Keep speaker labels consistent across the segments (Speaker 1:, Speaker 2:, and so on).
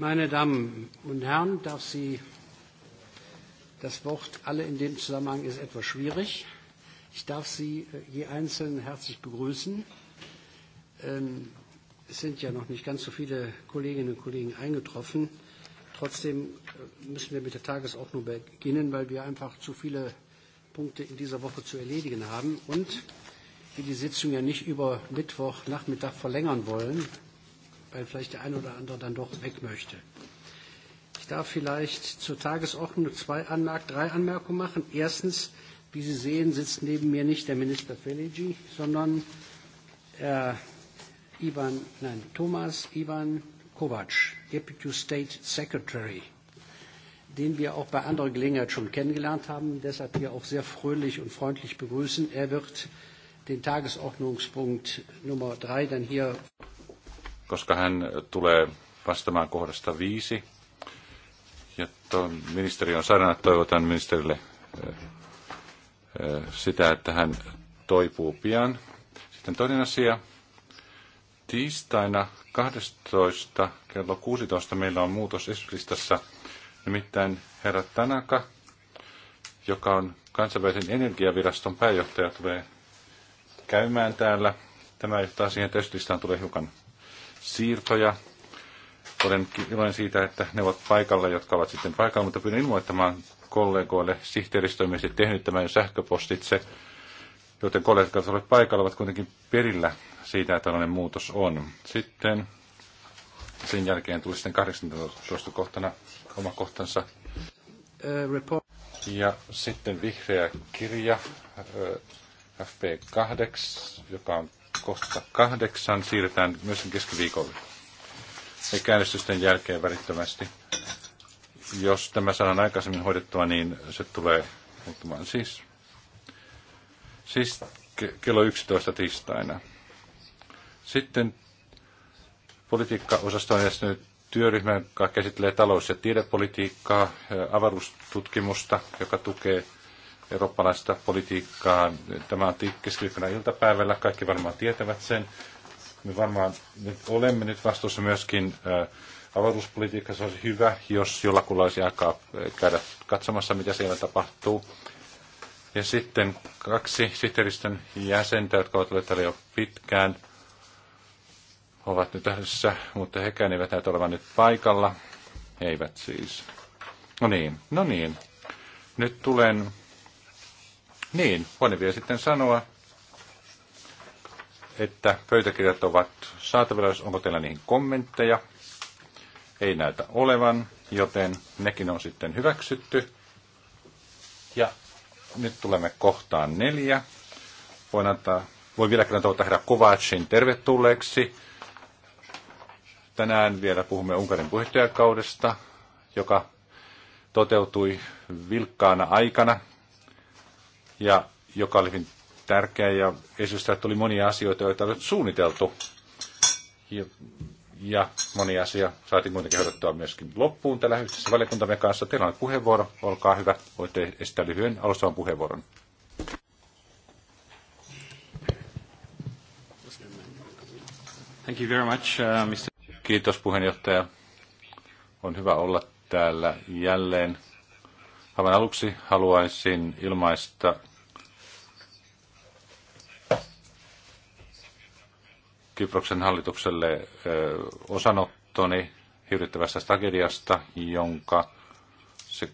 Speaker 1: Meine Damen und Herren, darf Sie das Wort alle in dem Zusammenhang ist etwas schwierig. Ich darf Sie äh, je einzeln herzlich begrüßen. Ähm, es sind ja noch nicht ganz so viele Kolleginnen und Kollegen eingetroffen. Trotzdem äh, müssen wir mit der Tagesordnung beginnen, weil wir einfach zu viele Punkte in dieser Woche zu erledigen haben und wir die Sitzung ja nicht über Mittwochnachmittag verlängern wollen weil vielleicht der eine oder andere dann doch weg möchte. Ich darf vielleicht zur Tagesordnung zwei Anmerk drei Anmerkungen machen. Erstens, wie Sie sehen, sitzt neben mir nicht der Minister Feligi, sondern äh, Ivan, nein, Thomas Ivan Kovac, Deputy State Secretary, den wir auch bei anderer Gelegenheit schon kennengelernt haben, deshalb hier auch sehr fröhlich und freundlich begrüßen. Er wird den Tagesordnungspunkt Nummer drei dann hier
Speaker 2: koska hän tulee vastaamaan kohdasta viisi. Ja ministeri on sairaana, toivotan ministerille eh, eh, sitä, että hän toipuu pian. Sitten toinen asia. Tiistaina 12. kello 16 meillä on muutos esityslistassa. Nimittäin herra Tanaka, joka on kansainvälisen energiaviraston pääjohtaja, tulee käymään täällä. Tämä johtaa siihen, että tulee hiukan siirtoja. Olen iloinen siitä, että ne ovat paikalla, jotka ovat sitten paikalla, mutta pyydän ilmoittamaan kollegoille. Sihteeristö tehnyt tämän jo sähköpostitse, joten kollegat, jotka ovat paikalla, ovat kuitenkin perillä siitä, että tällainen muutos on. Sitten sen jälkeen tuli sitten 18 kohtana oma kohtansa. Äh, ja sitten vihreä kirja, äh, FP8, joka on kohta kahdeksan siirretään myös keskiviikolle. ei käännöstysten jälkeen välittömästi. Jos tämä saadaan aikaisemmin hoidettua, niin se tulee muuttumaan siis, siis kello 11 tiistaina. Sitten politiikka-osasto on jäsenyt työryhmän, joka käsittelee talous- ja tiedepolitiikkaa, avaruustutkimusta, joka tukee – eurooppalaista politiikkaa. Tämä on keskiviikkona iltapäivällä, kaikki varmaan tietävät sen. Me varmaan nyt olemme nyt vastuussa myöskin avaruuspolitiikassa. olisi hyvä, jos jollakulla olisi aikaa käydä katsomassa, mitä siellä tapahtuu. Ja sitten kaksi sihteeristön jäsentä, jotka ovat olleet täällä jo pitkään, ovat nyt tässä, mutta hekään eivät näytä olevan nyt paikalla. eivät siis. No niin, no niin. Nyt tulen niin, voin vielä sitten sanoa, että pöytäkirjat ovat saatavilla, jos onko teillä niihin kommentteja. Ei näytä olevan, joten nekin on sitten hyväksytty. Ja nyt tulemme kohtaan neljä. Voin antaa, voin vielä kerran toivottaa herra Kovacin tervetulleeksi. Tänään vielä puhumme Unkarin puheenjohtajakaudesta, joka toteutui vilkkaana aikana ja joka oli hyvin tärkeä ja esitystä tuli monia asioita, joita oli suunniteltu. Ja, ja moni asia saatiin muutenkin hoidettua myöskin loppuun tällä yhteisessä valiokuntamme kanssa. Teillä on puheenvuoro, olkaa hyvä. Voitte esittää lyhyen alustavan puheenvuoron. Thank you very much, uh, Mr. Kiitos puheenjohtaja. On hyvä olla täällä jälleen. Aivan aluksi haluaisin ilmaista Kyproksen hallitukselle osanottoni hirvittävästä tragediasta, jonka se,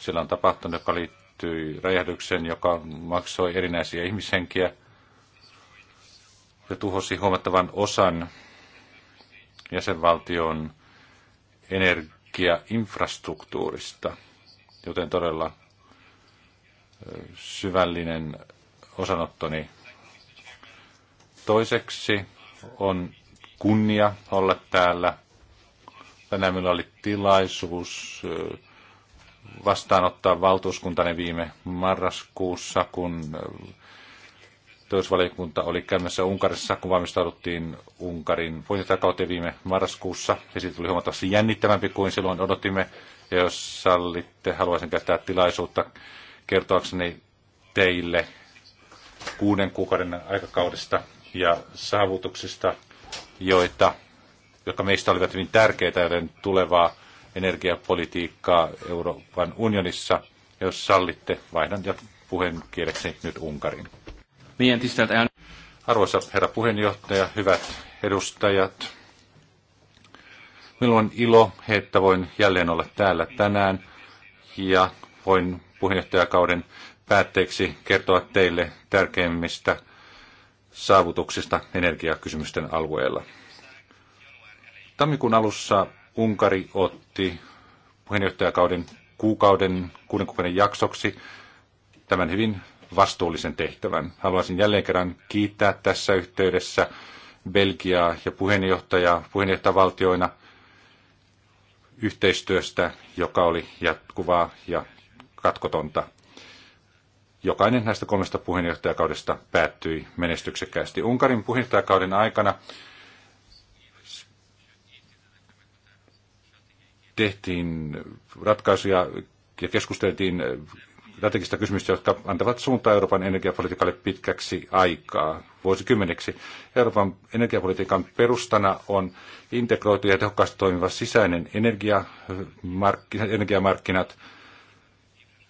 Speaker 2: sillä on tapahtunut, joka liittyy räjähdykseen, joka maksoi erinäisiä ihmishenkiä ja tuhosi huomattavan osan jäsenvaltion energiainfrastruktuurista, joten todella syvällinen osanottoni. Toiseksi on kunnia olla täällä. Tänään meillä oli tilaisuus vastaanottaa valtuuskuntani viime marraskuussa, kun toisvaliokunta oli käymässä Unkarissa, kun valmistauduttiin Unkarin puheenjohtajakauteen viime marraskuussa. Ja siitä tuli huomattavasti jännittävämpi kuin silloin odotimme. Ja jos sallitte, haluaisin käyttää tilaisuutta kertoakseni teille kuuden kuukauden aikakaudesta, ja saavutuksista, joita, jotka meistä olivat hyvin tärkeitä, joiden tulevaa energiapolitiikkaa Euroopan unionissa. Jos sallitte, vaihdan ja kieleksi nyt Unkarin. Arvoisa herra puheenjohtaja, hyvät edustajat, Minulla on ilo, että voin jälleen olla täällä tänään ja voin puheenjohtajakauden päätteeksi kertoa teille tärkeimmistä saavutuksista energiakysymysten alueella. Tammikuun alussa Unkari otti puheenjohtajakauden kuukauden, kuuden kuukauden jaksoksi tämän hyvin vastuullisen tehtävän. Haluaisin jälleen kerran kiittää tässä yhteydessä Belgiaa ja puheenjohtajaa puheenjohtajavaltioina yhteistyöstä, joka oli jatkuvaa ja katkotonta. Jokainen näistä kolmesta puheenjohtajakaudesta päättyi menestyksekkäästi. Unkarin puheenjohtajakauden aikana tehtiin ratkaisuja ja keskusteltiin strategista kysymystä, jotka antavat suuntaa Euroopan energiapolitiikalle pitkäksi aikaa, vuosikymmeneksi. Euroopan energiapolitiikan perustana on integroitu ja tehokkaasti toimiva sisäinen energiamark- energiamarkkinat,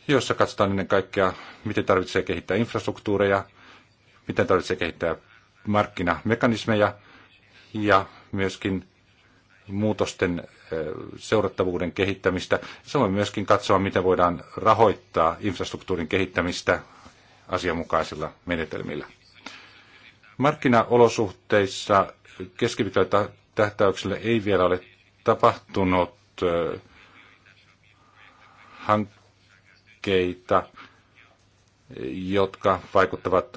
Speaker 2: jossa katsotaan ennen kaikkea, miten tarvitsee kehittää infrastruktuureja, miten tarvitsee kehittää markkinamekanismeja ja myöskin muutosten seurattavuuden kehittämistä. Samoin myöskin katsoa, miten voidaan rahoittaa infrastruktuurin kehittämistä asianmukaisilla menetelmillä. Markkinaolosuhteissa keskipitkällä tähtäyksellä ei vielä ole tapahtunut liikkeitä, jotka vaikuttavat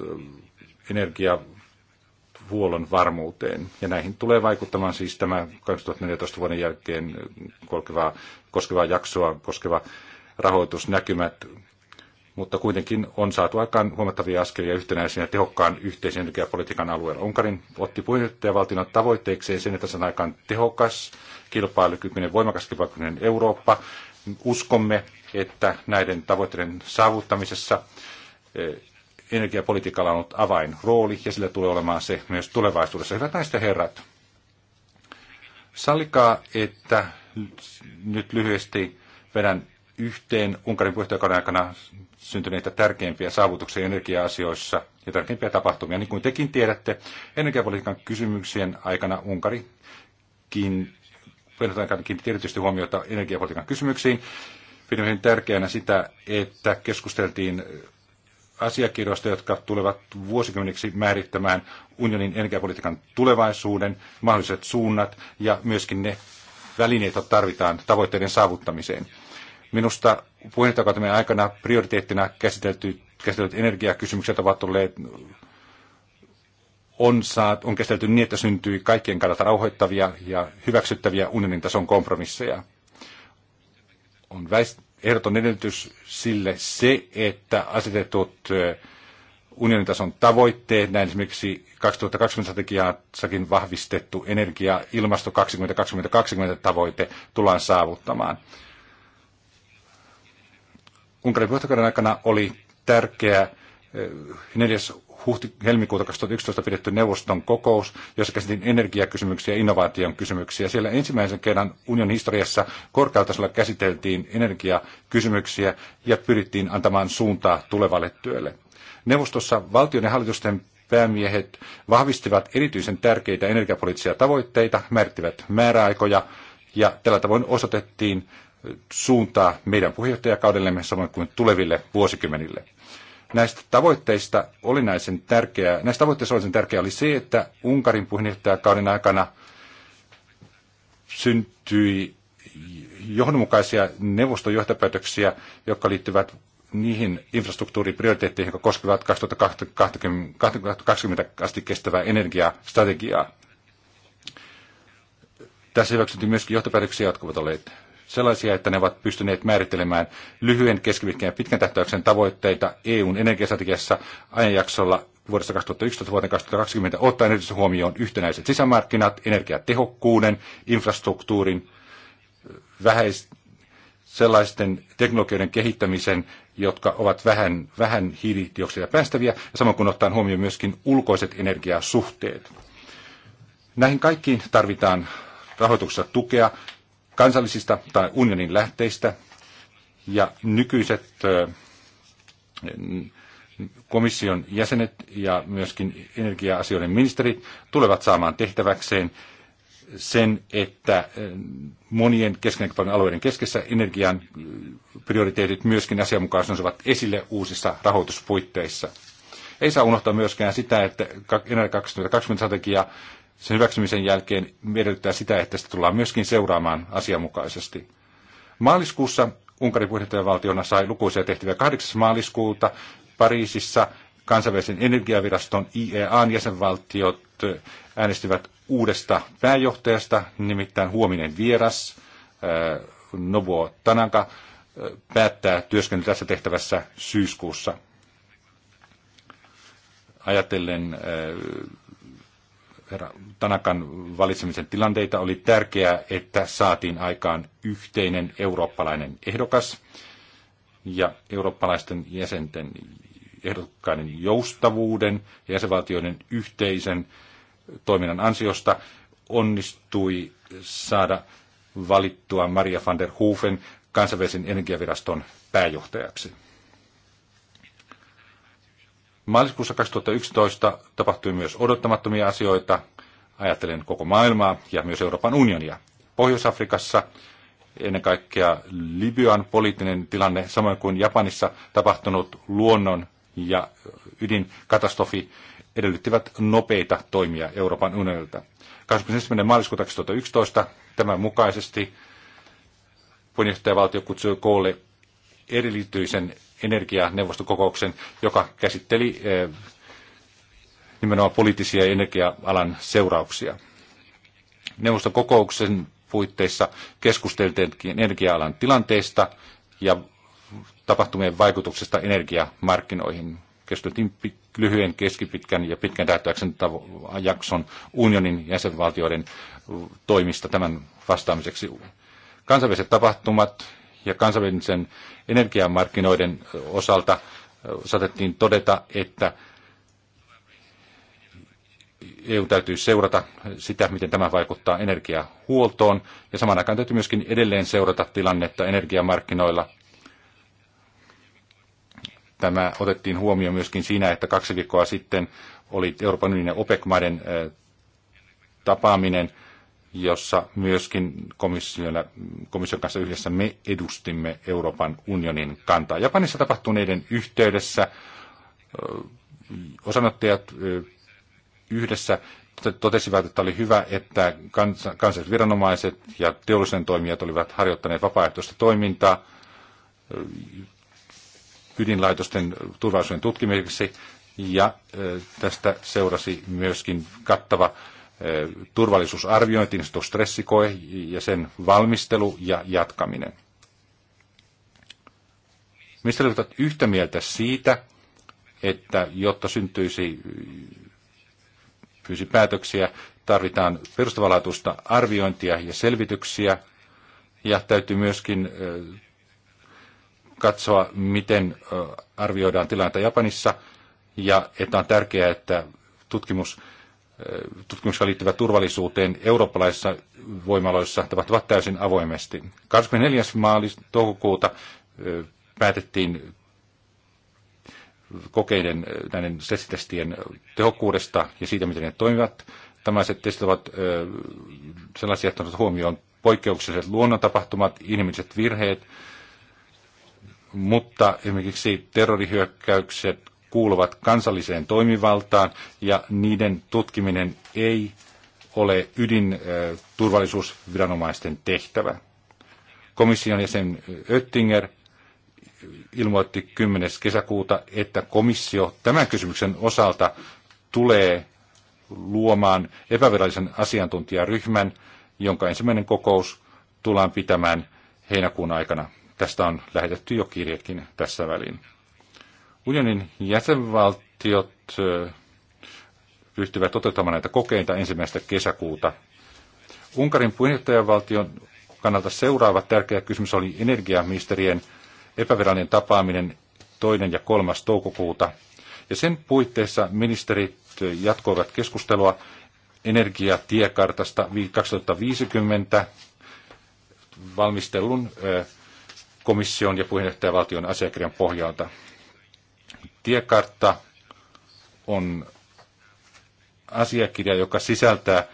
Speaker 2: energiahuollon varmuuteen. Ja näihin tulee vaikuttamaan siis tämä 2014 vuoden jälkeen koskevaa, koskevaa jaksoa koskeva rahoitusnäkymät, mutta kuitenkin on saatu aikaan huomattavia askelia yhtenäisen ja tehokkaan yhteisen energiapolitiikan alueella. Unkarin otti puheenjohtajavaltion tavoitteekseen sen, että sen aikaan tehokas, kilpailukykyinen, voimakas kilpailukykyinen Eurooppa, uskomme, että näiden tavoitteiden saavuttamisessa eh, energiapolitiikalla on ollut avainrooli ja sillä tulee olemaan se myös tulevaisuudessa. Hyvät naiset ja herrat, sallikaa, että nyt lyhyesti vedän yhteen Unkarin puheenjohtajakauden aikana syntyneitä tärkeimpiä saavutuksia energia-asioissa ja tärkeimpiä tapahtumia. Niin kuin tekin tiedätte, energiapolitiikan kysymyksien aikana Unkari ehdotan kiinnitti erityisesti huomiota energiapolitiikan kysymyksiin. Pidin hyvin tärkeänä sitä, että keskusteltiin asiakirjoista, jotka tulevat vuosikymmeniksi määrittämään unionin energiapolitiikan tulevaisuuden, mahdolliset suunnat ja myöskin ne välineet, joita tarvitaan tavoitteiden saavuttamiseen. Minusta puheenjohtajakautemme aikana prioriteettina käsitelty, käsitelty energiakysymykset ovat olleet on, saat, on käsitelty niin, että syntyi kaikkien kannalta rauhoittavia ja hyväksyttäviä unionin tason kompromisseja. On väist, ehdoton edellytys sille se, että asetetut unionin tason tavoitteet, näin esimerkiksi 2020 strategiassakin vahvistettu energia- ilmasto 2020-2020 tavoite tullaan saavuttamaan. Unkarin puheenjohtajan aikana oli tärkeä neljäs huhti, helmikuuta 2011 pidetty neuvoston kokous, jossa käsitin energiakysymyksiä ja innovaation kysymyksiä. Siellä ensimmäisen kerran unionin historiassa korkealtasolla käsiteltiin energiakysymyksiä ja pyrittiin antamaan suuntaa tulevalle työlle. Neuvostossa valtion ja hallitusten päämiehet vahvistivat erityisen tärkeitä energiapoliittisia tavoitteita, määrittivät määräaikoja ja tällä tavoin osoitettiin suuntaa meidän puheenjohtajakaudellemme samoin kuin tuleville vuosikymmenille. Näistä tavoitteista näisen tärkeää, näistä tavoitteista sen tärkeää oli se, että Unkarin puheenjohtajakauden aikana syntyi johdonmukaisia neuvoston johtopäätöksiä, jotka liittyvät niihin infrastruktuuriprioriteetteihin, jotka koskevat 2020 asti kestävää energiastrategiaa. Tässä hyväksyttiin myöskin johtopäätöksiä, jotka ovat olleet sellaisia, että ne ovat pystyneet määrittelemään lyhyen, keskipitkän ja pitkän tähtäyksen tavoitteita EUn energiastrategiassa ajanjaksolla vuodesta 2011 vuoteen 2020 ottaen erityisesti huomioon yhtenäiset sisämarkkinat, energiatehokkuuden, infrastruktuurin, äh, vähäis, sellaisten teknologioiden kehittämisen, jotka ovat vähän, vähän hiilidioksidia päästäviä, ja samoin kuin ottaen huomioon myöskin ulkoiset energiasuhteet. Näihin kaikkiin tarvitaan rahoituksessa tukea, kansallisista tai unionin lähteistä ja nykyiset komission jäsenet ja myöskin energia-asioiden ministerit tulevat saamaan tehtäväkseen sen, että monien keskenekäpäivän alueiden keskessä energian prioriteetit myöskin asianmukaisesti nousevat esille uusissa rahoituspuitteissa. Ei saa unohtaa myöskään sitä, että Energia 2020 strategia sen hyväksymisen jälkeen edellyttää sitä, että sitä tullaan myöskin seuraamaan asianmukaisesti. Maaliskuussa Unkarin puheenjohtajavaltiona sai lukuisia tehtäviä 8. maaliskuuta Pariisissa kansainvälisen energiaviraston IEAn jäsenvaltiot eh, äänestivät uudesta pääjohtajasta, nimittäin huominen vieras eh, Novo Tananka eh, päättää työskennellä tässä tehtävässä syyskuussa. Ajatellen Tanakan valitsemisen tilanteita, oli tärkeää, että saatiin aikaan yhteinen eurooppalainen ehdokas ja eurooppalaisten jäsenten ehdokkaiden joustavuuden ja jäsenvaltioiden yhteisen toiminnan ansiosta onnistui saada valittua Maria van der Huufen kansainvälisen energiaviraston pääjohtajaksi. Maaliskuussa 2011 tapahtui myös odottamattomia asioita, ajattelen koko maailmaa ja myös Euroopan unionia. Pohjois-Afrikassa ennen kaikkea Libyan poliittinen tilanne, samoin kuin Japanissa tapahtunut luonnon ja ydinkatastrofi edellyttivät nopeita toimia Euroopan unionilta. 21. maaliskuuta 2011 tämän mukaisesti puheenjohtajavaltio kutsui koolle erityisen energianeuvostokokouksen, joka käsitteli eh, nimenomaan poliittisia ja energia-alan seurauksia. Neuvostokokouksen kokouksen puitteissa keskusteltiin energia-alan tilanteesta ja tapahtumien vaikutuksesta energiamarkkinoihin. Keskusteltiin lyhyen, keskipitkän ja pitkän tähtäyksen jakson unionin jäsenvaltioiden toimista tämän vastaamiseksi. Kansainväliset tapahtumat ja kansainvälisen energiamarkkinoiden osalta saatettiin todeta, että EU täytyy seurata sitä, miten tämä vaikuttaa energiahuoltoon, ja samaan aikaan täytyy myöskin edelleen seurata tilannetta energiamarkkinoilla. Tämä otettiin huomioon myöskin siinä, että kaksi viikkoa sitten oli Euroopan unionin OPEC-maiden tapaaminen, jossa myöskin komission kanssa yhdessä me edustimme Euroopan unionin kantaa. Japanissa tapahtuneiden yhteydessä osanottajat yhdessä totesivat, että oli hyvä, että kans- kansalliset viranomaiset ja teollisen toimijat olivat harjoittaneet vapaaehtoista toimintaa ydinlaitosten turvallisuuden tutkimiseksi, ja tästä seurasi myöskin kattava turvallisuusarviointi, niin tuo stressikoe ja sen valmistelu ja jatkaminen. Mistä olet yhtä mieltä siitä, että jotta syntyisi pyysi päätöksiä, tarvitaan perustavanlaatuista arviointia ja selvityksiä, ja täytyy myöskin katsoa, miten arvioidaan tilannetta Japanissa, ja että on tärkeää, että tutkimus tutkimuksella liittyvät turvallisuuteen eurooppalaisissa voimaloissa tapahtuvat täysin avoimesti. 24. maalis toukokuuta päätettiin kokeiden näiden stressitestien tehokkuudesta ja siitä, miten ne toimivat. Tällaiset testit ovat sellaisia, että huomioon poikkeukselliset luonnontapahtumat, inhimilliset virheet, mutta esimerkiksi terrorihyökkäykset, kuuluvat kansalliseen toimivaltaan ja niiden tutkiminen ei ole ydinturvallisuusviranomaisten äh, tehtävä. Komission jäsen Oettinger ilmoitti 10. kesäkuuta, että komissio tämän kysymyksen osalta tulee luomaan epävirallisen asiantuntijaryhmän, jonka ensimmäinen kokous tullaan pitämään heinäkuun aikana. Tästä on lähetetty jo kirjekin tässä väliin. Unionin jäsenvaltiot ryhtyvät toteuttamaan näitä kokeita ensimmäistä kesäkuuta. Unkarin puheenjohtajavaltion kannalta seuraava tärkeä kysymys oli energiaministerien epävirallinen tapaaminen toinen ja kolmas toukokuuta. Ja sen puitteissa ministerit jatkoivat keskustelua energiatiekartasta 2050 valmistelun komission ja puheenjohtajavaltion asiakirjan pohjalta tiekartta on asiakirja, joka sisältää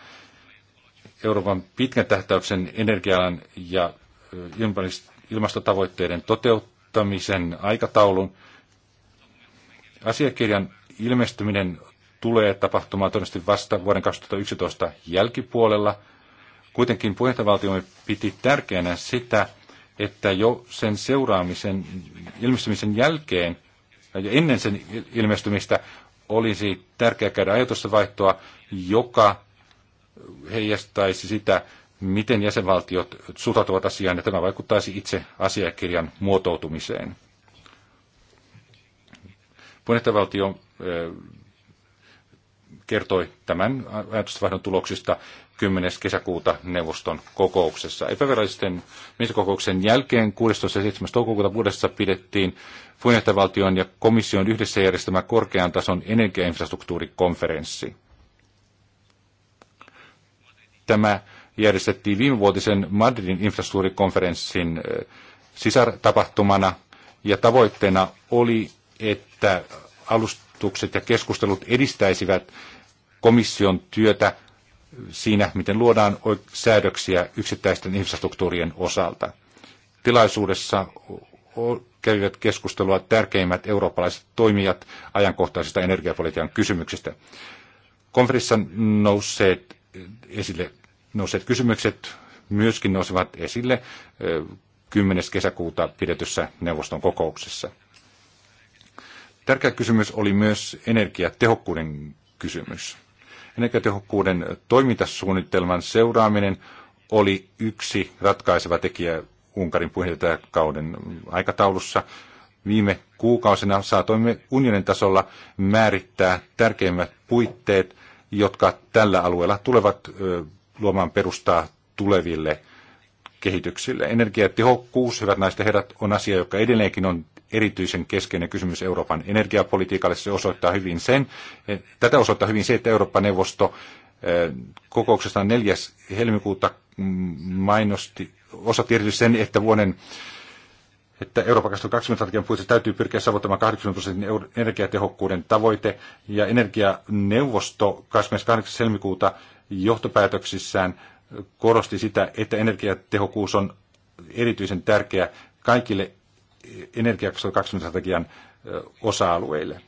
Speaker 2: Euroopan pitkän tähtäyksen energialan ja ilmastotavoitteiden toteuttamisen aikataulun. Asiakirjan ilmestyminen tulee tapahtumaan todennäköisesti vasta vuoden 2011 jälkipuolella. Kuitenkin puheenjohtajavaltiomme piti tärkeänä sitä, että jo sen seuraamisen ilmestymisen jälkeen – ja jo ennen sen ilmestymistä olisi tärkeää käydä ajatusta vaihtoa, joka heijastaisi sitä, miten jäsenvaltiot suhtautuvat asiaan, ja tämä vaikuttaisi itse asiakirjan muotoutumiseen. Puheenjohtajavaltio kertoi tämän ajatustenvaihdon tuloksista 10. kesäkuuta neuvoston kokouksessa. Epävirallisten ministerikokouksen jälkeen 16. ja 7. toukokuuta vuodessa pidettiin puheenjohtajavaltion ja komission yhdessä järjestämä korkean tason energiainfrastruktuurikonferenssi. Tämä järjestettiin viimevuotisen Madridin infrastruktuurikonferenssin sisartapahtumana ja tavoitteena oli, että alustukset ja keskustelut edistäisivät komission työtä siinä, miten luodaan säädöksiä yksittäisten infrastruktuurien osalta. Tilaisuudessa kävivät keskustelua tärkeimmät eurooppalaiset toimijat ajankohtaisista energiapolitiikan kysymyksistä. Konferenssissa nousseet esille nousseet kysymykset myöskin nousivat esille 10. kesäkuuta pidetyssä neuvoston kokouksessa. Tärkeä kysymys oli myös energiatehokkuuden kysymys. Energiatehokkuuden toimintasuunnitelman seuraaminen oli yksi ratkaiseva tekijä Unkarin puheenjohtajakauden aikataulussa. Viime kuukausina saatoimme unionin tasolla määrittää tärkeimmät puitteet, jotka tällä alueella tulevat luomaan perustaa tuleville kehityksille. Energiatehokkuus, hyvät naiset ja herrat, on asia, joka edelleenkin on erityisen keskeinen kysymys Euroopan energiapolitiikalle. Se osoittaa hyvin sen, eh, tätä osoittaa hyvin se, että Eurooppa-neuvosto eh, kokouksesta 4. helmikuuta mm, mainosti, osoitti erityisesti sen, että vuoden että Euroopan 2020 strategian puitteissa täytyy pyrkiä saavuttamaan 80 prosentin energiatehokkuuden tavoite, ja energianeuvosto 28. helmikuuta johtopäätöksissään korosti sitä, että energiatehokkuus on erityisen tärkeä kaikille energiaksi 20 strategian osa-alueille.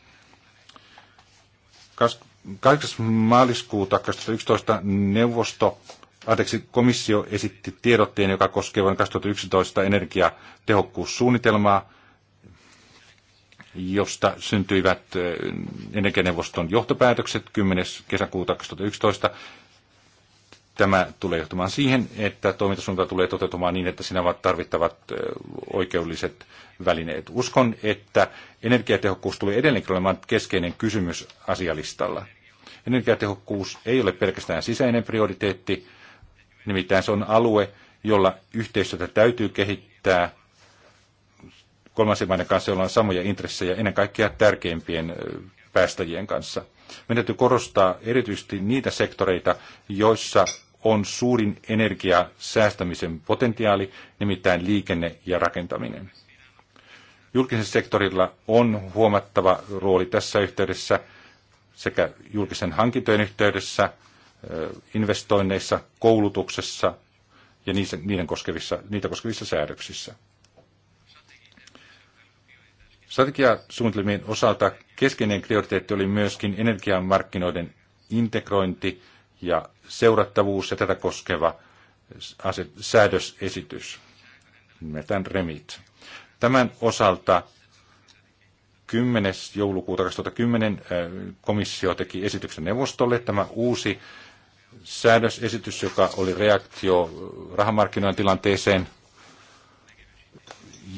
Speaker 2: 8. maaliskuuta 2011 neuvosto, anteeksi, komissio esitti tiedotteen, joka koskee vuonna 2011 energiatehokkuussuunnitelmaa, josta syntyivät energianeuvoston johtopäätökset 10. kesäkuuta 2011. Tämä tulee johtamaan siihen, että toimintasuunta tulee toteutumaan niin, että siinä ovat tarvittavat oikeudelliset välineet. Uskon, että energiatehokkuus tulee edelleenkin olemaan keskeinen kysymys asialistalla. Energiatehokkuus ei ole pelkästään sisäinen prioriteetti, nimittäin se on alue, jolla yhteistyötä täytyy kehittää kolmansien maiden kanssa, joilla on samoja intressejä ennen kaikkea tärkeimpien päästäjien kanssa. Meidän täytyy korostaa erityisesti niitä sektoreita, joissa on suurin energiasäästämisen potentiaali, nimittäin liikenne ja rakentaminen. Julkisella sektorilla on huomattava rooli tässä yhteydessä sekä julkisen hankintojen yhteydessä, investoinneissa, koulutuksessa ja niiden koskevissa, niitä koskevissa säädöksissä. Strategiasuunnitelmien osalta keskeinen prioriteetti oli myöskin energiamarkkinoiden integrointi ja seurattavuus ja tätä koskeva säädösesitys, nimeltään REMIT. Tämän osalta 10. joulukuuta 2010 äh, komissio teki esityksen neuvostolle. Tämä uusi säädösesitys, joka oli reaktio rahamarkkinoiden tilanteeseen,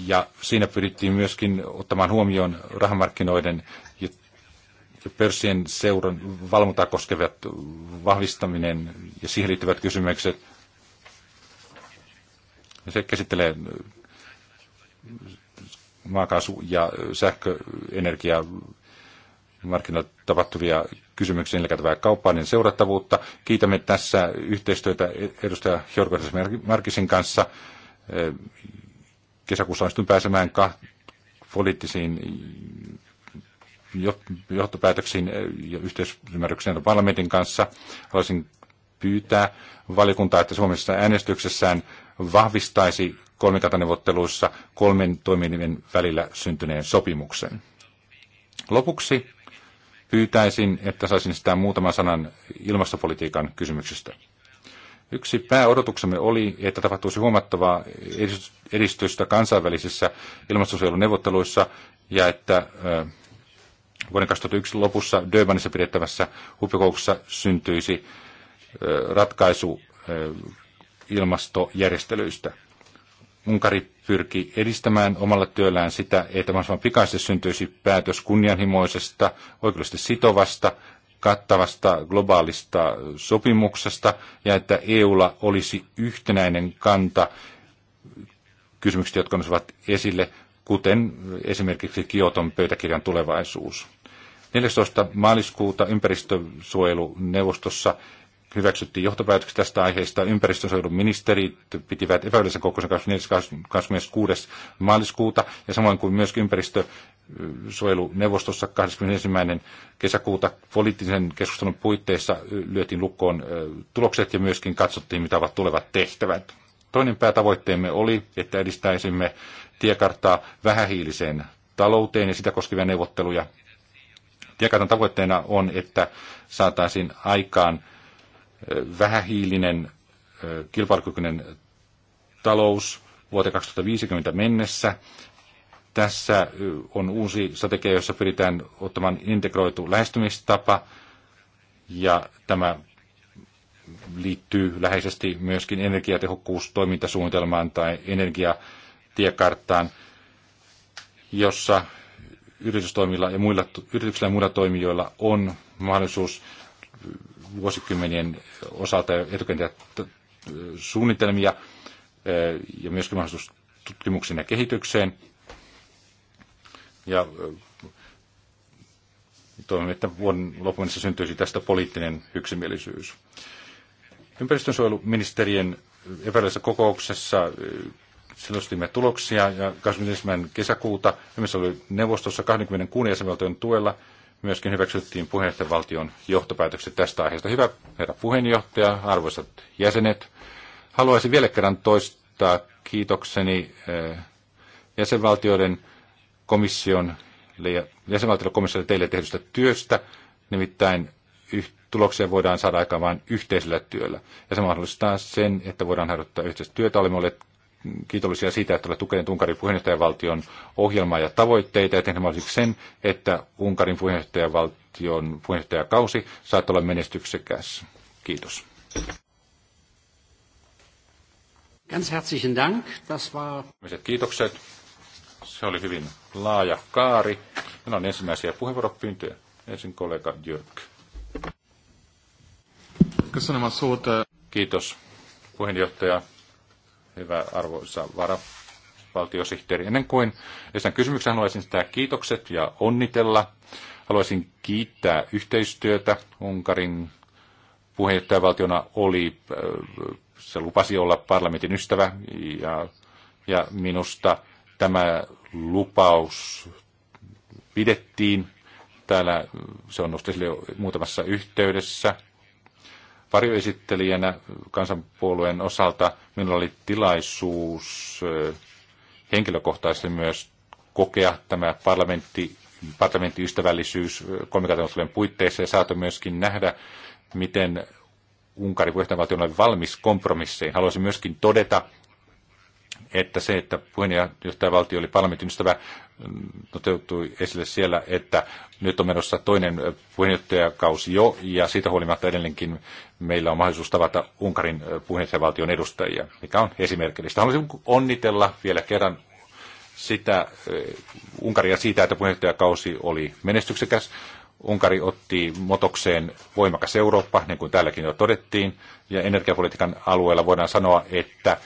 Speaker 2: ja siinä pyrittiin myöskin ottamaan huomioon rahamarkkinoiden pörssien seuran valvontaa koskevat vahvistaminen ja siihen liittyvät kysymykset. Se käsittelee maakaasu- ja sähköenergia markkinoilla tapahtuvia kysymyksiä, eli kauppaa, niin seurattavuutta. Kiitämme tässä yhteistyötä edustaja Hjorkotas Markisin kanssa. Kesäkuussa onnistuin pääsemään poliittisiin johtopäätöksiin ja yhteisymmärrykseen parlamentin kanssa. Haluaisin pyytää valiokuntaa, että Suomessa äänestyksessään vahvistaisi kolmikantaneuvotteluissa kolmen toimielimen välillä syntyneen sopimuksen. Lopuksi pyytäisin, että saisin sitä muutaman sanan ilmastopolitiikan kysymyksistä. Yksi pääodotuksemme oli, että tapahtuisi huomattavaa edistystä kansainvälisissä ilmastonsuojeluneuvotteluissa ja että Vuoden 2001 lopussa Durbanissa pidettävässä huippukouksessa syntyisi ratkaisu ilmastojärjestelyistä. Unkari pyrki edistämään omalla työllään sitä, että mahdollisimman pikaisesti syntyisi päätös kunnianhimoisesta, oikeudellisesti sitovasta, kattavasta globaalista sopimuksesta ja että EUlla olisi yhtenäinen kanta kysymyksistä, jotka nousivat esille, kuten esimerkiksi Kioton pöytäkirjan tulevaisuus. 14. maaliskuuta ympäristösuojeluneuvostossa hyväksyttiin johtopäätökset tästä aiheesta. Ympäristönsuojelun ministerit pitivät epäyleisen kokouksen 26. maaliskuuta ja samoin kuin myös ympäristösuojeluneuvostossa 21. kesäkuuta poliittisen keskustelun puitteissa lyötiin lukkoon tulokset ja myöskin katsottiin, mitä ovat tulevat tehtävät. Toinen päätavoitteemme oli, että edistäisimme tiekarttaa vähähiiliseen talouteen ja sitä koskevia neuvotteluja Tiekartan tavoitteena on, että saataisiin aikaan vähähiilinen kilpailukykyinen talous vuoteen 2050 mennessä. Tässä on uusi strategia, jossa pyritään ottamaan integroitu lähestymistapa, ja tämä liittyy läheisesti myöskin energiatehokkuustoimintasuunnitelmaan tai energiatiekarttaan, jossa yritystoimilla ja muilla, yrityksillä ja muilla toimijoilla on mahdollisuus vuosikymmenien osalta etukäteen suunnitelmia eh, ja myöskin mahdollisuus tutkimukseen ja kehitykseen. Ja eh, toivon, että vuoden lopun syntyisi tästä poliittinen yksimielisyys. Ympäristönsuojeluministerien epäilyisessä kokouksessa eh, selostimme tuloksia ja 21. kesäkuuta Suomessa oli neuvostossa 26 jäsenvaltion tuella myöskin hyväksyttiin puheenjohtajavaltion johtopäätökset tästä aiheesta. Hyvä herra puheenjohtaja, arvoisat jäsenet, haluaisin vielä kerran toistaa kiitokseni eh, jäsenvaltioiden komission ja jäsenvaltioiden komissiolle teille tehdystä työstä, nimittäin tuloksia voidaan saada aikaan vain yhteisellä työllä. Ja se mahdollistaa sen, että voidaan harjoittaa yhteistyötä. Olemme olleet kiitollisia siitä, että olet tukenut Unkarin puheenjohtajavaltion ohjelmaa ja tavoitteita ja tehnyt mahdolliseksi sen, että Unkarin puheenjohtajavaltion puheenjohtajakausi saat olla menestyksekäs. Kiitos.
Speaker 1: Ganz herzlichen Dank. Das war...
Speaker 2: Kiitokset. Se oli hyvin laaja kaari. Meillä on ensimmäisiä puheenvuoropyyntöjä. Ensin kollega Jyrk. Kiitos puheenjohtaja hyvä arvoisa varavaltiosihteeri. Ennen kuin esitän kysymyksen, haluaisin sitä kiitokset ja onnitella. Haluaisin kiittää yhteistyötä. Unkarin puheenjohtajavaltiona oli, äh, se lupasi olla parlamentin ystävä ja, ja minusta tämä lupaus pidettiin. Täällä se on nostettu muutamassa yhteydessä varjoesittelijänä kansanpuolueen osalta minulla oli tilaisuus henkilökohtaisesti myös kokea tämä parlamentti, parlamenttiystävällisyys kolmikantaneuvottelujen puitteissa ja saatu myöskin nähdä, miten Unkarin puheenjohtajavaltio oli valmis kompromisseihin. Haluaisin myöskin todeta, että se, että valtio oli parlamentin ystävä, mm, toteutui esille siellä, että nyt on menossa toinen puheenjohtajakausi jo, ja siitä huolimatta edelleenkin meillä on mahdollisuus tavata Unkarin puheenjohtajavaltion edustajia, mikä on esimerkillistä. Haluaisin onnitella vielä kerran sitä Unkaria siitä, että puheenjohtajakausi oli menestyksekäs. Unkari otti motokseen voimakas Eurooppa, niin kuin täälläkin jo todettiin, ja energiapolitiikan alueella voidaan sanoa, että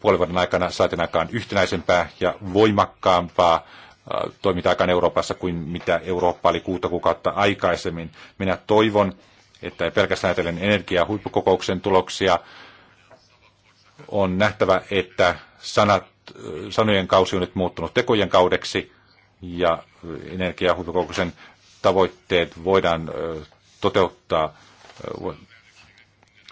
Speaker 2: puolen vuoden aikana saatiin aikaan yhtenäisempää ja voimakkaampaa äh, toiminta-aikaan Euroopassa kuin mitä Eurooppa oli kuutta kuukautta aikaisemmin. Minä toivon, että ei pelkästään ajatellen energia- huippukokouksen tuloksia, on nähtävä, että sanat, äh, sanojen kausi on nyt muuttunut tekojen kaudeksi ja energiahuippukokouksen tavoitteet voidaan äh, toteuttaa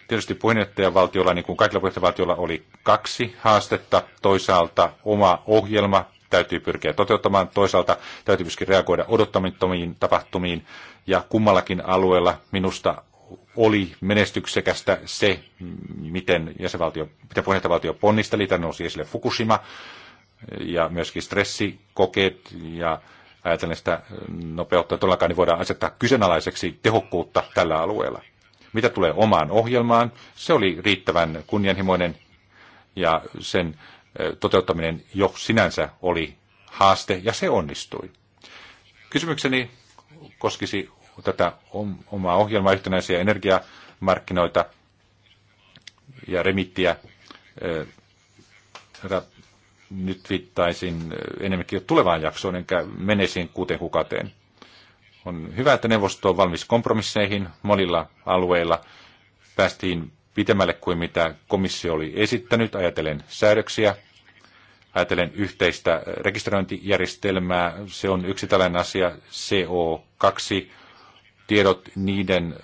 Speaker 2: Tietysti puheenjohtajavaltiolla, niin kuin kaikilla puheenjohtajavaltiolla, oli kaksi haastetta. Toisaalta oma ohjelma täytyy pyrkiä toteuttamaan, toisaalta täytyy myöskin reagoida odottamattomiin tapahtumiin. Ja kummallakin alueella minusta oli menestyksekästä se, miten, jäsenvaltio, miten puheenjohtajavaltio ponnisteli. Tänne nousi esille Fukushima ja myöskin stressikokeet ja ajatellen sitä nopeutta todellakaan, niin voidaan asettaa kyseenalaiseksi tehokkuutta tällä alueella. Mitä tulee omaan ohjelmaan, se oli riittävän kunnianhimoinen ja sen toteuttaminen jo sinänsä oli haaste ja se onnistui. Kysymykseni koskisi tätä omaa ohjelmaa yhtenäisiä energiamarkkinoita ja remittiä. Nyt viittaisin enemmänkin tulevaan jaksoon, enkä menisiin kuuteen kuukauteen. On hyvä, että neuvosto on valmis kompromisseihin monilla alueilla. Päästiin pitemmälle kuin mitä komissio oli esittänyt, ajatellen säädöksiä, ajatellen yhteistä rekisteröintijärjestelmää. Se on yksi tällainen asia, CO2, tiedot, niiden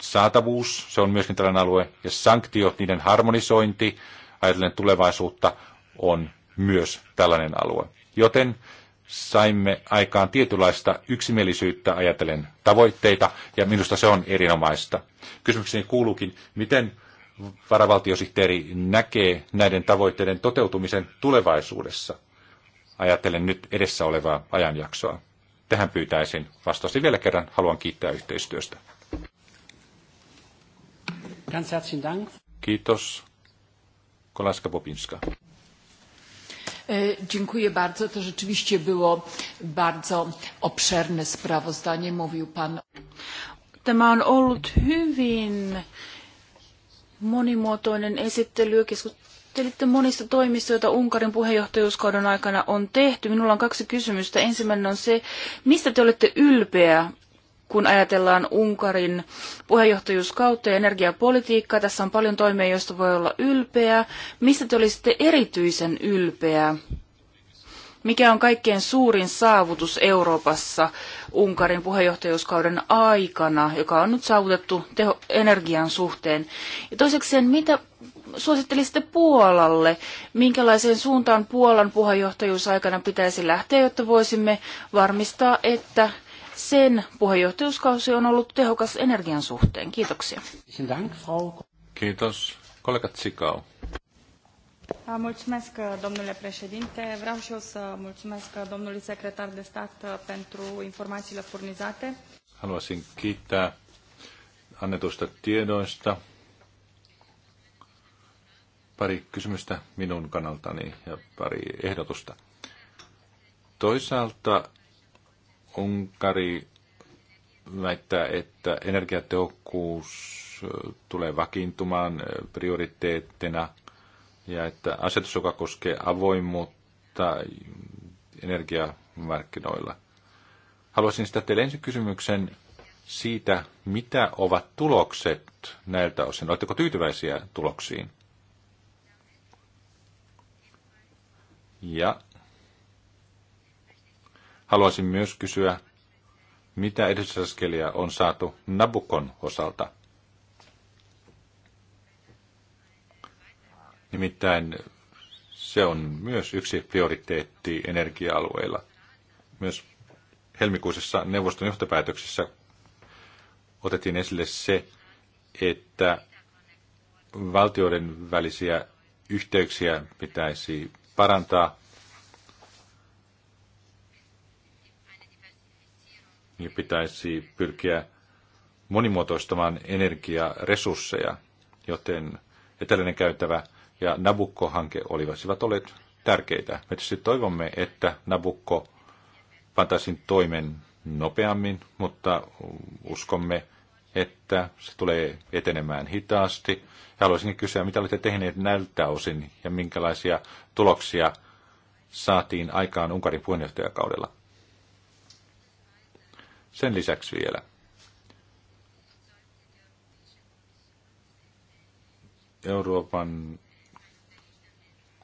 Speaker 2: saatavuus, se on myöskin tällainen alue, ja sanktiot, niiden harmonisointi, ajatellen tulevaisuutta, on myös tällainen alue. Joten saimme aikaan tietynlaista yksimielisyyttä ajatellen tavoitteita, ja minusta se on erinomaista. Kysymykseni kuuluukin, miten varavaltiosihteeri näkee näiden tavoitteiden toteutumisen tulevaisuudessa, ajatellen nyt edessä olevaa ajanjaksoa. Tähän pyytäisin vastausta vielä kerran. Haluan kiittää yhteistyöstä.
Speaker 1: Ganz herzlichen Dank.
Speaker 2: Kiitos. Kolaska Popinska.
Speaker 3: E, dziękuję bardzo. To rzeczywiście było bardzo obszerne sprawozdanie. Mówił Pan. Tämä on ollut hyvin monimuotoinen esittely. Keskustelitte monista toimista, joita Unkarin puheenjohtajuuskauden aikana on tehty. Minulla on kaksi kysymystä. Ensimmäinen on se, mistä te olette ylpeä kun ajatellaan Unkarin puheenjohtajuuskautta ja energiapolitiikkaa. Tässä on paljon toimia, joista voi olla ylpeä. Mistä te olisitte erityisen ylpeä? Mikä on kaikkein suurin saavutus Euroopassa Unkarin puheenjohtajuuskauden aikana, joka on nyt saavutettu teho- energian suhteen? Ja toisekseen, mitä suosittelisitte Puolalle? Minkälaiseen suuntaan Puolan puheenjohtajuusaikana pitäisi lähteä, jotta voisimme varmistaa, että sen puheenjohtajuuskausi on ollut tehokas energian suhteen. Kiitoksia.
Speaker 2: Kiitos. Kollega Tsikau.
Speaker 3: Mulțumesc, domnule președinte. Vreau și eu să mulțumesc domnului secretar de stat uh, pentru informațiile furnizate.
Speaker 2: Haluaisin kiittää annetusta tiedoista. Pari kysymystä minun kannaltani ja pari ehdotusta. Toisaalta Unkari väittää, että energiatehokkuus tulee vakiintumaan prioriteettina ja että asetus, joka koskee avoimuutta energiamarkkinoilla. Haluaisin sitä teille ensin kysymyksen siitä, mitä ovat tulokset näiltä osin. Oletteko tyytyväisiä tuloksiin? Ja Haluaisin myös kysyä, mitä edistysaskelia on saatu Nabukon osalta? Nimittäin se on myös yksi prioriteetti energia-alueilla. Myös helmikuisessa neuvoston johtopäätöksessä otettiin esille se, että valtioiden välisiä yhteyksiä pitäisi parantaa niin pitäisi pyrkiä monimuotoistamaan energiaresursseja, joten eteläinen käytävä ja Nabukko-hanke olivat olleet tärkeitä. Me tietysti toivomme, että Nabukko pantaisiin toimen nopeammin, mutta uskomme, että se tulee etenemään hitaasti. Haluaisin kysyä, mitä olette tehneet näiltä osin ja minkälaisia tuloksia saatiin aikaan Unkarin puheenjohtajakaudella? sen lisäksi vielä. Euroopan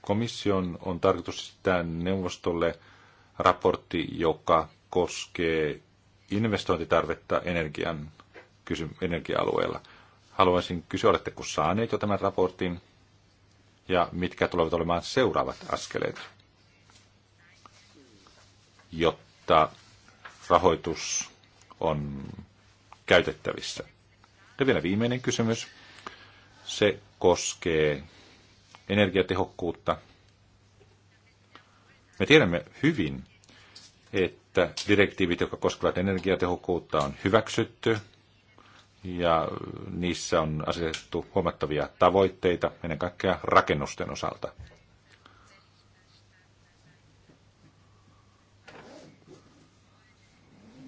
Speaker 2: komission on tarkoitus esittää neuvostolle raportti, joka koskee investointitarvetta energian kysy, energia-alueella. Haluaisin kysyä, oletteko saaneet jo tämän raportin ja mitkä tulevat olemaan seuraavat askeleet, jotta rahoitus on käytettävissä. Ja vielä viimeinen kysymys. Se koskee energiatehokkuutta. Me tiedämme hyvin, että direktiivit, jotka koskevat energiatehokkuutta, on hyväksytty ja niissä on asetettu huomattavia tavoitteita ennen kaikkea rakennusten osalta.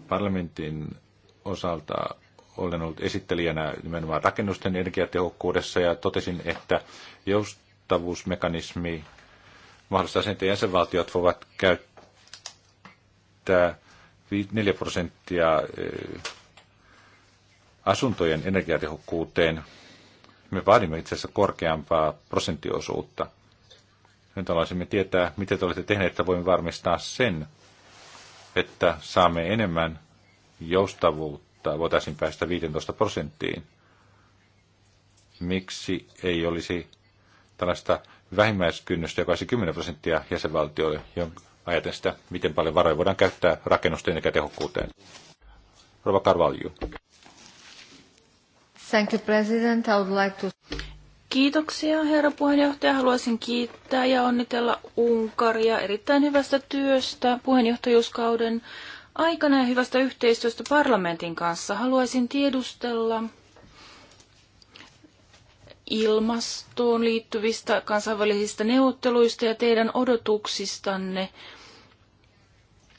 Speaker 2: Parlamentin osalta olen ollut esittelijänä nimenomaan rakennusten energiatehokkuudessa ja totesin, että joustavuusmekanismi mahdollistaa sen, että jäsenvaltiot voivat käyttää 4 prosenttia eh, asuntojen energiatehokkuuteen. Me vaadimme itse asiassa korkeampaa prosenttiosuutta. Nyt haluaisimme tietää, miten te olette tehneet, että voimme varmistaa sen, että saamme enemmän joustavuutta, voitaisiin päästä 15 prosenttiin. Miksi ei olisi tällaista vähimmäiskynnystä, joka olisi 10 prosenttia jäsenvaltioille, jonka ajatellen sitä, miten paljon varoja voidaan käyttää rakennusten ja tehokkuuteen. Rova Carvalho.
Speaker 3: Thank you, President. I would like to... Kiitoksia, herra puheenjohtaja. Haluaisin kiittää ja onnitella Unkaria erittäin hyvästä työstä puheenjohtajuuskauden aikana ja hyvästä yhteistyöstä parlamentin kanssa. Haluaisin tiedustella ilmastoon liittyvistä kansainvälisistä neuvotteluista ja teidän odotuksistanne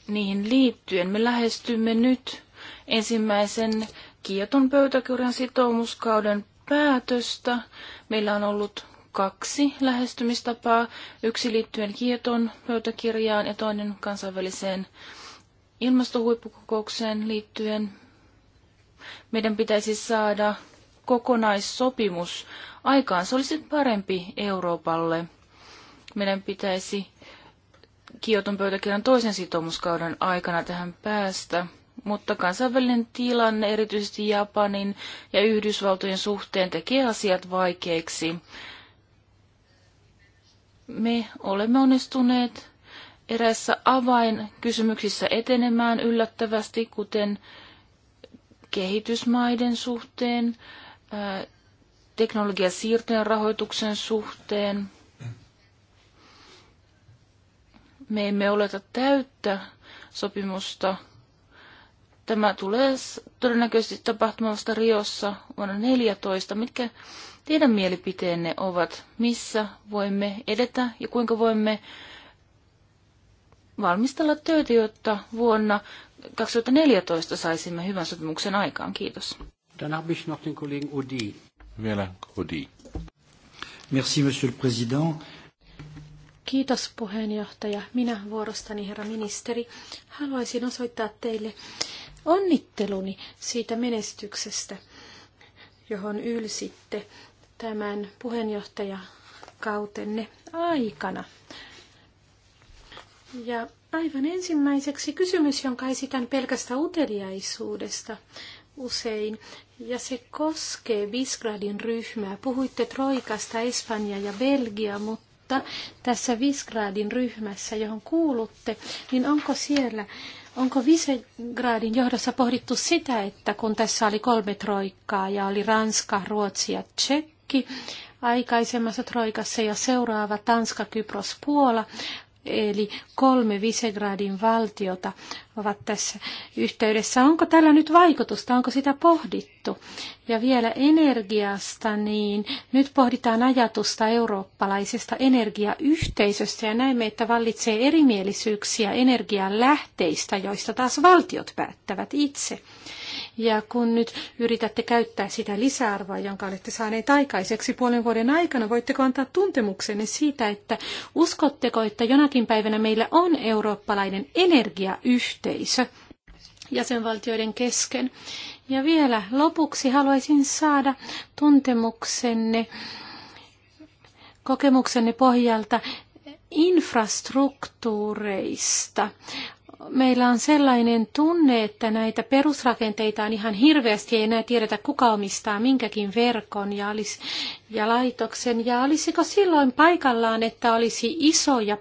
Speaker 3: niihin liittyen. Me lähestymme nyt ensimmäisen Kieton pöytäkirjan sitoumuskauden päätöstä. Meillä on ollut kaksi lähestymistapaa, yksi liittyen Kieton pöytäkirjaan ja toinen kansainväliseen ilmastohuippukokoukseen liittyen. Meidän pitäisi saada kokonaissopimus aikaan. Se olisi parempi Euroopalle. Meidän pitäisi Kioton pöytäkirjan toisen sitoumuskauden aikana tähän päästä mutta kansainvälinen tilanne, erityisesti Japanin ja Yhdysvaltojen suhteen, tekee asiat vaikeiksi. Me olemme onnistuneet eräissä avainkysymyksissä etenemään yllättävästi, kuten kehitysmaiden suhteen, teknologiasiirtojen rahoituksen suhteen. Me emme oleta täyttä sopimusta Tämä tulee todennäköisesti vasta Riossa vuonna 14. Mitkä teidän mielipiteenne ovat, missä voimme edetä ja kuinka voimme valmistella töitä, jotta vuonna 2014 saisimme hyvän sopimuksen aikaan. Kiitos. Odi.
Speaker 1: Vielä Odi. Merci, Monsieur le Président.
Speaker 4: Kiitos puheenjohtaja. Minä vuorostani, herra ministeri, haluaisin osoittaa teille onnitteluni siitä menestyksestä, johon ylsitte tämän puheenjohtajakautenne aikana. Ja aivan ensimmäiseksi kysymys, jonka esitän pelkästä uteliaisuudesta usein, ja se koskee Visgradin ryhmää. Puhuitte Troikasta, Espanja ja Belgia, mutta tässä Visgradin ryhmässä, johon kuulutte, niin onko siellä Onko Visegradin johdossa pohdittu sitä, että kun tässä oli kolme troikkaa ja oli Ranska, Ruotsi ja Tsekki aikaisemmassa troikassa ja seuraava Tanska, Kypros, Puola, Eli kolme Visegradin valtiota ovat tässä yhteydessä. Onko tällä nyt vaikutusta? Onko sitä pohdittu? Ja vielä energiasta, niin nyt pohditaan ajatusta eurooppalaisesta energiayhteisöstä ja näemme, että vallitsee erimielisyyksiä energian lähteistä, joista taas valtiot päättävät itse. Ja kun nyt yritätte käyttää sitä lisäarvoa, jonka olette saaneet aikaiseksi puolen vuoden aikana, voitteko antaa tuntemuksenne siitä, että uskotteko, että jonakin päivänä meillä on eurooppalainen energiayhteisö jäsenvaltioiden kesken? Ja vielä lopuksi haluaisin saada tuntemuksenne kokemuksenne pohjalta infrastruktuureista meillä on sellainen tunne, että näitä perusrakenteita on ihan hirveästi, ei enää tiedetä kuka omistaa minkäkin verkon ja, olis, ja laitoksen. Ja olisiko silloin paikallaan, että olisi isoja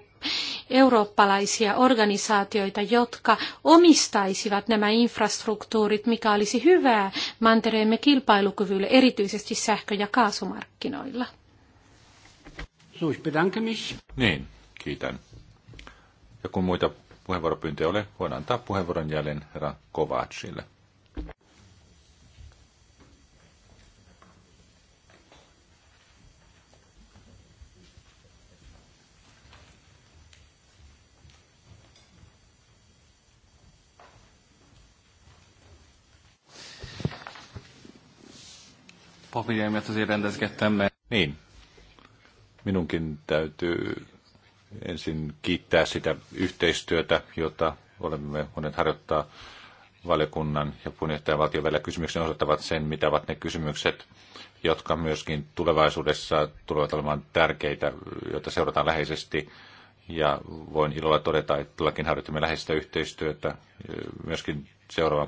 Speaker 4: eurooppalaisia organisaatioita, jotka omistaisivat nämä infrastruktuurit, mikä olisi hyvää mantereemme kilpailukyvylle, erityisesti sähkö- ja
Speaker 1: kaasumarkkinoilla. So, ich bedanke mich. Niin, kiitän.
Speaker 2: Ja kun muita puheenvuoropyyntöjä ole, voin antaa puheenvuoron jälleen herra Kovacille. paviljelmiä tosiaan rendezgettem. Niin. Minunkin täytyy ensin kiittää sitä yhteistyötä, jota olemme voineet harjoittaa valiokunnan ja puheenjohtajan valtion välillä. Kysymykset osoittavat sen, mitä ovat ne kysymykset, jotka myöskin tulevaisuudessa tulevat olemaan tärkeitä, joita seurataan läheisesti. Ja voin ilolla todeta, että todellakin harjoitamme läheistä yhteistyötä eh, myöskin seuraavan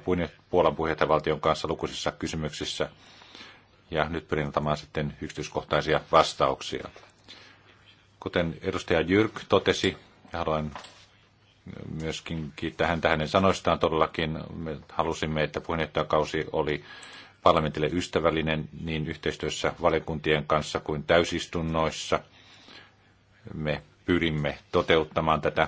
Speaker 2: Puolan valtion kanssa lukuisissa kysymyksissä. Ja nyt pyrin antamaan sitten yksityiskohtaisia vastauksia. Kuten edustaja Jyrk totesi, haluan myöskin kiittää häntä hänen sanoistaan todellakin. Me halusimme, että puheenjohtajakausi oli parlamentille ystävällinen niin yhteistyössä valiokuntien kanssa kuin täysistunnoissa. Me pyrimme toteuttamaan tätä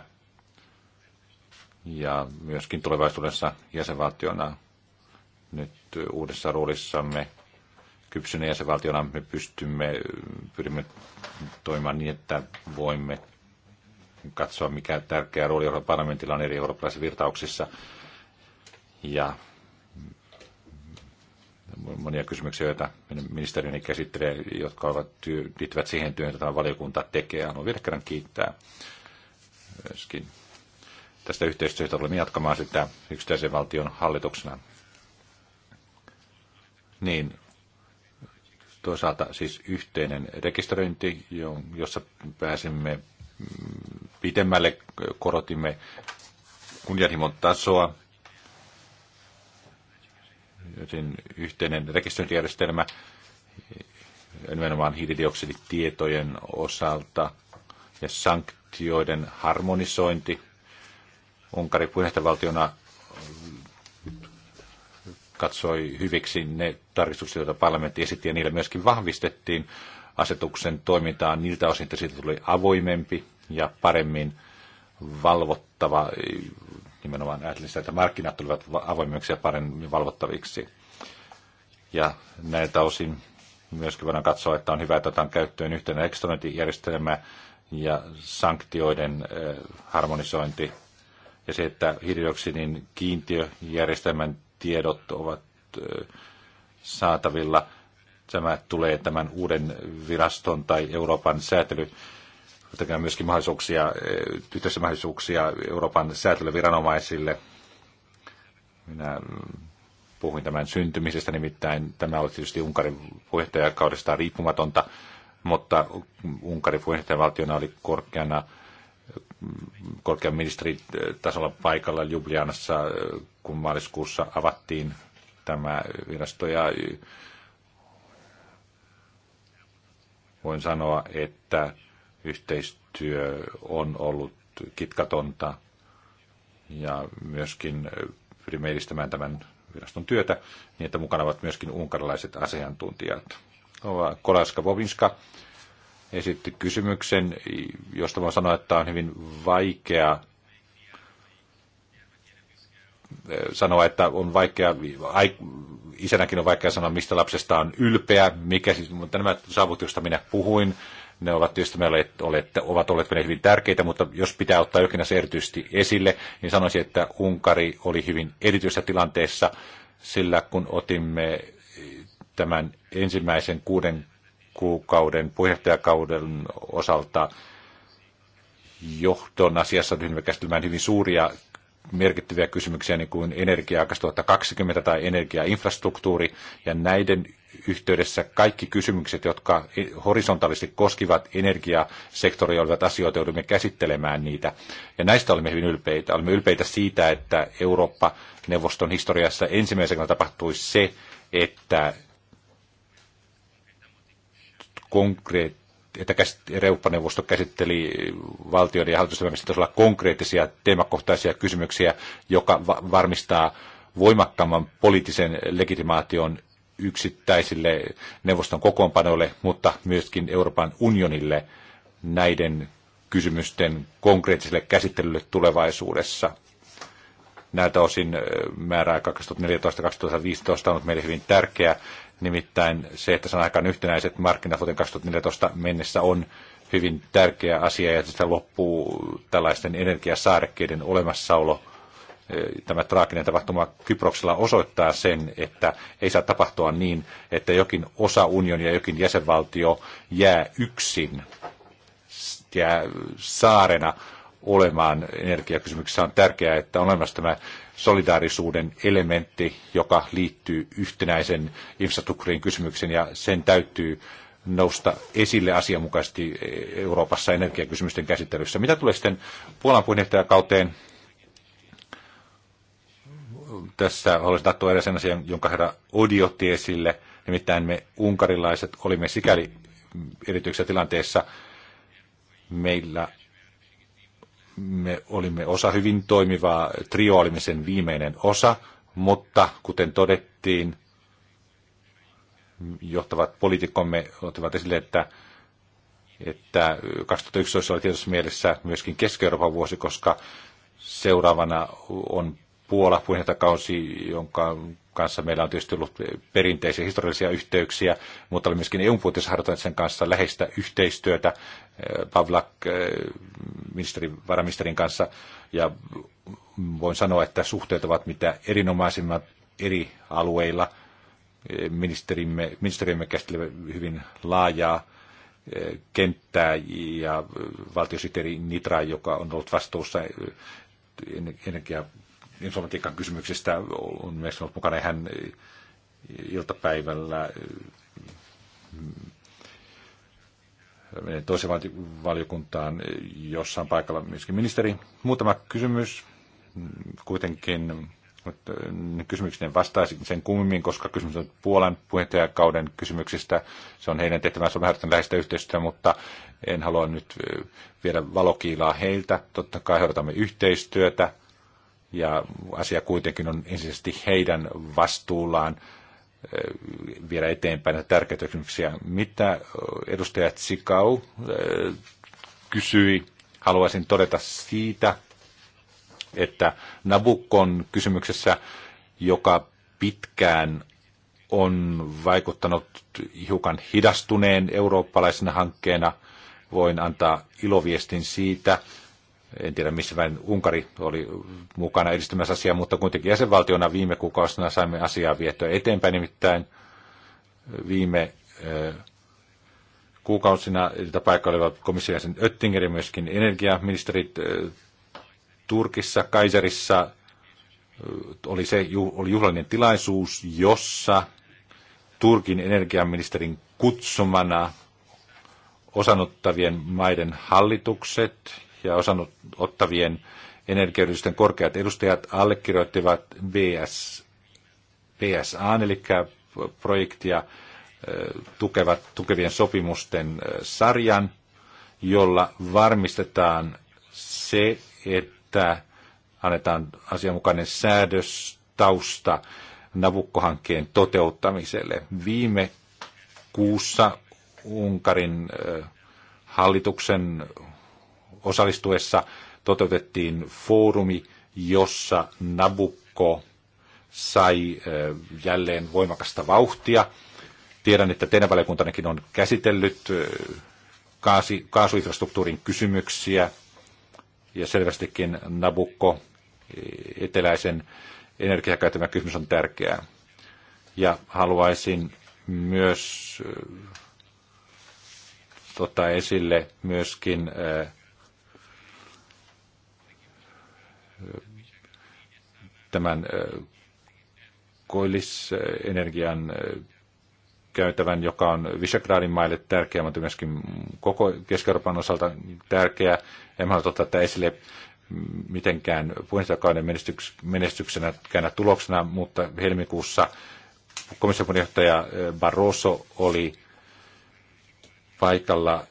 Speaker 2: ja myöskin tulevaisuudessa jäsenvaltiona nyt uudessa roolissamme kypsynä jäsenvaltiona me pystymme, pyrimme toimimaan niin, että voimme katsoa, mikä tärkeä rooli Euroopan parlamentilla on eri eurooppalaisissa virtauksissa. Ja monia kysymyksiä, joita ministeriöni käsittelee, jotka ovat liittyvät siihen työhön, jota tämä valiokunta tekee. Haluan vielä kerran kiittää myöskin tästä yhteistyöstä. Olemme jatkamaan sitä yksittäisen valtion hallituksena. Niin, toisaalta siis yhteinen rekisteröinti, jossa pääsimme mm, pitemmälle, korotimme kunnianhimon tasoa, joten yhteinen rekisteröintijärjestelmä nimenomaan hiilidioksiditietojen osalta ja sanktioiden harmonisointi. Unkari puheenjohtajavaltiona katsoi hyviksi ne tarkistukset, joita parlamentti esitti, ja niillä myöskin vahvistettiin asetuksen toimintaa niiltä osin, että siitä tuli avoimempi ja paremmin valvottava, nimenomaan ajattelin sitä, että markkinat tulivat avoimemmiksi ja paremmin valvottaviksi. Ja näiltä osin myöskin voidaan katsoa, että on hyvä, että otetaan käyttöön yhteinen ekstronointijärjestelmä ja sanktioiden eh, harmonisointi ja se, että hiilidioksidin kiintiöjärjestelmän tiedot ovat saatavilla. Tämä tulee tämän uuden viraston tai Euroopan säätely tekemään myöskin mahdollisuuksia, yhteisiä mahdollisuuksia Euroopan säätelyviranomaisille. Minä puhuin tämän syntymisestä, nimittäin tämä oli tietysti Unkarin puheenjohtajakaudestaan riippumatonta, mutta Unkarin puheenjohtajavaltiona oli korkeana korkean ministeritasolla paikalla Ljubljanassa, kun maaliskuussa avattiin tämä virasto. Ja voin sanoa, että yhteistyö on ollut kitkatonta ja myöskin pyrimme edistämään tämän viraston työtä niin, että mukana ovat myöskin unkarilaiset asiantuntijat. Kolaska Bobinska esitti kysymyksen, josta voin sanoa, että on hyvin vaikea sanoa, että on vaikea, isänäkin on vaikea sanoa, mistä lapsesta on ylpeä, mikä siis, mutta nämä saavut, joista minä puhuin, ne ovat tietysti meille olleet, ovat olleet meille hyvin tärkeitä, mutta jos pitää ottaa jokin asia erityisesti esille, niin sanoisin, että Unkari oli hyvin erityisessä tilanteessa, sillä kun otimme tämän ensimmäisen kuuden kuukauden puheenjohtajakauden osalta johtoon asiassa ryhdymme käsittelemään hyvin suuria merkittäviä kysymyksiä, niin kuin Energia 2020 tai energiainfrastruktuuri, ja näiden yhteydessä kaikki kysymykset, jotka horisontaalisesti koskivat energiasektoria olivat asioita, joudumme käsittelemään niitä. Ja näistä olemme hyvin ylpeitä. Olemme ylpeitä siitä, että Eurooppa-neuvoston historiassa ensimmäisenä tapahtui se, että konkreet, että Eurooppa-neuvosto käsitteli valtioiden ja hallitusten konkreettisia teemakohtaisia kysymyksiä, joka va- varmistaa voimakkaamman poliittisen legitimaation yksittäisille neuvoston kokoonpanoille, mutta myöskin Euroopan unionille näiden kysymysten konkreettiselle käsittelylle tulevaisuudessa. Näiltä osin määrä 2014-2015 on ollut meille hyvin tärkeä Nimittäin se, että saadaan aikaan yhtenäiset markkinat vuoteen 2014 mennessä on hyvin tärkeä asia ja sitä loppuu tällaisten energiasaarekkeiden olemassaolo. Tämä traaginen tapahtuma Kyproksella osoittaa sen, että ei saa tapahtua niin, että jokin osa unionia ja jokin jäsenvaltio jää yksin, jää saarena olemaan energiakysymyksessä. On tärkeää, että on olemassa tämä solidaarisuuden elementti, joka liittyy yhtenäisen infrastruktuurin kysymykseen ja sen täytyy nousta esille asianmukaisesti Euroopassa energiakysymysten käsittelyssä. Mitä tulee sitten Puolan puheenjohtajakauteen? Tässä haluaisin tarttua edes asian, jonka herra Odi otti esille. Nimittäin me unkarilaiset olimme sikäli erityisessä tilanteessa. Meillä me olimme osa hyvin toimivaa, trio olimme sen viimeinen osa, mutta kuten todettiin, johtavat poliitikkomme ottavat esille, että, että 2011 oli tietysti mielessä myöskin Keski-Euroopan vuosi, koska seuraavana on Puola puheenjohtajakausi, jonka kanssa meillä on tietysti ollut perinteisiä historiallisia yhteyksiä, mutta oli myöskin eu sen kanssa läheistä yhteistyötä eh, Pavlak eh, ministeri, varaministerin kanssa. Ja voin sanoa, että suhteet ovat mitä erinomaisimmat eri alueilla. Eh, ministerimme, ministerimme käsittelee hyvin laajaa kenttää ja valtiosihteeri Nitra, joka on ollut vastuussa energia- informatiikan kysymyksistä on myös ollut mukana ihan iltapäivällä mm, menen toiseen valiokuntaan, jossa on paikalla myöskin ministeri. Muutama kysymys kuitenkin kysymykseen vastaisin sen kummin, koska kysymys on Puolan puheenjohtajakauden kysymyksistä. Se on heidän tehtävänsä vähän läheistä yhteistyötä, mutta en halua nyt eh, viedä valokiilaa heiltä. Totta kai odotamme yhteistyötä ja asia kuitenkin on ensisijaisesti heidän vastuullaan eh, vielä eteenpäin näitä tärkeitä kysymyksiä. Mitä eh, edustaja Tsikau eh, kysyi, haluaisin todeta siitä, että Nabukon kysymyksessä, joka pitkään on vaikuttanut hiukan hidastuneen eurooppalaisena hankkeena, voin antaa iloviestin siitä, en tiedä missä vain Unkari oli mukana edistämässä asiaa, mutta kuitenkin jäsenvaltiona viime kuukausina saimme asiaa viettyä eteenpäin, nimittäin viime eh, kuukausina paikkaa olivat komission jäsen Öttinger ja myöskin energiaministerit eh, Turkissa, Kaiserissa eh, oli se oli juhlallinen tilaisuus, jossa Turkin energiaministerin kutsumana osanottavien maiden hallitukset ja ottavien energiayritysten korkeat edustajat allekirjoittivat BS, BSA, eli projektia tukevat, tukevien sopimusten sarjan, jolla varmistetaan se, että annetaan asianmukainen säädöstausta Navukkohankkeen toteuttamiselle. Viime kuussa Unkarin hallituksen osallistuessa toteutettiin foorumi, jossa Nabukko sai jälleen voimakasta vauhtia. Tiedän, että teidän valiokuntannekin on käsitellyt kaasi, kaasuinfrastruktuurin kysymyksiä ja selvästikin Nabukko e, eteläisen energiakäytävän kysymys on tärkeää. Ja haluaisin myös ottaa esille myöskin tämän koillisenergian käytävän, joka on Visegradin maille tärkeä, mutta myöskin koko keski osalta tärkeä. En halua ottaa tätä esille mitenkään puheenjohtajakauden menestyksenä käännä tuloksena, mutta helmikuussa komission puheenjohtaja Barroso oli paikalla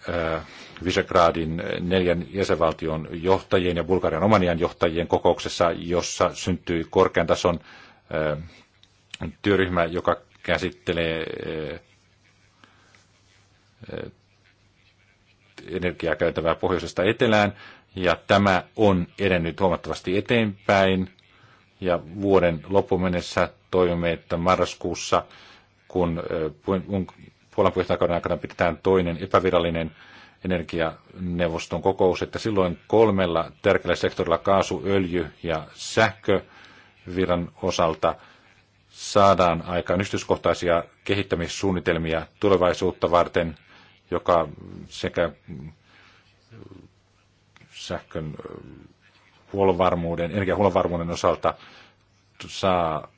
Speaker 2: Visegradin neljän jäsenvaltion johtajien ja Bulgarian omanian johtajien kokouksessa, jossa syntyi korkean tason äh, työryhmä, joka käsittelee äh, äh, energiaa käytävää pohjoisesta etelään, ja tämä on edennyt huomattavasti eteenpäin, ja vuoden loppuun mennessä toivomme, että marraskuussa, kun Puolan puheenjohtajakauden aikana pidetään toinen epävirallinen energianeuvoston kokous, että silloin kolmella tärkeällä sektorilla kaasu, öljy ja sähkö viran osalta saadaan aikaan yksityiskohtaisia kehittämissuunnitelmia tulevaisuutta varten, joka sekä sähkön huolvarmuuden, energiahuolvarmuuden osalta saa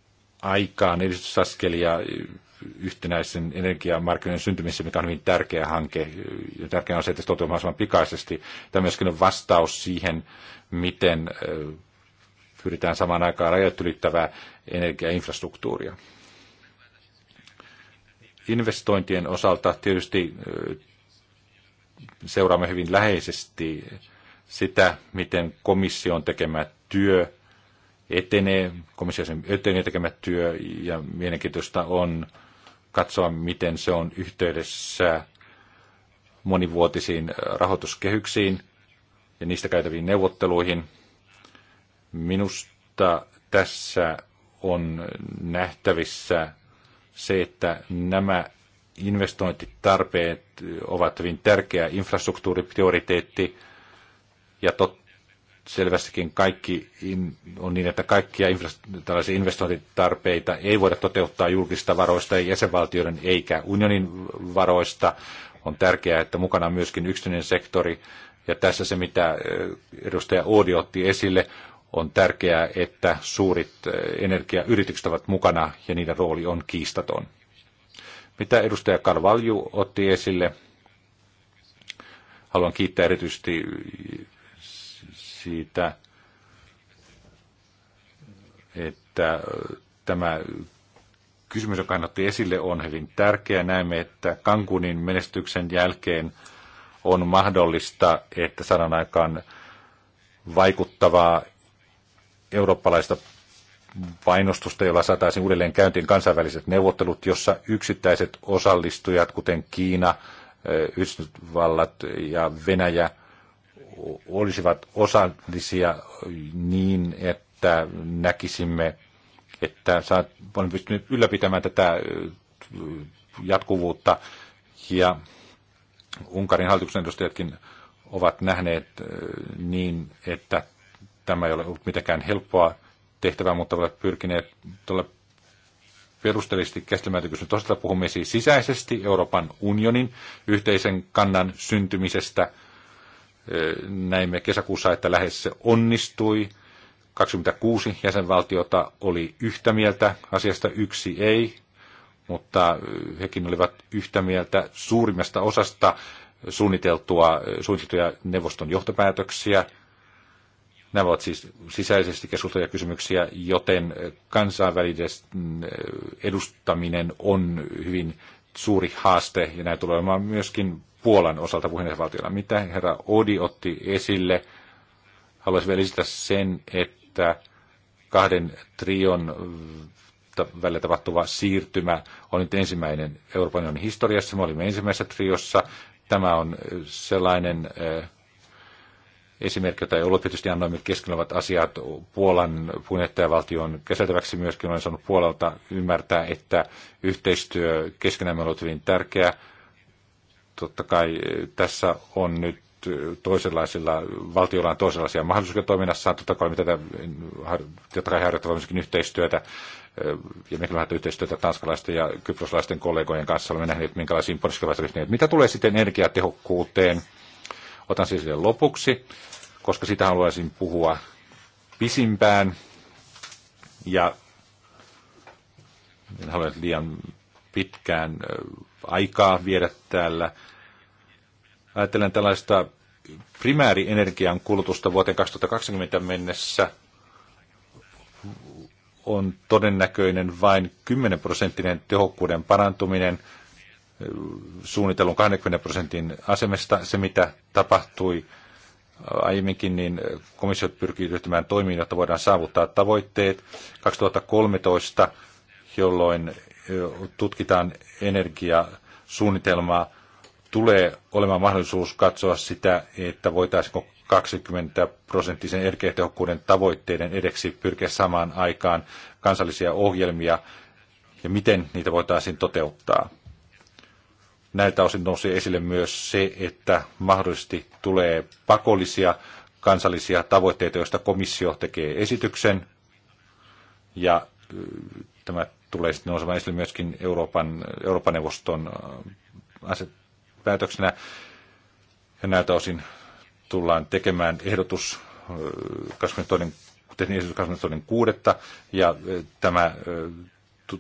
Speaker 2: aikaan edistysaskelia yhtenäisen energiamarkkinoiden syntymisessä, mikä on hyvin tärkeä hanke. Ja tärkeää on se, että se toteutuu mahdollisimman pikaisesti. Tämä myöskin on vastaus siihen, miten pyritään samaan aikaan rajat ylittävää energiainfrastruktuuria. Investointien osalta tietysti seuraamme hyvin läheisesti sitä, miten komission tekemä työ etenee, komission etenee tekemä työ, ja mielenkiintoista on katsoa, miten se on yhteydessä monivuotisiin äh, rahoituskehyksiin ja niistä käytäviin neuvotteluihin. Minusta tässä on nähtävissä se, että nämä investointitarpeet ovat hyvin tärkeä infrastruktuuriprioriteetti ja tot, selvästikin kaikki on niin, että kaikkia tällaisia investointitarpeita ei voida toteuttaa julkista varoista, ei jäsenvaltioiden eikä unionin varoista. On tärkeää, että mukana on myöskin yksityinen sektori. Ja tässä se, mitä edustaja Oodi otti esille, on tärkeää, että suurit energiayritykset ovat mukana ja niiden rooli on kiistaton. Mitä edustaja Karvalju otti esille, haluan kiittää erityisesti siitä, että äh, tämä kysymys, joka hän otti esille, on hyvin tärkeä. Näemme, että Kankunin menestyksen jälkeen on mahdollista, että saadaan aikaan vaikuttavaa eurooppalaista painostusta, jolla saataisiin uudelleen käyntiin kansainväliset neuvottelut, jossa yksittäiset osallistujat, kuten Kiina, äh, Yhdysvallat ja Venäjä – olisivat osallisia niin, että näkisimme, että olen pystynyt ylläpitämään tätä jatkuvuutta ja Unkarin hallituksen edustajatkin ovat nähneet niin, että tämä ei ole ollut mitenkään helppoa tehtävää, mutta ovat pyrkineet tuolla perusteellisesti käsittelemään kysymys. Toisaalta puhumme siis sisäisesti Euroopan unionin yhteisen kannan syntymisestä – Näimme kesäkuussa, että lähes se onnistui. 26 jäsenvaltiota oli yhtä mieltä, asiasta yksi ei, mutta hekin olivat yhtä mieltä suurimmasta osasta suunniteltua, suunniteltuja neuvoston johtopäätöksiä. Nämä ovat siis sisäisesti keskusteltuja kysymyksiä, joten kansainvälinen edustaminen on hyvin suuri haaste ja näin tulee olemaan myöskin Puolan osalta puheenjohtajavaltiona. Mitä herra Odi otti esille? Haluaisin vielä lisätä sen, että kahden trion välillä tapahtuva siirtymä on nyt ensimmäinen Euroopan unionin historiassa. Me olimme ensimmäisessä triossa. Tämä on sellainen esimerkki, jota ei ollut tietysti annoimme ovat asiat Puolan puheenjohtajavaltion käsiteltäväksi myöskin. Olen saanut Puolalta ymmärtää, että yhteistyö keskenämme on ollut hyvin tärkeää totta kai eh, tässä on nyt eh, toisenlaisilla, valtiolla on toisenlaisia mahdollisuuksia toiminnassa totta kai mitä tätä eh, kai harjoittava myöskin yhteistyötä, ja mekin vähän yhteistyötä tanskalaisten ja kyproslaisten kollegojen kanssa, olemme nähneet, minkälaisiin poniskelaisryhmiin. Mitä tulee sitten energiatehokkuuteen, otan siis sille lopuksi, koska sitä haluaisin puhua pisimpään, ja en halua liian pitkään aikaa viedä täällä. Ajattelen tällaista primäärienergian kulutusta vuoteen 2020 mennessä on todennäköinen vain 10 prosenttinen tehokkuuden parantuminen suunnitelun 20 prosentin asemesta. Se, mitä tapahtui aiemminkin, niin komissio pyrkii ryhtymään toimiin, jotta voidaan saavuttaa tavoitteet. 2013, jolloin tutkitaan energiasuunnitelmaa, tulee olemaan mahdollisuus katsoa sitä, että voitaisiinko 20 prosenttisen energiatehokkuuden tavoitteiden edeksi pyrkiä samaan aikaan kansallisia ohjelmia ja miten niitä voitaisiin toteuttaa. Näiltä osin nousi esille myös se, että mahdollisesti tulee pakollisia kansallisia tavoitteita, joista komissio tekee esityksen. Ja tämä tulee sitten nousemaan esille myöskin Euroopan, Euroopan neuvoston äh, aset, päätöksenä. Ja näiltä osin tullaan tekemään ehdotus 22 äh, kuudetta, ja äh, tämä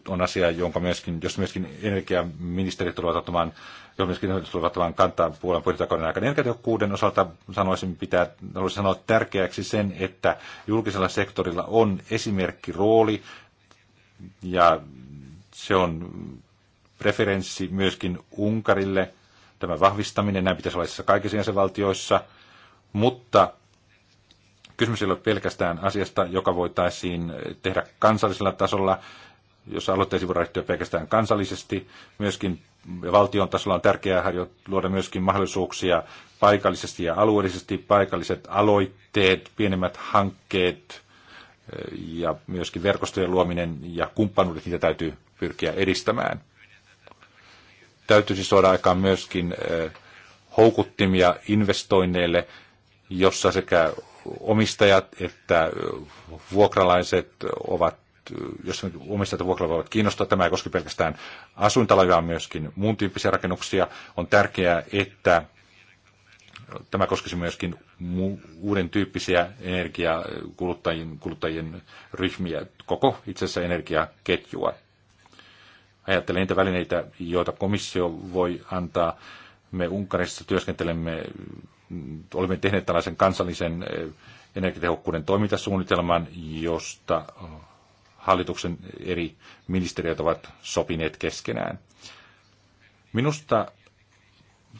Speaker 2: on asia, jonka myöskin, jos myöskin energiaministeri tulevat ottamaan, jos myöskin tulevat ottamaan kantaa puolen puolitakauden aikana energiatehokkuuden osalta, sanoisin, pitää, haluaisin sanoa tärkeäksi sen, että julkisella sektorilla on esimerkki rooli ja se on preferenssi myöskin Unkarille. Tämä vahvistaminen, näin pitäisi olla kaikissa jäsenvaltioissa, mutta kysymys ei ole pelkästään asiasta, joka voitaisiin tehdä kansallisella tasolla, jos aloitteisiin voidaan ryhtyä pelkästään kansallisesti. Myöskin valtion tasolla on tärkeää luoda myöskin mahdollisuuksia paikallisesti ja alueellisesti. Paikalliset aloitteet, pienemmät hankkeet, ja myöskin verkostojen luominen ja kumppanuudet, niitä täytyy pyrkiä edistämään. Täytyy siis saada aikaan myöskin houkuttimia investoinneille, jossa sekä omistajat että vuokralaiset ovat jos omistajat vuokralaiset voivat kiinnostaa, tämä ei koske pelkästään asuintaloja, vaan myöskin muun tyyppisiä rakennuksia. On tärkeää, että Tämä koskisi myöskin uuden tyyppisiä energiakuluttajien kuluttajien ryhmiä, koko itse asiassa energiaketjua. Ajattelen niitä välineitä, joita komissio voi antaa. Me Unkarissa työskentelemme, olemme tehneet tällaisen kansallisen eh, energiatehokkuuden toimintasuunnitelman, josta eh, hallituksen eri ministeriöt ovat sopineet keskenään. Minusta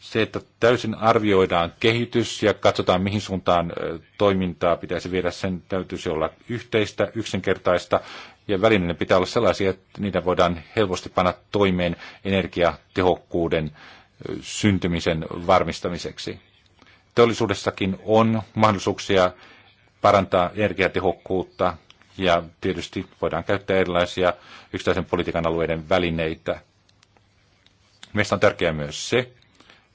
Speaker 2: se, että täysin arvioidaan kehitys ja katsotaan, mihin suuntaan toimintaa pitäisi viedä, sen täytyisi olla yhteistä, yksinkertaista ja välineiden pitää olla sellaisia, että niitä voidaan helposti panna toimeen energiatehokkuuden syntymisen varmistamiseksi. Teollisuudessakin on mahdollisuuksia parantaa energiatehokkuutta ja tietysti voidaan käyttää erilaisia yksittäisen politiikan alueiden välineitä. Meistä on tärkeää myös se,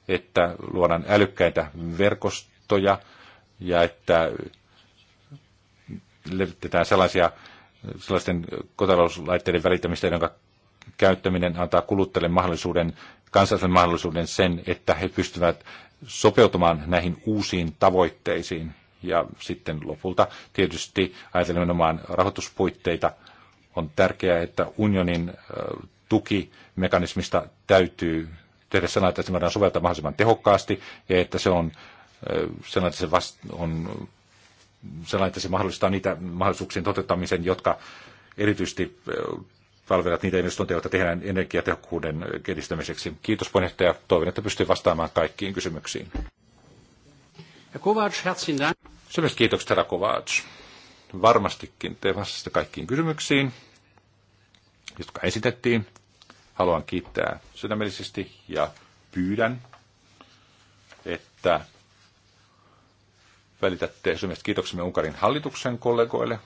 Speaker 2: että luodaan älykkäitä verkostoja ja että levitetään sellaisia, sellaisten kotitalouslaitteiden välittämistä, jonka käyttäminen antaa kuluttajille mahdollisuuden, kansalaisille mahdollisuuden sen, että he pystyvät sopeutumaan näihin uusiin tavoitteisiin. Ja sitten lopulta tietysti ajatellen nimenomaan rahoituspuitteita on tärkeää, että unionin tukimekanismista täytyy tehdä sellainen, että se voidaan soveltaa mahdollisimman tehokkaasti ja että se on sellainen, että se, vast, on, sellainen, että se mahdollistaa niitä mahdollisuuksien toteuttamisen, jotka erityisesti palvelevat niitä investointeja, joita tehdään energiatehokkuuden edistämiseksi. Kiitos puheenjohtaja. Toivon, että pystyy vastaamaan kaikkiin kysymyksiin. Kovac, kiitokset, herra Kovac. Varmastikin te vastasitte kaikkiin kysymyksiin, jotka esitettiin haluan kiittää sydämellisesti ja pyydän, että välitätte esimerkiksi kiitoksemme Unkarin hallituksen kollegoille.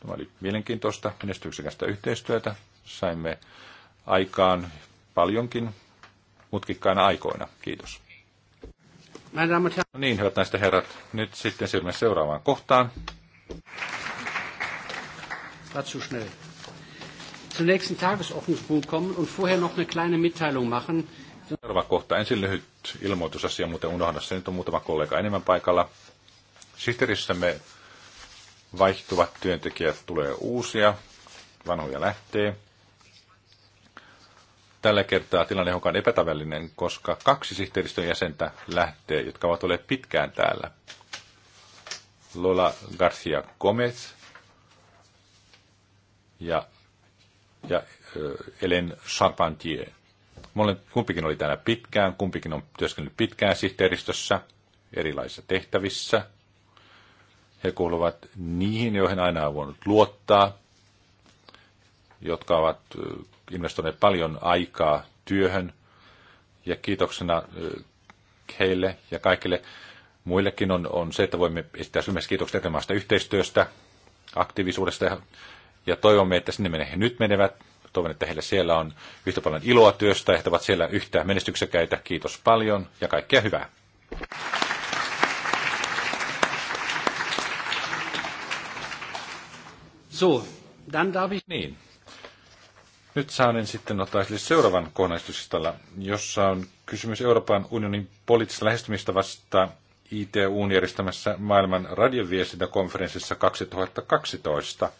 Speaker 2: Tämä oli mielenkiintoista, menestyksekästä yhteistyötä. Saimme aikaan paljonkin mutkikkaina aikoina. Kiitos. No niin, hyvät näistä herrat. Nyt sitten siirrymme seuraavaan kohtaan.
Speaker 1: Katsus zum nächsten Tagesordnungspunkt kommen und vorher noch eine kleine Mitteilung machen.
Speaker 2: Seuraava kohta. Ensin lyhyt ilmoitusasia, muuten on muutama kollega enemmän paikalla. Sihteerissämme vaihtuvat työntekijät tulee uusia, vanhoja lähtee. Tällä kertaa tilanne on epätavallinen, koska kaksi sihteeristön jäsentä lähtee, jotka ovat olleet pitkään täällä. Lola Garcia Gomez ja ja Elen Charpentier. Molemmat, kumpikin oli täällä pitkään, kumpikin on työskennellyt pitkään sihteeristössä, erilaisissa tehtävissä. He kuuluvat niihin, joihin aina on voinut luottaa, jotka ovat investoineet paljon aikaa työhön. Ja kiitoksena heille ja kaikille muillekin on, on se, että voimme esittää myös kiitokset erilaisesta yhteistyöstä, aktiivisuudesta ja ja toivomme, että sinne menee he nyt menevät. Toivon, että heille siellä on yhtä paljon iloa työstä, että ovat siellä yhtään menestyksekäitä. Kiitos paljon ja kaikkea hyvää. So, dann darf ich... Niin. Nyt saanen sitten ottaa esille seuraavan kohdaistuslistalla, jossa on kysymys Euroopan unionin poliittisesta vasta itu järjestämässä maailman radioviestintäkonferenssissa 2012.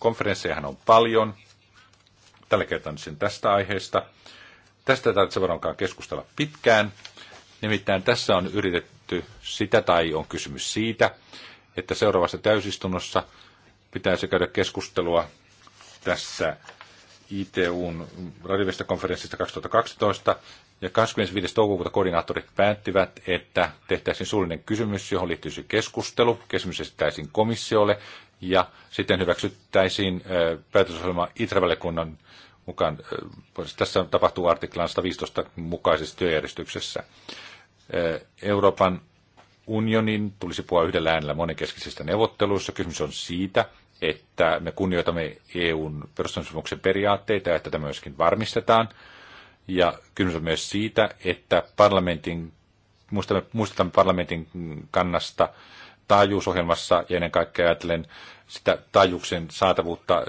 Speaker 2: Konferenssejahan on paljon. Tällä kertaa nyt sen tästä aiheesta. Tästä tarvitse varmaankaan keskustella pitkään. Nimittäin tässä on yritetty sitä tai on kysymys siitä, että seuraavassa täysistunnossa pitäisi käydä keskustelua tässä ITUn konferenssista 2012. Ja 25. toukokuuta koordinaattorit päättivät, että tehtäisiin suullinen kysymys, johon liittyisi keskustelu. Kysymys esittäisiin komissiolle ja sitten hyväksyttäisiin päätösohjelma Itravallekunnan mukaan. Tässä tapahtuu artiklan 115 mukaisessa työjärjestyksessä. Euroopan unionin tulisi puhua yhdellä äänellä monenkeskisistä neuvotteluissa. Kysymys on siitä, että me kunnioitamme EUn perustamissopimuksen periaatteita ja että tämä myöskin varmistetaan. Ja kysymys on myös siitä, että parlamentin, muistamme, muistetaan parlamentin kannasta taajuusohjelmassa ja ennen kaikkea ajatellen sitä taajuuksien saatavuutta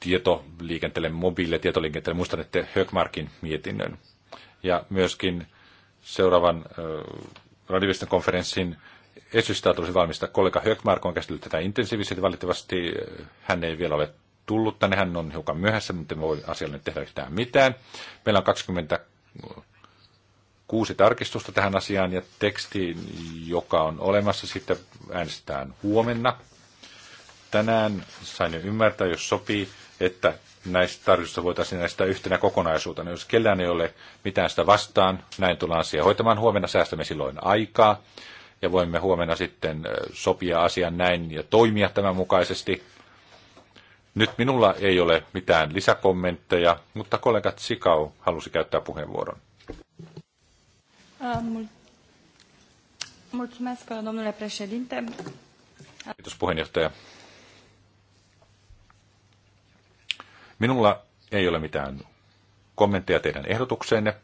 Speaker 2: tietoliikenteelle, mobiilille tietoliikenteelle. Muistan, että Högmarkin mietinnön. Ja myöskin seuraavan radioviston konferenssin esitystä tulisi valmista. Kollega Högmark on käsitellyt tätä intensiivisesti. Valitettavasti hän ei vielä ole tullut tänne. Hän on hiukan myöhässä, mutta me voi asialle tehdä yhtään mitään. Meillä on 20 kuusi tarkistusta tähän asiaan ja teksti, joka on olemassa, sitten äänestetään huomenna. Tänään sain jo ymmärtää, jos sopii, että näistä tarkistusta voitaisiin näistä yhtenä kokonaisuutena. Jos kellään ei ole mitään sitä vastaan, näin tullaan asiaa hoitamaan. Huomenna säästämme silloin aikaa ja voimme huomenna sitten sopia asian näin ja toimia tämän mukaisesti. Nyt minulla ei ole mitään lisäkommentteja, mutta kollegat Sikau halusi käyttää puheenvuoron.
Speaker 3: Uh, mulțumesc, uh, domnule președinte.
Speaker 2: Kiitos puheenjohtaja. Minulla ei ole mitään kommentteja teidän ehdotukseenne.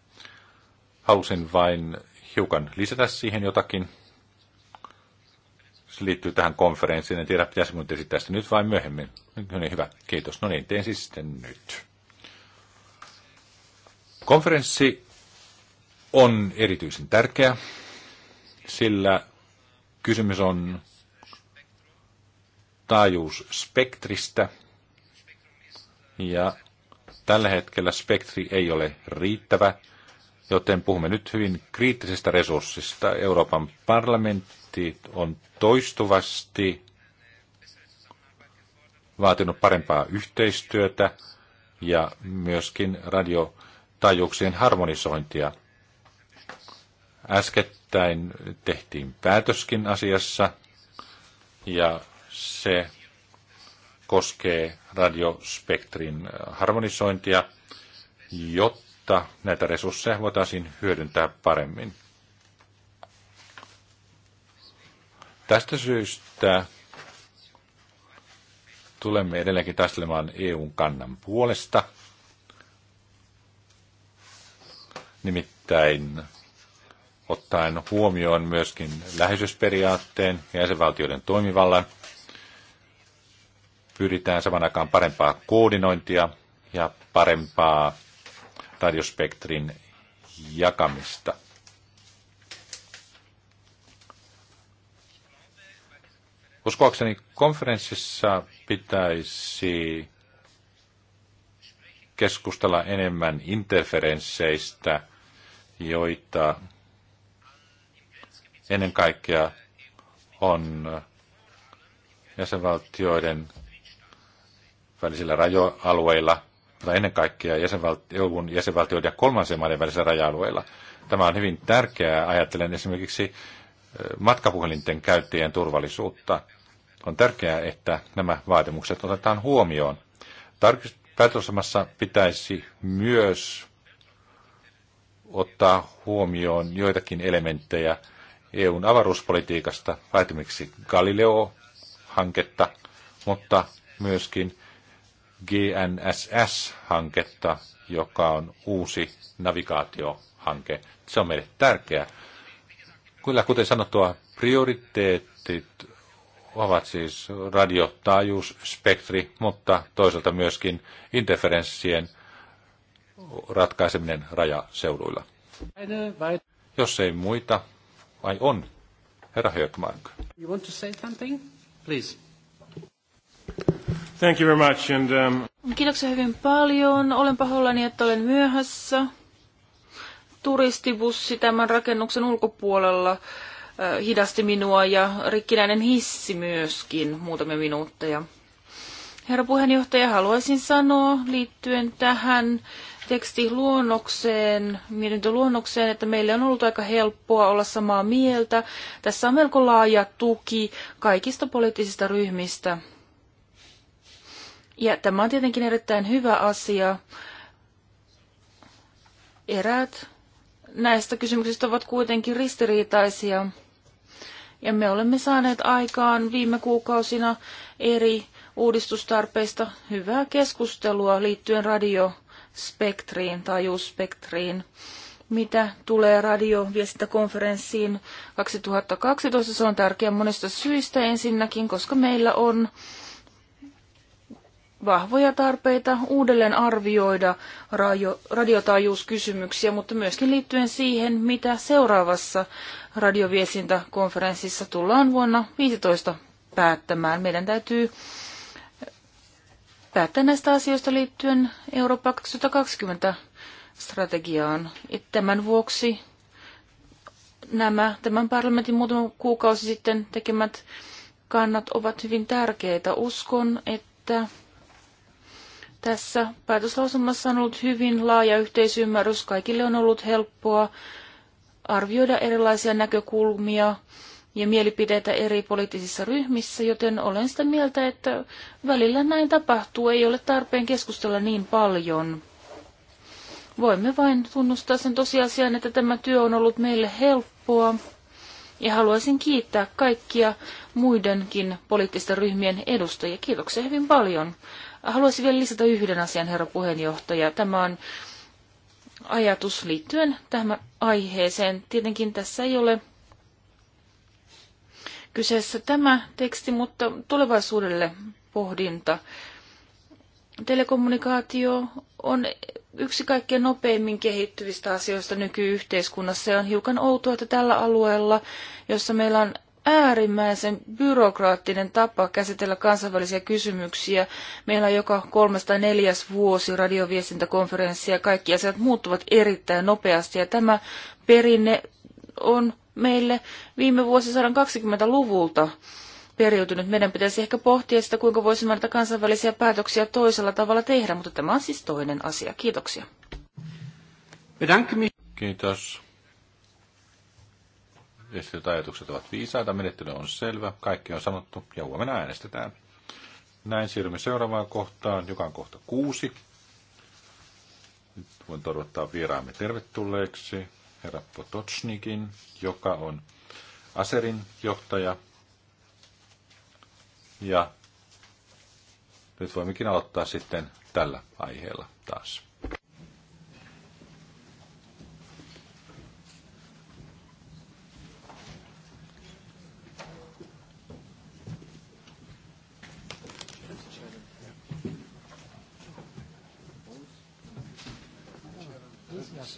Speaker 2: Halusin vain hiukan lisätä siihen jotakin. Se liittyy tähän konferenssiin. En tiedä, pitäisikö nyt esittää sitä nyt vai myöhemmin. No niin, hyvä. Kiitos. No niin, teen siis sitten nyt. Konferenssi on erityisen tärkeä, sillä kysymys on taajuusspektristä, ja tällä hetkellä spektri ei ole riittävä, joten puhumme nyt hyvin kriittisestä resurssista. Euroopan parlamentti on toistuvasti vaatinut parempaa yhteistyötä ja myöskin radiotaajuuksien harmonisointia – Äskettäin tehtiin päätöskin asiassa ja se koskee radiospektrin äh, harmonisointia, jotta näitä resursseja voitaisiin hyödyntää paremmin. Tästä syystä tulemme edelleenkin taistelemaan EUn kannan puolesta. Nimittäin ottaen huomioon myöskin läheisyysperiaatteen ja jäsenvaltioiden toimivallan. Pyritään saman aikaan parempaa koordinointia ja parempaa radiospektrin jakamista. Uskoakseni konferenssissa pitäisi keskustella enemmän interferensseistä, joita ennen kaikkea on jäsenvaltioiden välisillä rajoalueilla, mutta ennen kaikkea EUn jäsenvaltioiden ja kolmansien maiden välisillä raja-alueilla. Tämä on hyvin tärkeää, ajattelen esimerkiksi matkapuhelinten käyttäjien turvallisuutta. On tärkeää, että nämä vaatimukset otetaan huomioon. Tarkist- päätösomassa pitäisi myös ottaa huomioon joitakin elementtejä, EUn avaruuspolitiikasta, esimerkiksi Galileo-hanketta, mutta myöskin GNSS-hanketta, joka on uusi navigaatiohanke. Se on meille tärkeä. Kyllä, kuten sanottua, prioriteetit ovat siis radiotaajuus, spektri, mutta toisaalta myöskin interferenssien ratkaiseminen rajaseuduilla. Jos ei muita vai on. Herra Hökmark.
Speaker 1: You want to say something?
Speaker 2: Please. Thank you very much and, um...
Speaker 3: Kiitoksia hyvin paljon. Olen pahoillani, että olen myöhässä. Turistibussi tämän rakennuksen ulkopuolella äh, hidasti minua ja rikkinäinen hissi myöskin muutamia minuutteja. Herra puheenjohtaja, haluaisin sanoa liittyen tähän tekstiluonnokseen, mietintöluonnokseen, että meille on ollut aika helppoa olla samaa mieltä. Tässä on melko laaja tuki kaikista poliittisista ryhmistä. Ja tämä on tietenkin erittäin hyvä asia. Eräät näistä kysymyksistä ovat kuitenkin ristiriitaisia. Ja me olemme saaneet aikaan viime kuukausina eri uudistustarpeista hyvää keskustelua liittyen radio spektriin, taajuusspektriin. Mitä tulee radioviestintäkonferenssiin 2012, se on tärkeä monesta syistä ensinnäkin, koska meillä on vahvoja tarpeita uudelleen arvioida radio, radiotaajuuskysymyksiä, mutta myöskin liittyen siihen, mitä seuraavassa radioviestintäkonferenssissa tullaan vuonna 2015 päättämään. Meidän täytyy päättää näistä asioista liittyen Eurooppa 2020 strategiaan. Et tämän vuoksi nämä tämän parlamentin muutama kuukausi sitten tekemät kannat ovat hyvin tärkeitä. Uskon, että tässä päätöslausumassa on ollut hyvin laaja yhteisymmärrys. Kaikille on ollut helppoa arvioida erilaisia näkökulmia ja mielipiteitä eri poliittisissa ryhmissä, joten olen sitä mieltä, että välillä näin tapahtuu, ei ole tarpeen keskustella niin paljon. Voimme vain tunnustaa sen tosiasian, että tämä työ on ollut meille helppoa, ja haluaisin kiittää kaikkia muidenkin poliittisten ryhmien edustajia. Kiitoksia hyvin paljon. Haluaisin vielä lisätä yhden asian, herra puheenjohtaja. Tämä on ajatus liittyen tähän aiheeseen. Tietenkin tässä ei ole kyseessä tämä teksti, mutta tulevaisuudelle pohdinta. Telekommunikaatio on yksi kaikkein nopeimmin kehittyvistä asioista nykyyhteiskunnassa ja on hiukan outoa, että tällä alueella, jossa meillä on äärimmäisen byrokraattinen tapa käsitellä kansainvälisiä kysymyksiä. Meillä on joka kolmas tai neljäs vuosi radioviestintäkonferenssia ja kaikki asiat muuttuvat erittäin nopeasti ja tämä perinne on meille viime vuosisadan 20-luvulta periytynyt. Meidän pitäisi ehkä pohtia sitä, kuinka voisimme näitä kansainvälisiä päätöksiä toisella tavalla tehdä, mutta tämä on siis toinen asia. Kiitoksia.
Speaker 2: Kiitos. Esitetyt ajatukset ovat viisaita, menettely on selvä, kaikki on sanottu ja huomenna äänestetään. Näin siirrymme seuraavaan kohtaan, joka on kohta kuusi. Nyt voin toivottaa vieraamme tervetulleeksi herra Potocnikin, joka on Aserin johtaja. Ja nyt voimmekin aloittaa sitten tällä aiheella taas.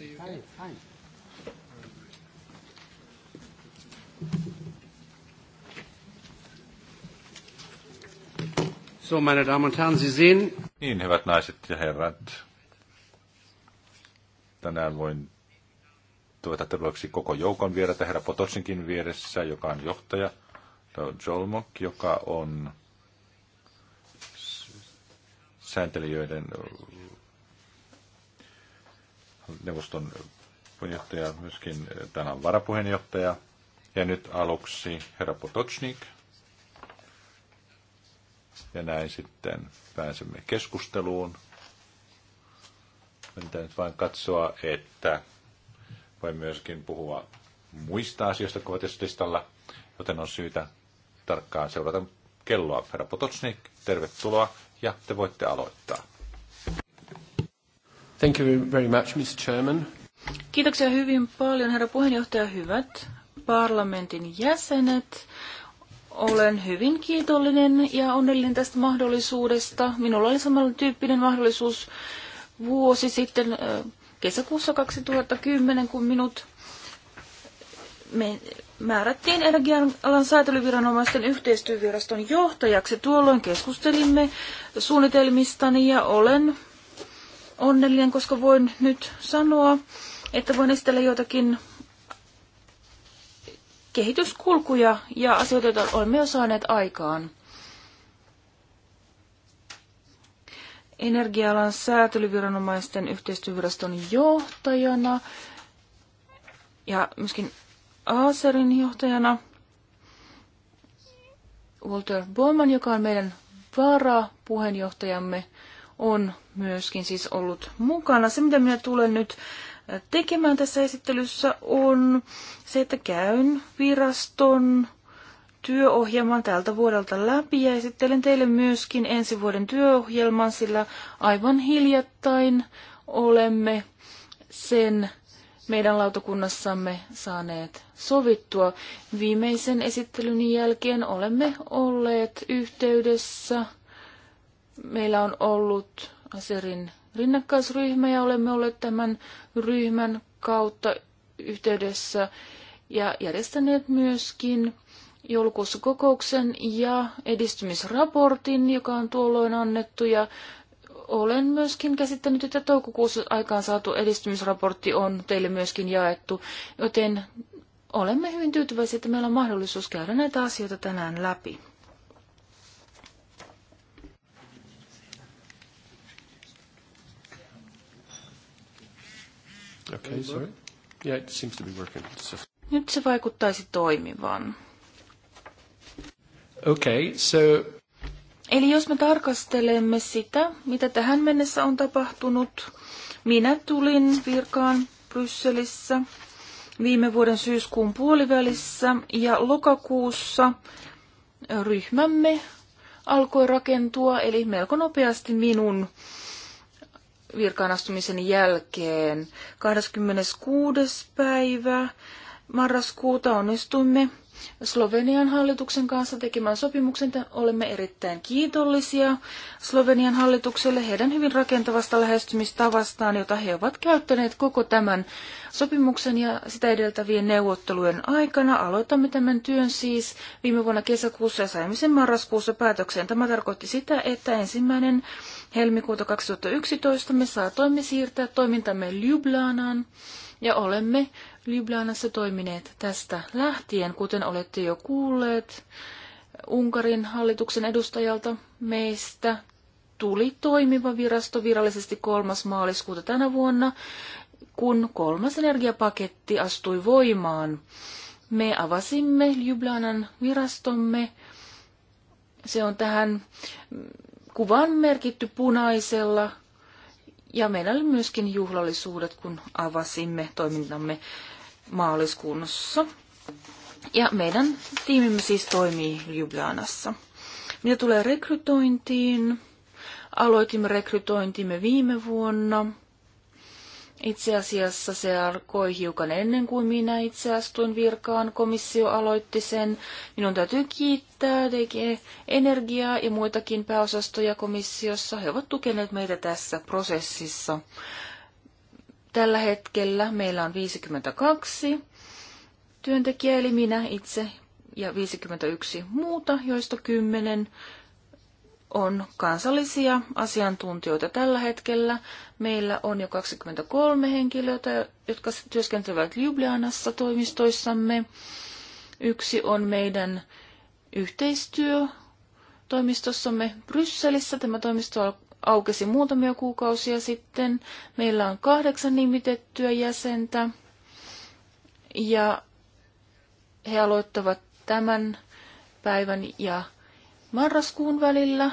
Speaker 1: Hi, hi. So, meine Damen und Herren, Sie sehen...
Speaker 2: Niin, hyvät naiset ja herrat. Tänään voin tuota tervetuloksi koko joukon vierata herra Potosinkin vieressä, joka on johtaja, Jolmok, joka on sääntelijöiden neuvoston puheenjohtaja, myöskin eh, tänään varapuheenjohtaja. Ja nyt aluksi herra Potocnik. Ja näin sitten pääsemme keskusteluun. Pitää nyt vain katsoa, että voi myöskin puhua muista asioista kuin joten on syytä tarkkaan seurata kelloa. Herra Potocnik, tervetuloa ja te voitte aloittaa.
Speaker 1: Thank you very much, Mr. Chairman. Kiitoksia
Speaker 3: hyvin paljon, herra puheenjohtaja. Hyvät parlamentin jäsenet. Olen hyvin kiitollinen ja onnellinen tästä mahdollisuudesta. Minulla oli samalla tyyppinen mahdollisuus vuosi sitten kesäkuussa 2010, kun minut me määrättiin energialan säätelyviranomaisten yhteistyöviraston johtajaksi. Tuolloin keskustelimme suunnitelmistani ja olen onnellinen, koska voin nyt sanoa, että voin esitellä joitakin kehityskulkuja ja asioita, joita olemme jo saaneet aikaan. Energialan säätelyviranomaisten yhteistyöviraston johtajana ja myöskin Aserin johtajana Walter Bowman, joka on meidän varapuheenjohtajamme, on myöskin siis ollut mukana. Se, mitä minä tulen nyt tekemään tässä esittelyssä on se, että käyn viraston työohjelman tältä vuodelta läpi ja esittelen teille myöskin ensi vuoden työohjelman, sillä aivan hiljattain olemme sen meidän lautakunnassamme saaneet sovittua. Viimeisen esittelyn jälkeen olemme olleet yhteydessä. Meillä on ollut Aserin rinnakkaisryhmä ja olemme olleet tämän ryhmän kautta yhteydessä ja järjestäneet myöskin joulukuussa kokouksen ja edistymisraportin, joka on tuolloin annettu ja olen myöskin käsittänyt, että toukokuussa aikaan saatu edistymisraportti on teille myöskin jaettu, joten olemme hyvin tyytyväisiä, että meillä on mahdollisuus käydä näitä asioita tänään läpi.
Speaker 1: Okay, sorry. Yeah, it seems to be working. So.
Speaker 3: Nyt se vaikuttaisi toimivan.
Speaker 1: Okay, so...
Speaker 3: Eli jos me tarkastelemme sitä, mitä tähän mennessä on tapahtunut, minä tulin virkaan Brysselissä viime vuoden syyskuun puolivälissä ja lokakuussa ryhmämme alkoi rakentua, eli melko nopeasti minun virkaan jälkeen. 26. päivä marraskuuta onnistuimme Slovenian hallituksen kanssa tekemään sopimuksen. Olemme erittäin kiitollisia Slovenian hallitukselle heidän hyvin rakentavasta lähestymistavastaan, jota he ovat käyttäneet koko tämän sopimuksen ja sitä edeltävien neuvottelujen aikana. Aloitamme tämän työn siis viime vuonna kesäkuussa ja saimme sen marraskuussa päätökseen. Tämä tarkoitti sitä, että ensimmäinen helmikuuta 2011 me saatoimme siirtää toimintamme Ljubljanaan ja olemme Ljubljanassa toimineet tästä lähtien, kuten olette jo kuulleet. Unkarin hallituksen edustajalta meistä tuli toimiva virasto virallisesti 3. maaliskuuta tänä vuonna, kun kolmas energiapaketti astui voimaan. Me avasimme Ljubljanan virastomme. Se on tähän kuvan merkitty punaisella ja meillä oli myöskin juhlallisuudet, kun avasimme toimintamme maaliskuunnossa. Ja meidän tiimimme siis toimii Ljubljanassa. Mitä tulee rekrytointiin, aloitimme rekrytointimme viime vuonna – itse asiassa se alkoi hiukan ennen kuin minä itse astuin virkaan. Komissio aloitti sen. Minun täytyy kiittää DG Energiaa ja muitakin pääosastoja komissiossa. He ovat tukeneet meitä tässä prosessissa. Tällä hetkellä meillä on 52 työntekijää, eli minä itse ja 51 muuta, joista 10 on kansallisia asiantuntijoita tällä hetkellä. Meillä on jo 23 henkilöä, jotka työskentelevät Ljubljanassa toimistoissamme. Yksi on meidän yhteistyötoimistossamme Brysselissä. Tämä toimisto aukesi muutamia kuukausia sitten. Meillä on kahdeksan nimitettyä jäsentä ja he aloittavat tämän päivän ja marraskuun välillä.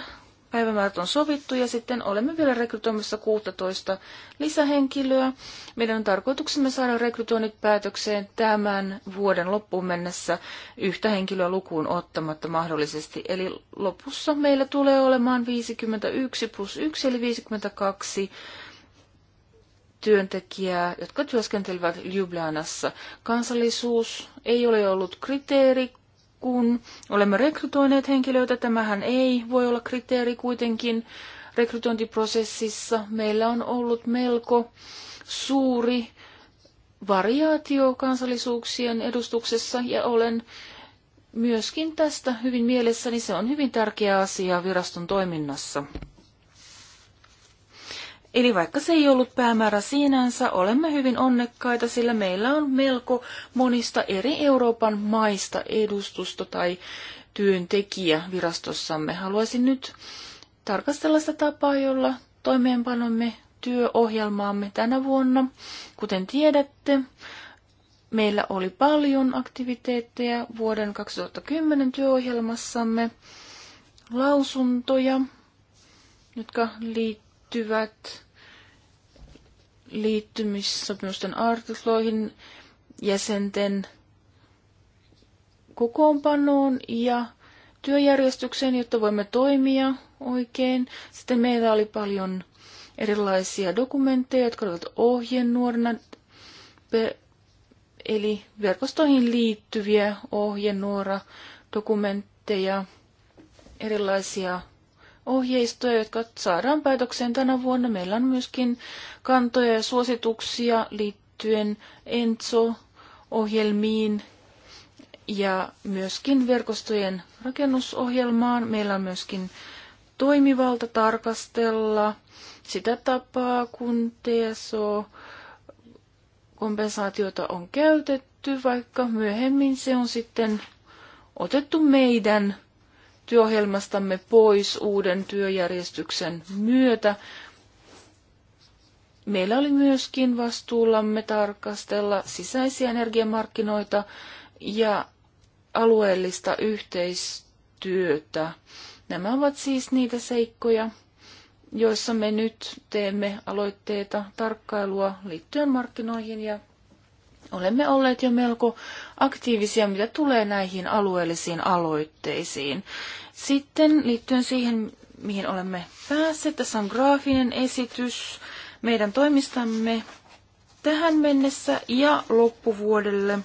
Speaker 3: Päivämäärät on sovittu ja sitten olemme vielä rekrytoimassa 16 lisähenkilöä. Meidän on tarkoituksemme saada rekrytoinnit päätökseen tämän vuoden loppuun mennessä yhtä henkilöä lukuun ottamatta mahdollisesti. Eli lopussa meillä tulee olemaan 51 plus 1 eli 52 työntekijää, jotka työskentelevät Ljubljanassa. Kansallisuus ei ole ollut kriteeri, kun olemme rekrytoineet henkilöitä. Tämähän ei voi olla kriteeri kuitenkin. Rekrytointiprosessissa meillä on ollut melko suuri variaatio kansallisuuksien edustuksessa ja olen myöskin tästä hyvin mielessäni. Se on hyvin tärkeä asia viraston toiminnassa. Eli vaikka se ei ollut päämäärä sinänsä, olemme hyvin onnekkaita, sillä meillä on melko monista eri Euroopan maista edustusta tai työntekijä virastossamme. Haluaisin nyt tarkastella sitä tapaa, jolla toimeenpanomme työohjelmaamme tänä vuonna. Kuten tiedätte, meillä oli paljon aktiviteetteja vuoden 2010 työohjelmassamme, lausuntoja, jotka liittyvät liittymissopimusten artikloihin, jäsenten kokoonpanoon ja työjärjestykseen, jotta voimme toimia oikein. Sitten meillä oli paljon erilaisia dokumentteja, jotka olivat ohjenuorina, eli verkostoihin liittyviä ohjenuora, dokumentteja, erilaisia ohjeistoja, jotka saadaan päätökseen tänä vuonna. Meillä on myöskin kantoja ja suosituksia liittyen ENSO-ohjelmiin ja myöskin verkostojen rakennusohjelmaan. Meillä on myöskin toimivalta tarkastella sitä tapaa, kun TSO kompensaatiota on käytetty, vaikka myöhemmin se on sitten otettu meidän työohjelmastamme pois uuden työjärjestyksen myötä. Meillä oli myöskin vastuullamme tarkastella sisäisiä energiamarkkinoita ja alueellista yhteistyötä. Nämä ovat siis niitä seikkoja, joissa me nyt teemme aloitteita tarkkailua liittyen markkinoihin ja olemme olleet jo melko aktiivisia, mitä tulee näihin alueellisiin aloitteisiin. Sitten liittyen siihen, mihin olemme päässeet, tässä on graafinen esitys meidän toimistamme tähän mennessä ja loppuvuodelle.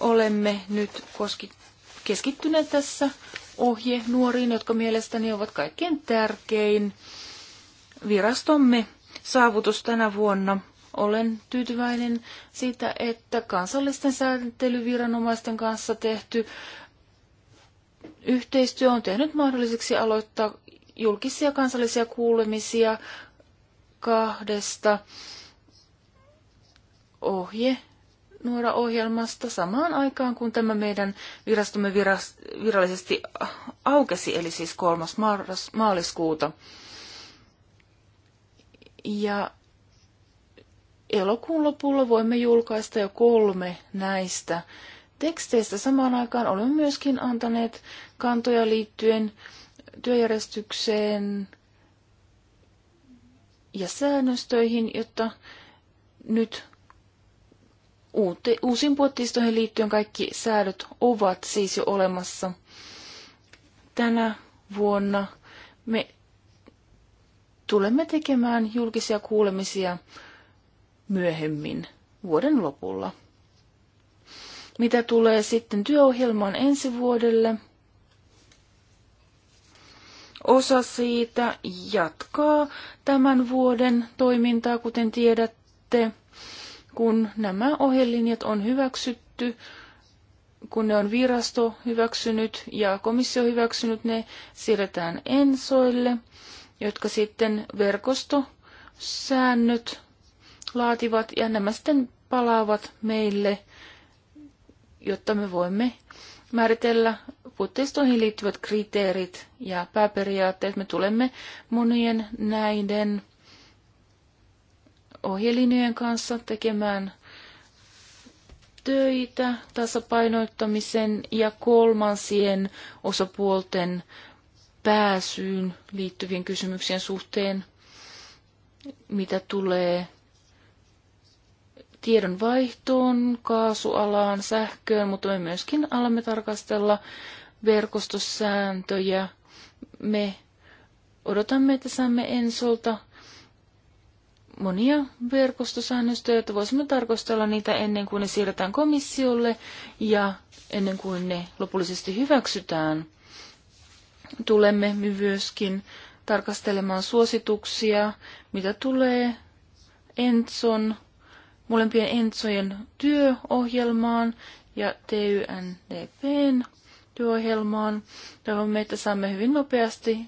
Speaker 3: Olemme nyt koski, keskittyneet tässä ohje nuoriin, jotka mielestäni ovat kaikkein tärkein virastomme saavutus tänä vuonna – olen tyytyväinen siitä, että kansallisten sääntelyviranomaisten kanssa tehty yhteistyö on tehnyt mahdolliseksi aloittaa julkisia kansallisia kuulemisia kahdesta ohje nuora ohjelmasta samaan aikaan, kun tämä meidän virastomme viras, virallisesti aukesi, eli siis kolmas maaliskuuta. Ja elokuun lopulla voimme julkaista jo kolme näistä teksteistä. Samaan aikaan olemme myöskin antaneet kantoja liittyen työjärjestykseen ja säännöstöihin, jotta nyt uusiin puottistoihin liittyen kaikki säädöt ovat siis jo olemassa. Tänä vuonna me tulemme tekemään julkisia kuulemisia myöhemmin vuoden lopulla. Mitä tulee sitten työohjelmaan ensi vuodelle, osa siitä jatkaa tämän vuoden toimintaa, kuten tiedätte, kun nämä ohjelinjat on hyväksytty, kun ne on virasto hyväksynyt ja komissio hyväksynyt, ne siirretään ensoille, jotka sitten verkostosäännöt laativat ja nämä sitten palaavat meille, jotta me voimme määritellä puitteistoihin liittyvät kriteerit ja pääperiaatteet. Me tulemme monien näiden ohjelinjojen kanssa tekemään töitä tasapainoittamisen ja kolmansien osapuolten pääsyyn liittyvien kysymyksien suhteen, mitä tulee tiedon vaihtoon, kaasualaan, sähköön, mutta me myöskin alamme tarkastella verkostosääntöjä. Me odotamme, että saamme Ensolta monia verkostosäännöstöjä, että voisimme tarkastella niitä ennen kuin ne siirretään komissiolle ja ennen kuin ne lopullisesti hyväksytään. Tulemme myöskin tarkastelemaan suosituksia, mitä tulee Enson molempien Ensojen työohjelmaan ja TYNDPn työohjelmaan. Toivomme, että saamme hyvin nopeasti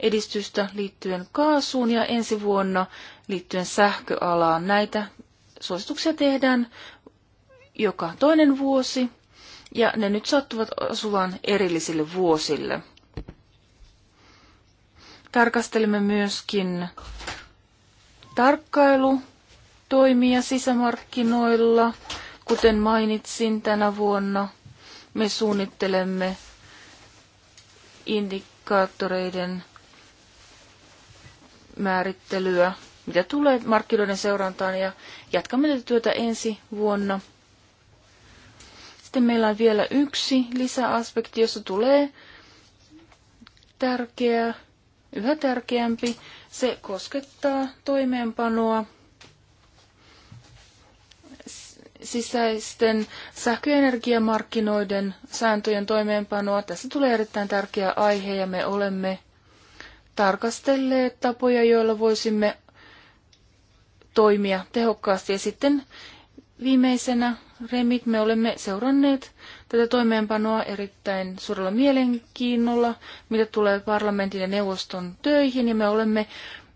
Speaker 3: edistystä liittyen kaasuun ja ensi vuonna liittyen sähköalaan. Näitä suosituksia tehdään joka toinen vuosi ja ne nyt sattuvat asuvan erillisille vuosille. Tarkastelemme myöskin tarkkailu toimia sisämarkkinoilla. Kuten mainitsin, tänä vuonna me suunnittelemme indikaattoreiden määrittelyä, mitä tulee markkinoiden seurantaan ja jatkamme tätä työtä ensi vuonna. Sitten meillä on vielä yksi lisäaspekti, jossa tulee tärkeä, yhä tärkeämpi. Se koskettaa toimeenpanoa sisäisten sähköenergiamarkkinoiden sääntöjen toimeenpanoa. Tässä tulee erittäin tärkeä aihe ja me olemme tarkastelleet tapoja, joilla voisimme toimia tehokkaasti. Ja sitten viimeisenä, Remit, me olemme seuranneet tätä toimeenpanoa erittäin suurella mielenkiinnolla, mitä tulee parlamentin ja neuvoston töihin, ja me olemme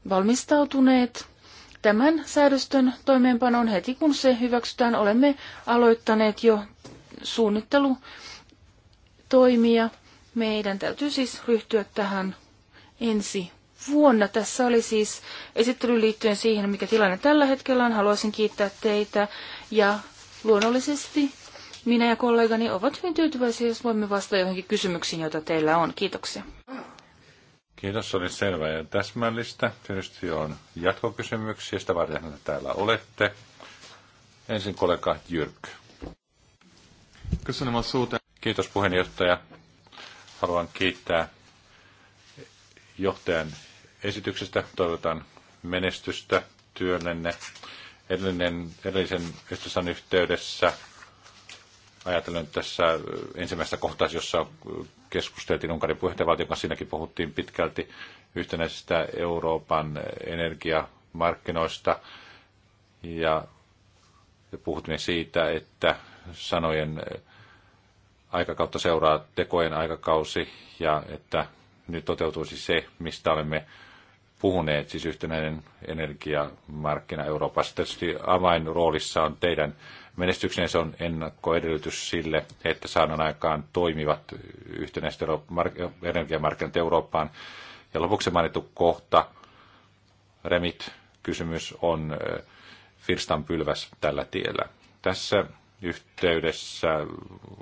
Speaker 3: valmistautuneet tämän säädöstön toimeenpanon heti, kun se hyväksytään. Olemme aloittaneet jo suunnittelutoimia. Meidän täytyy siis ryhtyä tähän ensi vuonna. Tässä oli siis esittely liittyen siihen, mikä tilanne tällä hetkellä on. Haluaisin kiittää teitä ja luonnollisesti minä ja kollegani ovat hyvin tyytyväisiä, jos voimme vastata johonkin kysymyksiin, joita teillä on. Kiitoksia.
Speaker 2: Kiitos, se oli selvä ja täsmällistä. Tietysti on jatkokysymyksiä, sitä varten että täällä olette. Ensin kollega Jyrk. Kiitos puheenjohtaja. Haluan kiittää johtajan esityksestä. Toivotan menestystä työllenne. Edellinen, edellisen yhteydessä ajatellen tässä äh, ensimmäistä kohtaa, jossa äh, keskusteltiin Unkarin puheenjohtajavaltion kanssa, siinäkin puhuttiin pitkälti yhtenäisistä Euroopan energiamarkkinoista ja puhuttiin siitä, että sanojen äh, aikakautta seuraa tekojen aikakausi ja että nyt toteutuisi se, mistä olemme puhuneet, siis yhtenäinen energiamarkkina Euroopassa. Tietysti avainroolissa on teidän se on ennakkoedellytys sille, että saadaan aikaan toimivat yhtenäiset energiamarkkinat Eurooppaan. Ja lopuksi mainittu kohta, Remit-kysymys on Firstan pylväs tällä tiellä. Tässä yhteydessä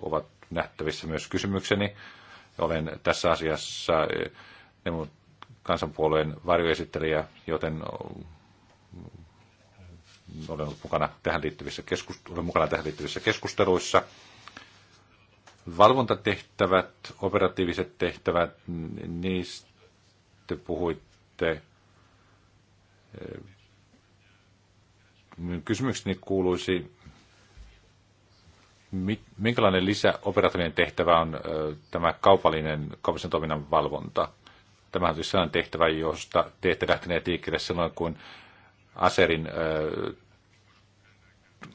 Speaker 2: ovat nähtävissä myös kysymykseni. Olen tässä asiassa kansanpuolueen varjoesittelijä, joten olen ollut mukana tähän liittyvissä, keskust- olen mukana tähän liittyvissä keskusteluissa. Valvontatehtävät, operatiiviset tehtävät, niistä puhuitte. Minun kysymykseni kuuluisi, minkälainen lisäoperatiivinen tehtävä on tämä kaupallinen, kaupallisen toiminnan valvonta? Tämähän on siis sellainen tehtävä, josta te ette lähteneet liikkeelle silloin, kun Aserin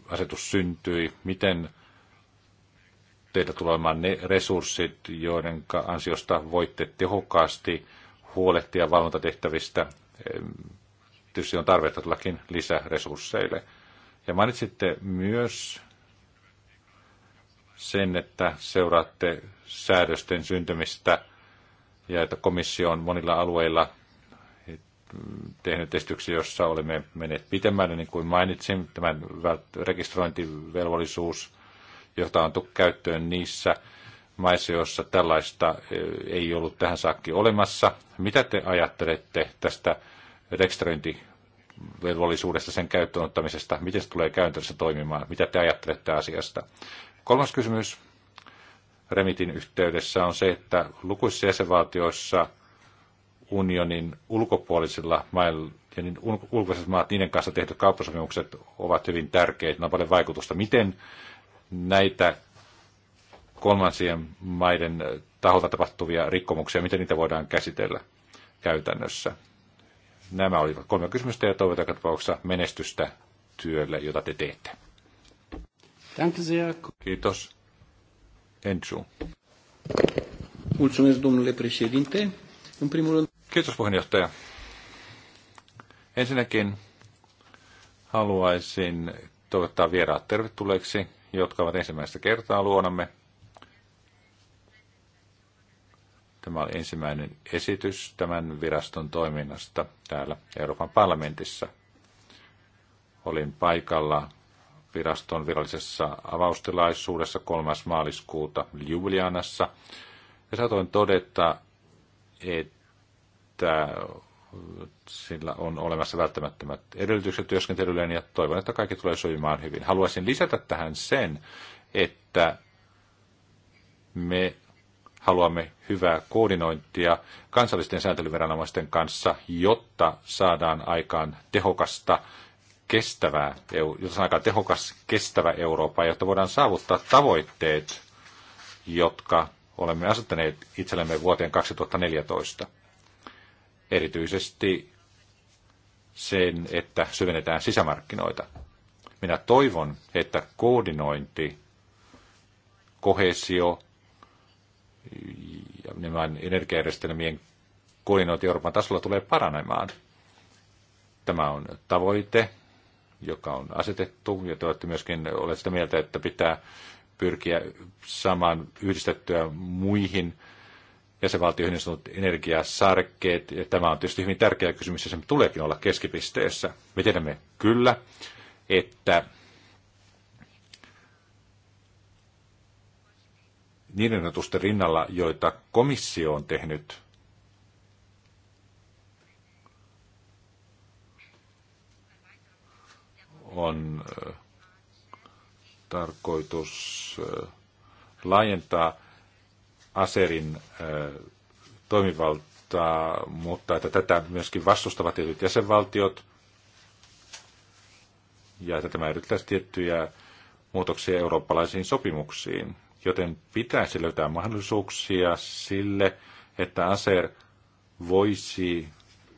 Speaker 2: asetus syntyi, miten teitä tulee olemaan ne resurssit, joiden ansiosta voitte tehokkaasti huolehtia valvontatehtävistä. Tietysti on tarvetta tullakin lisäresursseille. Ja mainitsitte myös sen, että seuraatte säädösten syntymistä ja että komissio on monilla alueilla tehnyt esityksiä, jossa olemme menneet pitemmälle, niin kuin mainitsin, tämän rekisteröintivelvollisuus, jota on tullut käyttöön niissä maissa, joissa tällaista e, ei ollut tähän saakka olemassa. Mitä te ajattelette tästä rekisteröintivelvollisuudesta, sen käyttöön ottamisesta? Miten se tulee käytännössä toimimaan? Mitä te ajattelette asiasta? Kolmas kysymys Remitin yhteydessä on se, että lukuisissa jäsenvaltioissa – unionin ulkopuolisilla mailla ja niin ulkoiset maat, niiden kanssa tehdyt kauppasopimukset ovat hyvin tärkeitä. ne on paljon vaikutusta. Miten näitä kolmansien maiden taholta tapahtuvia rikkomuksia, miten niitä voidaan käsitellä käytännössä? Nämä olivat kolme kysymystä ja toivotan tapauksessa menestystä työlle, jota te teette. Kiitos. Enzo.
Speaker 1: Mulțumesc, domnule președinte.
Speaker 2: În primul rând... Kiitos puheenjohtaja. Ensinnäkin haluaisin toivottaa vieraat tervetulleeksi, jotka ovat ensimmäistä kertaa luonamme. Tämä oli ensimmäinen esitys tämän viraston toiminnasta täällä Euroopan parlamentissa. Olin paikalla viraston virallisessa avaustilaisuudessa 3. maaliskuuta Ljubljanassa ja saatoin todeta, että että sillä on olemassa välttämättömät edellytykset työskentelylleen ja toivon, että kaikki tulee sujumaan hyvin. Haluaisin lisätä tähän sen, että me haluamme hyvää koordinointia kansallisten sääntelyviranomaisten kanssa, jotta saadaan aikaan tehokasta, kestävää, jos aikaan tehokas, kestävä Eurooppa, jotta voidaan saavuttaa tavoitteet, jotka olemme asettaneet itsellemme vuoteen 2014 erityisesti sen, että syvennetään sisämarkkinoita. Minä toivon, että koordinointi, kohesio ja nämä energiajärjestelmien koordinointi Euroopan tasolla tulee paranemaan. Tämä on tavoite, joka on asetettu, ja te olette myöskin olette sitä mieltä, että pitää pyrkiä saamaan yhdistettyä muihin jäsenvaltioihin sanotut energiasarkkeet. Ja tämä on tietysti hyvin tärkeä kysymys ja sen tuleekin olla keskipisteessä. Me tiedämme kyllä, että niiden ennätusten rinnalla, joita komissio on tehnyt, on äh, tarkoitus äh, laajentaa Aserin toimivaltaa, mutta että tätä myöskin vastustavat tietyt jäsenvaltiot ja että tämä edellyttäisi tiettyjä muutoksia eurooppalaisiin sopimuksiin, joten pitäisi löytää mahdollisuuksia sille, että ASER voisi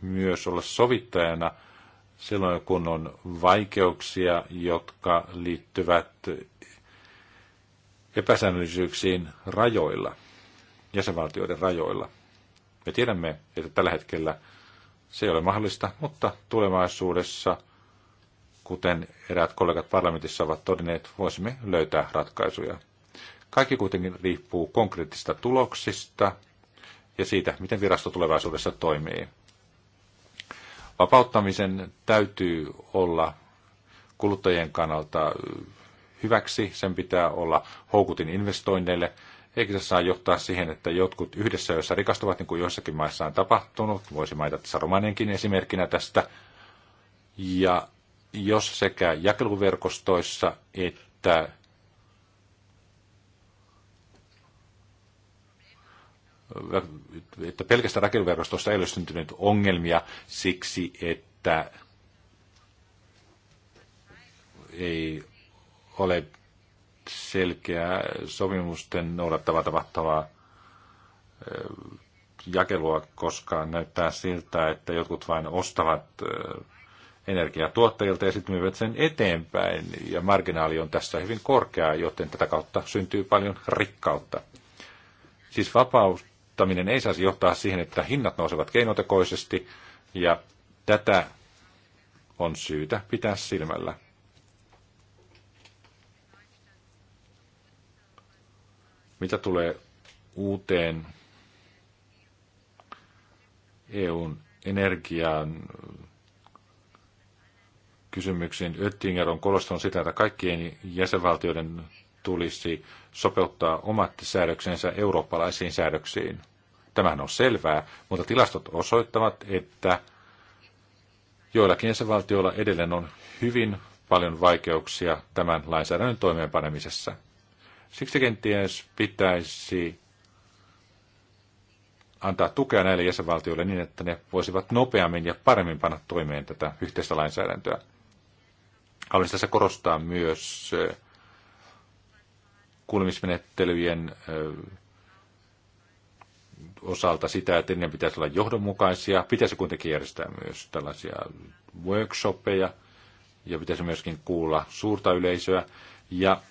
Speaker 2: myös olla sovittajana silloin, kun on vaikeuksia, jotka liittyvät epäsäännöllisyyksiin rajoilla jäsenvaltioiden rajoilla. Me tiedämme, että tällä hetkellä se ei ole mahdollista, mutta tulevaisuudessa, kuten eräät kollegat parlamentissa ovat todenneet, voisimme löytää ratkaisuja. Kaikki kuitenkin riippuu konkreettista tuloksista ja siitä, miten virasto tulevaisuudessa toimii. Vapauttamisen täytyy olla kuluttajien kannalta hyväksi, sen pitää olla houkutin investoinneille – Eikö se saa johtaa siihen, että jotkut yhdessä, joissa rikastuvat, niin kuin joissakin maissa on tapahtunut, voisi mainita tässä Romanienkin esimerkkinä tästä, ja jos sekä jakeluverkostoissa että että pelkästään rakennuverkostossa ei ole syntynyt ongelmia siksi, että ei ole selkeää sopimusten noudattavaa tapahtavaa jakelua, koska näyttää siltä, että jotkut vain ostavat energiatuottajilta ja sitten myyvät sen eteenpäin. Ja marginaali on tässä hyvin korkea, joten tätä kautta syntyy paljon rikkautta. Siis vapauttaminen ei saisi johtaa siihen, että hinnat nousevat keinotekoisesti ja tätä on syytä pitää silmällä. Mitä tulee uuteen EUn energiaan kysymyksiin, öttinger on korostanut sitä, että kaikkien jäsenvaltioiden tulisi sopeuttaa omat säädöksensä eurooppalaisiin säädöksiin. Tämähän on selvää, mutta tilastot osoittavat, että joillakin jäsenvaltioilla edelleen on hyvin paljon vaikeuksia tämän lainsäädännön toimeenpanemisessa. Siksi kenties pitäisi antaa tukea näille jäsenvaltioille niin, että ne voisivat nopeammin ja paremmin panna toimeen tätä yhteistä lainsäädäntöä. Haluaisin tässä korostaa myös kuulemismenettelyjen osalta sitä, että ne pitäisi olla johdonmukaisia. Pitäisi kuitenkin järjestää myös tällaisia workshoppeja ja pitäisi myöskin kuulla suurta yleisöä. Ja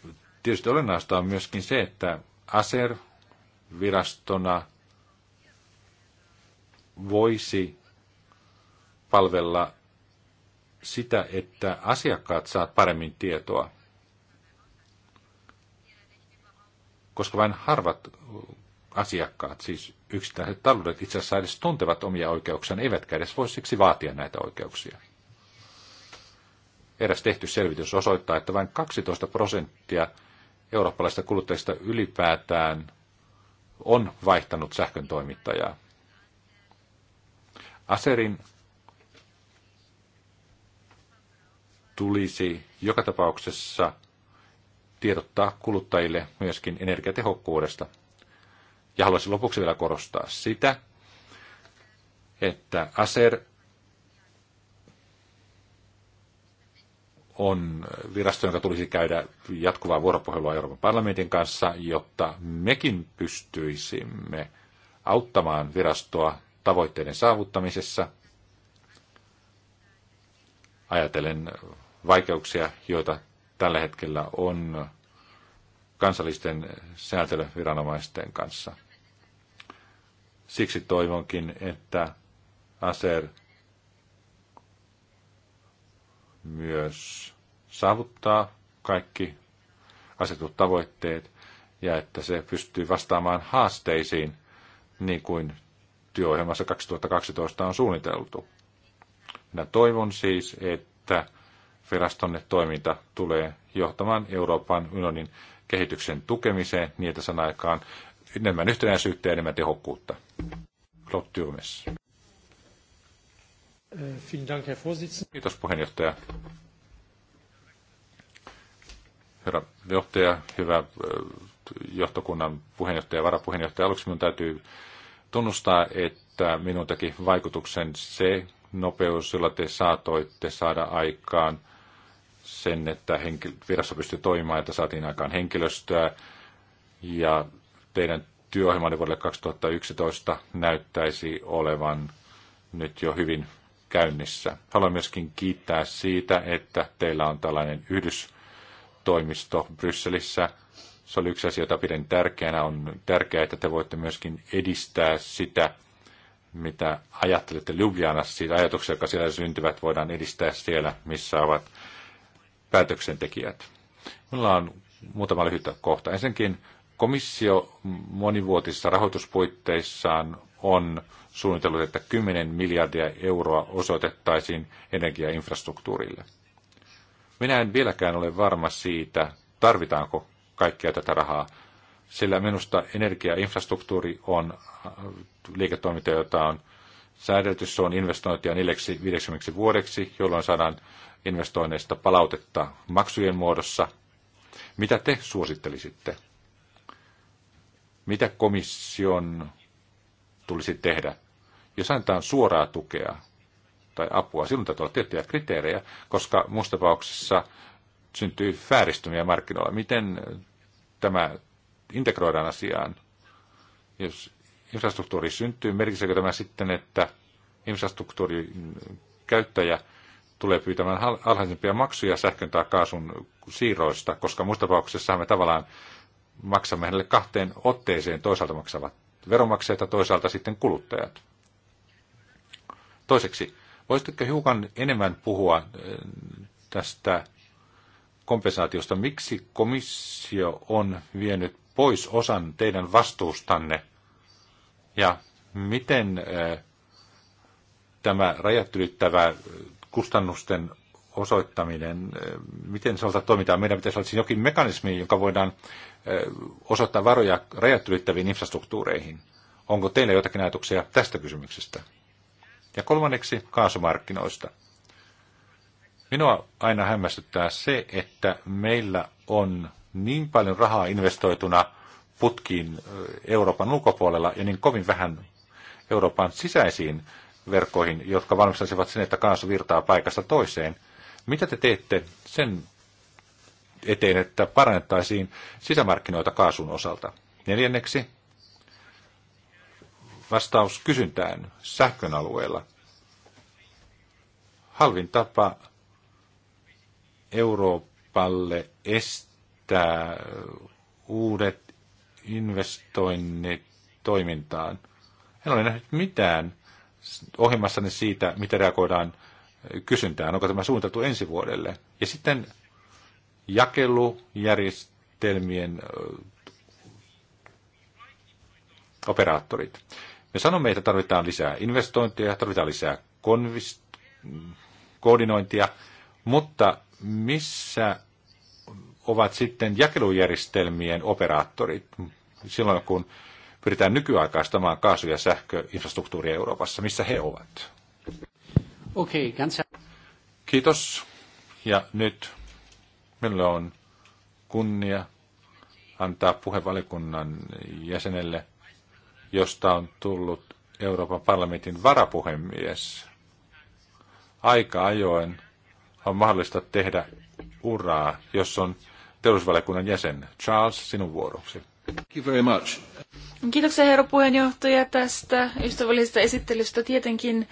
Speaker 2: Tietysti olennaista on myöskin se, että ASER virastona voisi palvella sitä, että asiakkaat saavat paremmin tietoa. Koska vain harvat asiakkaat, siis yksittäiset taloudet itse asiassa edes tuntevat omia oikeuksiaan, eivätkä edes voi siksi vaatia näitä oikeuksia. Eräs tehty selvitys osoittaa, että vain 12 prosenttia eurooppalaista kuluttajista ylipäätään on vaihtanut sähkön toimittajaa. Aserin tulisi joka tapauksessa tiedottaa kuluttajille myöskin energiatehokkuudesta. Ja haluaisin lopuksi vielä korostaa sitä, että ASER on virasto, jonka tulisi käydä jatkuvaa vuoropuhelua Euroopan parlamentin kanssa, jotta mekin pystyisimme auttamaan virastoa tavoitteiden saavuttamisessa. Ajatellen vaikeuksia, joita tällä hetkellä on kansallisten sääntelyviranomaisten kanssa. Siksi toivonkin, että ASER myös saavuttaa kaikki asetut tavoitteet ja että se pystyy vastaamaan haasteisiin niin kuin työohjelmassa 2012 on suunniteltu. Minä toivon siis, että virastonne toiminta tulee johtamaan Euroopan unionin kehityksen tukemiseen niin, että saadaan aikaan enemmän yhtenäisyyttä ja enemmän tehokkuutta. Kiitos puheenjohtaja. Herra johtaja, hyvä äh, johtokunnan puheenjohtaja ja varapuheenjohtaja. Aluksi minun täytyy tunnustaa, että minun teki vaikutuksen se nopeus, jolla te saatoitte saada aikaan sen, että henkil- virassa pystyi toimimaan, että saatiin aikaan henkilöstöä. Ja teidän työohjelmanne vuodelle 2011 näyttäisi olevan nyt jo hyvin käynnissä. Haluan myöskin kiittää siitä, että teillä on tällainen yhdystoimisto Brysselissä. Se oli yksi asia, jota pidän tärkeänä. On tärkeää, että te voitte myöskin edistää sitä, mitä ajattelette Ljubljanassa, siitä ajatuksia, jotka siellä syntyvät, voidaan edistää siellä, missä ovat päätöksentekijät. Minulla on muutama lyhyt kohta. Ensinnäkin komissio monivuotisissa rahoituspuitteissaan on suunnitellut, että 10 miljardia euroa osoitettaisiin energiainfrastruktuurille. Minä en vieläkään ole varma siitä, tarvitaanko kaikkea tätä rahaa, sillä minusta energiainfrastruktuuri on äh, liiketoiminta, jota on säädelty. Se on investointia 50 vuodeksi, jolloin saadaan investoinneista palautetta maksujen muodossa. Mitä te suosittelisitte? Mitä komission tulisi tehdä. Jos antaa suoraa tukea tai apua, silloin täytyy olla tiettyjä kriteerejä, koska muussa tapauksessa syntyy vääristymiä markkinoilla. Miten tämä integroidaan asiaan? Jos infrastruktuuri syntyy, merkitsekö tämä sitten, että infrastruktuurin käyttäjä tulee pyytämään alhaisempia maksuja sähkön tai kaasun siirroista, koska muussa tapauksessa me tavallaan maksamme hänelle kahteen otteeseen toisaalta maksavat veronmaksajat ja toisaalta sitten kuluttajat. Toiseksi, voisitko hiukan enemmän puhua eh, tästä kompensaatiosta? Miksi komissio on vienyt pois osan teidän vastuustanne ja miten eh, tämä rajat ylittävä eh, kustannusten osoittaminen, miten sellaista toimitaan. Meidän pitäisi olla siis jokin mekanismi, joka voidaan osoittaa varoja rajat ylittäviin infrastruktuureihin. Onko teillä jotakin ajatuksia tästä kysymyksestä? Ja kolmanneksi kaasumarkkinoista. Minua aina hämmästyttää se, että meillä on niin paljon rahaa investoituna putkiin Euroopan ulkopuolella ja niin kovin vähän Euroopan sisäisiin verkkoihin, jotka valmistaisivat sen, että kaasu virtaa paikasta toiseen. Mitä te teette sen eteen, että parannettaisiin sisämarkkinoita kaasun osalta? Neljänneksi vastaus kysyntään sähkön alueella. Halvin tapa Euroopalle estää uudet investoinnit toimintaan. En ole nähnyt mitään ohjelmassani siitä, mitä reagoidaan kysyntään? Onko tämä suunniteltu ensi vuodelle? Ja sitten jakelujärjestelmien operaattorit. Me sanomme, että tarvitaan lisää investointeja, tarvitaan lisää konvist- koordinointia, mutta missä ovat sitten jakelujärjestelmien operaattorit silloin, kun pyritään nykyaikaistamaan kaasu- ja sähköinfrastruktuuria Euroopassa, missä he ovat?
Speaker 1: Okei, okay,
Speaker 2: Kiitos. Ja nyt minulla on kunnia antaa puhevalikunnan jäsenelle, josta on tullut Euroopan parlamentin varapuhemies. Aika ajoin on mahdollista tehdä uraa, jos on teollisuusvaliokunnan jäsen. Charles, sinun vuoroksi. Thank you very much.
Speaker 3: Kiitoksia herra puheenjohtaja tästä ystävällisestä esittelystä. Tietenkin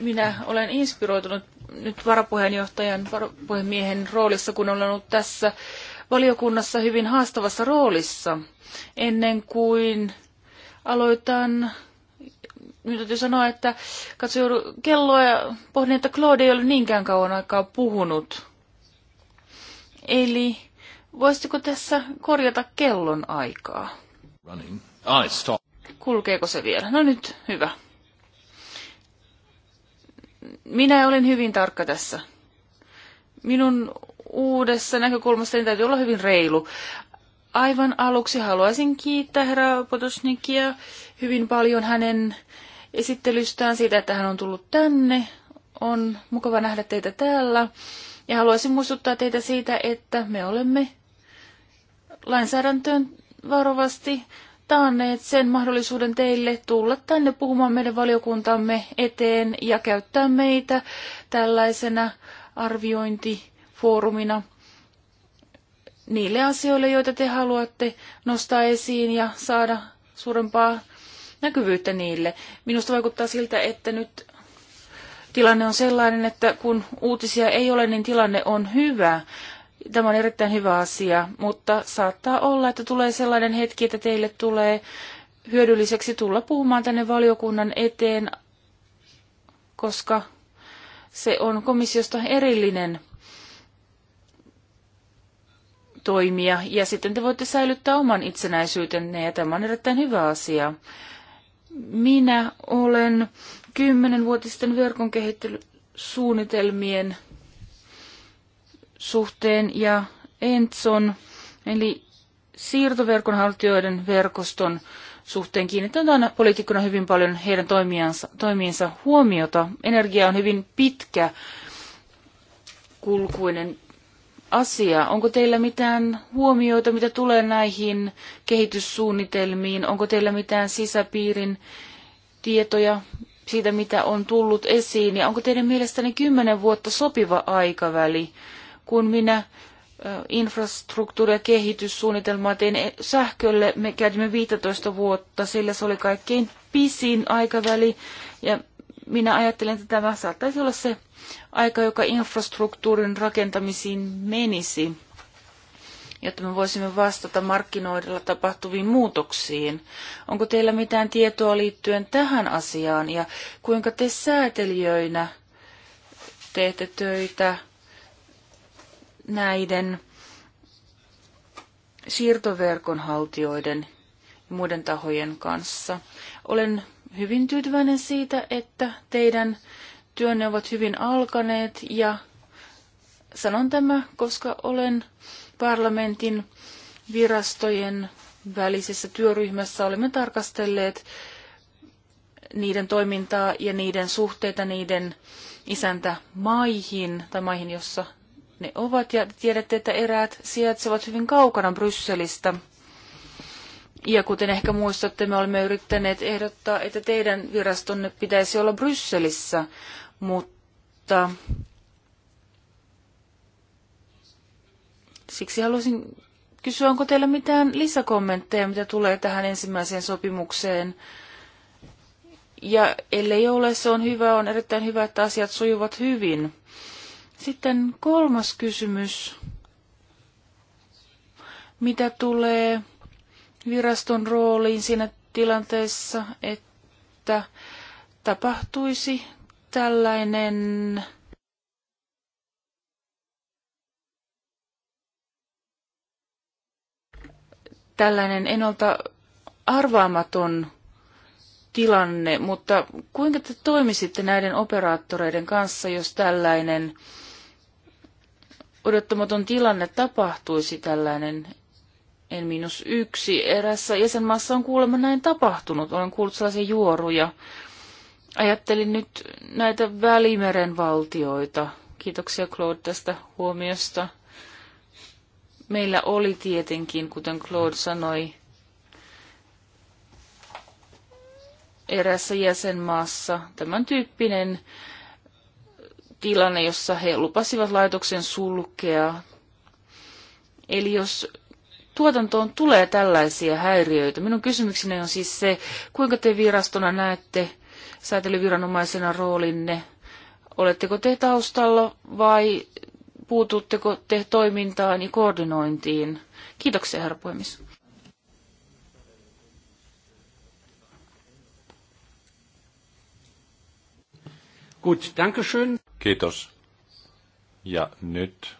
Speaker 3: minä olen inspiroitunut nyt varapuheenjohtajan, varapuhemiehen roolissa, kun olen ollut tässä valiokunnassa hyvin haastavassa roolissa. Ennen kuin aloitan, nyt täytyy sanoa, että katsoin kelloa ja pohdin, että Claude ei ole niinkään kauan aikaa puhunut. Eli voisitko tässä korjata kellon aikaa? Ah, Kulkeeko se vielä? No nyt, hyvä minä olen hyvin tarkka tässä. Minun uudessa näkökulmastani niin täytyy olla hyvin reilu. Aivan aluksi haluaisin kiittää herra Potosnikia hyvin paljon hänen esittelystään siitä, että hän on tullut tänne. On mukava nähdä teitä täällä. Ja haluaisin muistuttaa teitä siitä, että me olemme lainsäädäntöön varovasti taanneet sen mahdollisuuden teille tulla tänne puhumaan meidän valiokuntamme eteen ja käyttää meitä tällaisena arviointifoorumina niille asioille, joita te haluatte nostaa esiin ja saada suurempaa näkyvyyttä niille. Minusta vaikuttaa siltä, että nyt tilanne on sellainen, että kun uutisia ei ole, niin tilanne on hyvä. Tämä on erittäin hyvä asia, mutta saattaa olla, että tulee sellainen hetki, että teille tulee hyödylliseksi tulla puhumaan tänne valiokunnan eteen, koska se on komissiosta erillinen toimija ja sitten te voitte säilyttää oman itsenäisyytenne, ja tämä on erittäin hyvä asia. Minä olen kymmenenvuotisten verkon kehittelysuunnitelmien suhteen ja Enson, eli siirtoverkon haltijoiden verkoston suhteen kiinnitetään poliitikkona hyvin paljon heidän toimiinsa huomiota. Energia on hyvin pitkä kulkuinen asia. Onko teillä mitään huomioita, mitä tulee näihin kehityssuunnitelmiin? Onko teillä mitään sisäpiirin tietoja siitä, mitä on tullut esiin? Ja onko teidän mielestänne kymmenen vuotta sopiva aikaväli? kun minä infrastruktuuri- ja kehityssuunnitelmaa tein e, sähkölle. Me käytimme 15 vuotta, sillä se oli kaikkein pisin aikaväli. Ja minä ajattelen, että tämä saattaisi olla se aika, joka infrastruktuurin rakentamisiin menisi, jotta me voisimme vastata markkinoidella tapahtuviin muutoksiin. Onko teillä mitään tietoa liittyen tähän asiaan ja kuinka te säätelijöinä teette töitä? näiden siirtoverkon haltijoiden ja muiden tahojen kanssa. Olen hyvin tyytyväinen siitä, että teidän työnne ovat hyvin alkaneet ja sanon tämä, koska olen parlamentin virastojen välisessä työryhmässä olemme tarkastelleet niiden toimintaa ja niiden suhteita niiden isäntämaihin tai maihin, jossa ne ovat. Ja tiedätte, että eräät sijaitsevat hyvin kaukana Brysselistä. Ja kuten ehkä muistatte, me olemme yrittäneet ehdottaa, että teidän virastonne pitäisi olla Brysselissä, mutta siksi haluaisin kysyä, onko teillä mitään lisäkommentteja, mitä tulee tähän ensimmäiseen sopimukseen. Ja ellei ole, se on hyvä, on erittäin hyvä, että asiat sujuvat hyvin. Sitten kolmas kysymys. Mitä tulee viraston rooliin siinä tilanteessa, että tapahtuisi tällainen tällainen ennalta arvaamaton tilanne, mutta kuinka te toimisitte näiden operaattoreiden kanssa, jos tällainen odottamaton tilanne tapahtuisi tällainen en minus yksi. Erässä jäsenmaassa on kuulemma näin tapahtunut. Olen kuullut sellaisia juoruja. Ajattelin nyt näitä Välimeren valtioita. Kiitoksia Claude tästä huomiosta. Meillä oli tietenkin, kuten Claude sanoi, erässä jäsenmaassa tämän tyyppinen tilanne, jossa he lupasivat laitoksen sulkea. Eli jos tuotantoon tulee tällaisia häiriöitä, minun kysymykseni on siis se, kuinka te virastona näette säätelyviranomaisena roolinne? Oletteko te taustalla vai puututteko te toimintaan ja koordinointiin? Kiitoksia, herra puhemies.
Speaker 1: Gut, danke schön.
Speaker 2: Kiitos. Ja nyt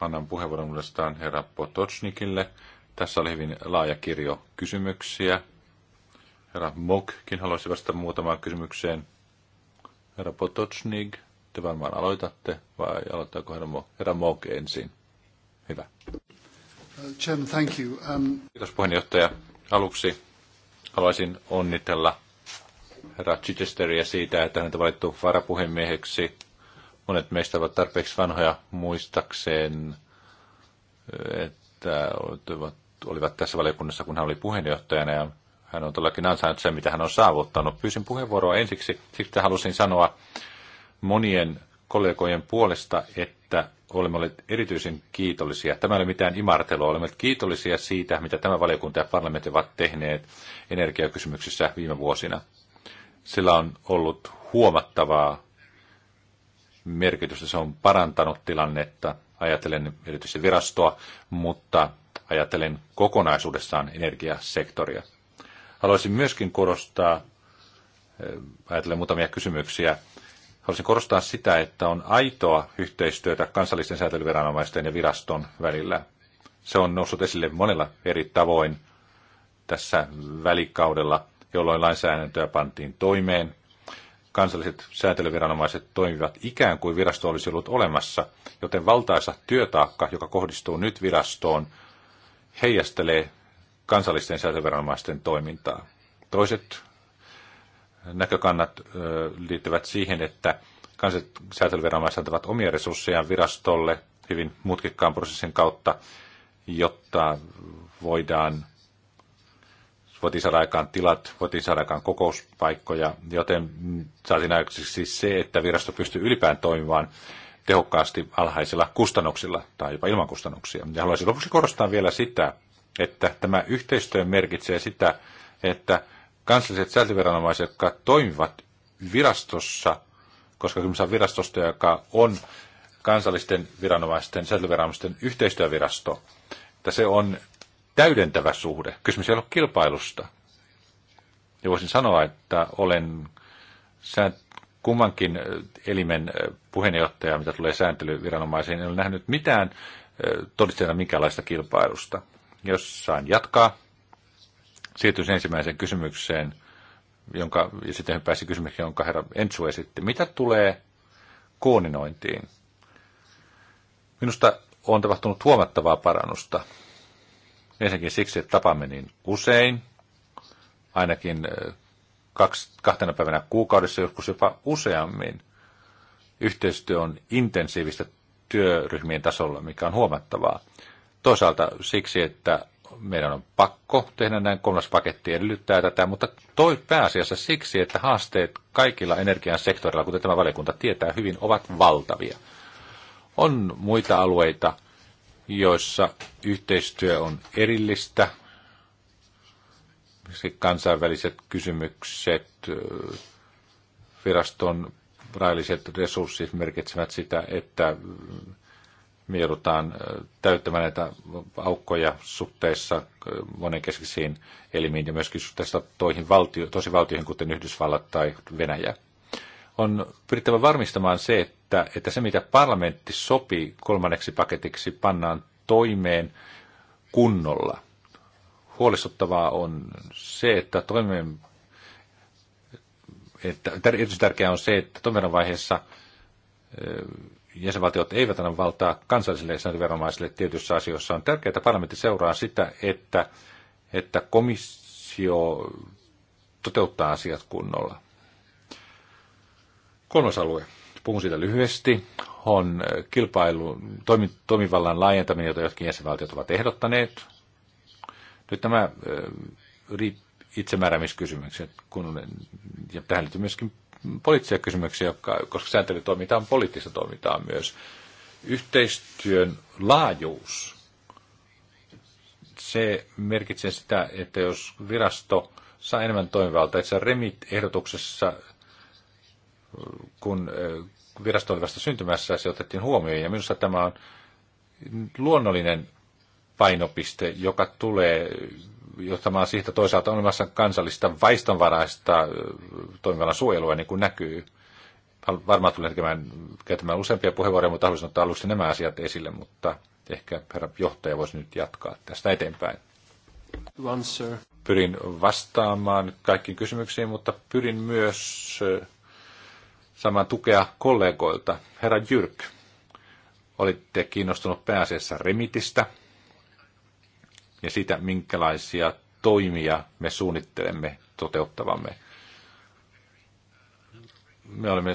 Speaker 2: annan puheenvuoron uudestaan herra Potocnikille. Tässä oli hyvin laaja kirjo kysymyksiä. Herra Mokkin haluaisi vastata muutamaan kysymykseen. Herra Potocnik, te varmaan aloitatte, vai aloittaako herra Mok? Herra Mok ensin. Hyvä. Uh,
Speaker 1: Chairman, thank you. Um...
Speaker 2: Kiitos puheenjohtaja. Aluksi haluaisin onnitella herra Chichesteriä siitä, että on valittu varapuhemieheksi. Monet meistä ovat tarpeeksi vanhoja muistakseen, että olivat tässä valiokunnassa, kun hän oli puheenjohtajana ja hän on todellakin ansainnut sen, mitä hän on saavuttanut. Pyysin puheenvuoroa ensiksi, siksi halusin sanoa monien kollegojen puolesta, että olemme olleet erityisen kiitollisia. Tämä ei ole mitään imartelua. Olemme kiitollisia siitä, mitä tämä valiokunta ja parlamentti ovat tehneet energiakysymyksissä viime vuosina. Sillä on ollut huomattavaa merkitystä. Se on parantanut tilannetta, ajatellen erityisesti virastoa, mutta ajatellen kokonaisuudessaan energiasektoria. Haluaisin myöskin korostaa, eh, ajatellen muutamia kysymyksiä, haluaisin korostaa sitä, että on aitoa yhteistyötä kansallisten säätelyviranomaisten ja viraston välillä. Se on noussut esille monella eri tavoin tässä välikaudella jolloin lainsäädäntöä pantiin toimeen. Kansalliset säätelyviranomaiset toimivat ikään kuin virasto olisi ollut olemassa, joten valtaisa työtaakka, joka kohdistuu nyt virastoon, heijastelee kansallisten säätelyviranomaisten toimintaa. Toiset näkökannat liittyvät siihen, että kansalliset säätelyviranomaiset antavat omia resurssejaan virastolle hyvin mutkikkaan prosessin kautta, jotta voidaan voitiin saada aikaan tilat, voitiin saada aikaan kokouspaikkoja, joten saatiin aikaiseksi se, että virasto pystyy ylipään toimimaan tehokkaasti alhaisilla kustannuksilla tai jopa ilman kustannuksia. Ja haluaisin lopuksi korostaa vielä sitä, että tämä yhteistyö merkitsee sitä, että kansalliset säätöviranomaiset, jotka toimivat virastossa, koska kyllä on virastosta, joka on kansallisten viranomaisten, säätöviranomaisten yhteistyövirasto, että se on täydentävä suhde. Kysymys ei ole kilpailusta. Ja voisin sanoa, että olen kummankin elimen puheenjohtaja, mitä tulee sääntelyviranomaisiin, en ole nähnyt mitään todisteena minkälaista kilpailusta. Jos saan jatkaa, siirtyy ensimmäiseen kysymykseen, jonka, ja sitten hän pääsi kysymykseen, jonka herra Entsu esitti. Mitä tulee koordinointiin? Minusta on tapahtunut huomattavaa parannusta. Ensinnäkin siksi, että tapaamme niin usein, ainakin kaksi, kahtena päivänä kuukaudessa, joskus jopa useammin. Yhteistyö on intensiivistä työryhmien tasolla, mikä on huomattavaa. Toisaalta siksi, että meidän on pakko tehdä näin, kolmas paketti edellyttää tätä, mutta toi pääasiassa siksi, että haasteet kaikilla energian sektorilla, kuten tämä valiokunta tietää hyvin, ovat valtavia. On muita alueita, joissa yhteistyö on erillistä. Kansainväliset kysymykset, viraston rajalliset resurssit merkitsevät sitä, että me joudutaan täyttämään näitä aukkoja suhteessa monenkeskisiin elimiin ja myöskin suhteessa toihin valtio, tosi valtioihin, kuten Yhdysvallat tai Venäjä on pyrittävä varmistamaan se, että, että se mitä parlamentti sopii kolmanneksi paketiksi pannaan toimeen kunnolla. Huolestuttavaa on se, että toimeen, että erityisen tärkeää on se, että vaiheessa jäsenvaltiot eivät anna valtaa kansallisille sääntövenomaisille tietyissä asioissa. On tärkeää, että parlamentti seuraa sitä, että, että komissio toteuttaa asiat kunnolla. Kolmas alue, puhun siitä lyhyesti, on kilpailu toimi, toimivallan laajentaminen, jota jotkin jäsenvaltiot ovat ehdottaneet. Nyt nämä itsemääräämiskysymykset, kun, ja tähän liittyy myöskin poliittisia kysymyksiä, jotka, koska sääntelytoiminta on poliittista toimintaa myös. Yhteistyön laajuus, se merkitsee sitä, että jos virasto saa enemmän toimivaltaa, että se Remit-ehdotuksessa kun virasto oli vasta syntymässä, se otettiin huomioon. Ja minusta tämä on luonnollinen painopiste, joka tulee johtamaan siitä toisaalta olemassa kansallista vaistonvaraista toimivallan suojelua, niin kuin näkyy. Varmaan tulen tekemään, käyttämään useampia puheenvuoroja, mutta haluaisin ottaa aluksi nämä asiat esille, mutta ehkä herra johtaja voisi nyt jatkaa tästä eteenpäin. Pyrin vastaamaan kaikkiin kysymyksiin, mutta pyrin myös saamaan tukea kollegoilta. Herra Jyrk, olitte kiinnostunut pääasiassa remitistä ja siitä, minkälaisia toimia me suunnittelemme toteuttavamme. Me olemme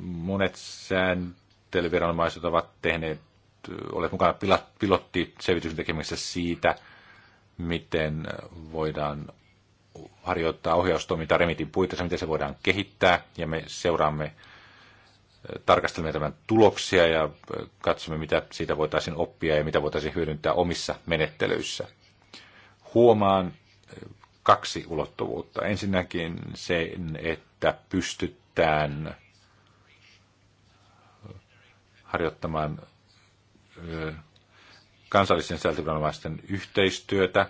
Speaker 2: monet sääntelyviranomaiset ovat tehneet, olet mukana pilottiselvityksen tekemisessä siitä, miten voidaan harjoittaa ohjaustoimintaa Remitin puitteissa, miten se voidaan kehittää, ja me seuraamme, tarkastelemme tämän tuloksia ja katsomme, mitä siitä voitaisiin oppia ja mitä voitaisiin hyödyntää omissa menettelyissä. Huomaan kaksi ulottuvuutta. Ensinnäkin se, että pystytään harjoittamaan kansallisen säätöviranomaisten yhteistyötä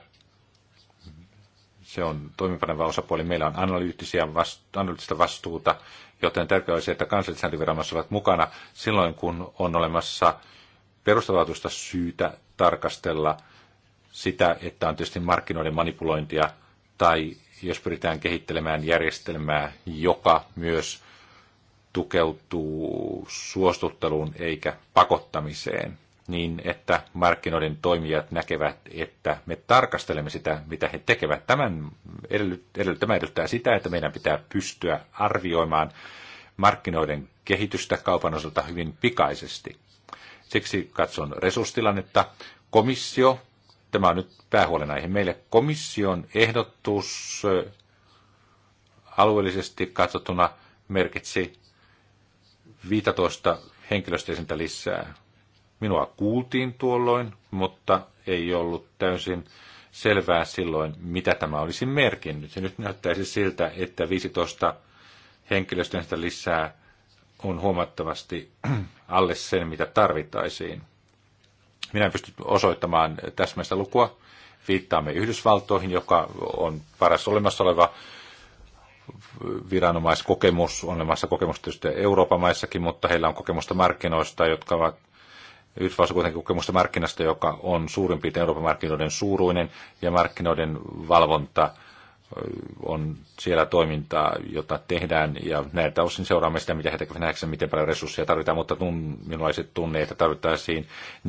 Speaker 2: se on toimipaneva osapuoli. Meillä on analyyttisiä vastu- analyyttistä vastuuta, joten tärkeää olisi, että kansallisääntöviranomaiset ovat mukana silloin, kun on olemassa perustavatusta syytä tarkastella sitä, että on tietysti markkinoiden manipulointia tai jos pyritään kehittelemään järjestelmää, joka myös tukeutuu suostutteluun eikä pakottamiseen niin, että markkinoiden toimijat näkevät, että me tarkastelemme sitä, mitä he tekevät. Tämän edellyt, tämä edellyttää sitä, että meidän pitää pystyä arvioimaan markkinoiden kehitystä kaupan osalta hyvin pikaisesti. Siksi katson resurssitilannetta. Komissio, tämä on nyt päähuolenaihe meille, komission ehdotus alueellisesti katsottuna merkitsi 15 henkilöstöisintä lisää Minua kuultiin tuolloin, mutta ei ollut täysin selvää silloin, mitä tämä olisi merkinnyt. Ja nyt näyttäisi siltä, että 15 henkilöstöstä lisää on huomattavasti alle sen, mitä tarvittaisiin. Minä en pysty osoittamaan täsmäistä lukua. Viittaamme Yhdysvaltoihin, joka on paras olemassa oleva viranomaiskokemus, on olemassa kokemusta Euroopan maissakin, mutta heillä on kokemusta markkinoista, jotka ovat Yhdysvalloissa kuitenkin kokemusta markkinasta, joka on suurin piirtein Euroopan markkinoiden suuruinen, ja markkinoiden valvonta on siellä toimintaa, jota tehdään, ja näiltä osin seuraamme sitä, mitä heitä nähdään, miten paljon resursseja tarvitaan, mutta tun, ei tunne, että tarvittaisiin 40-60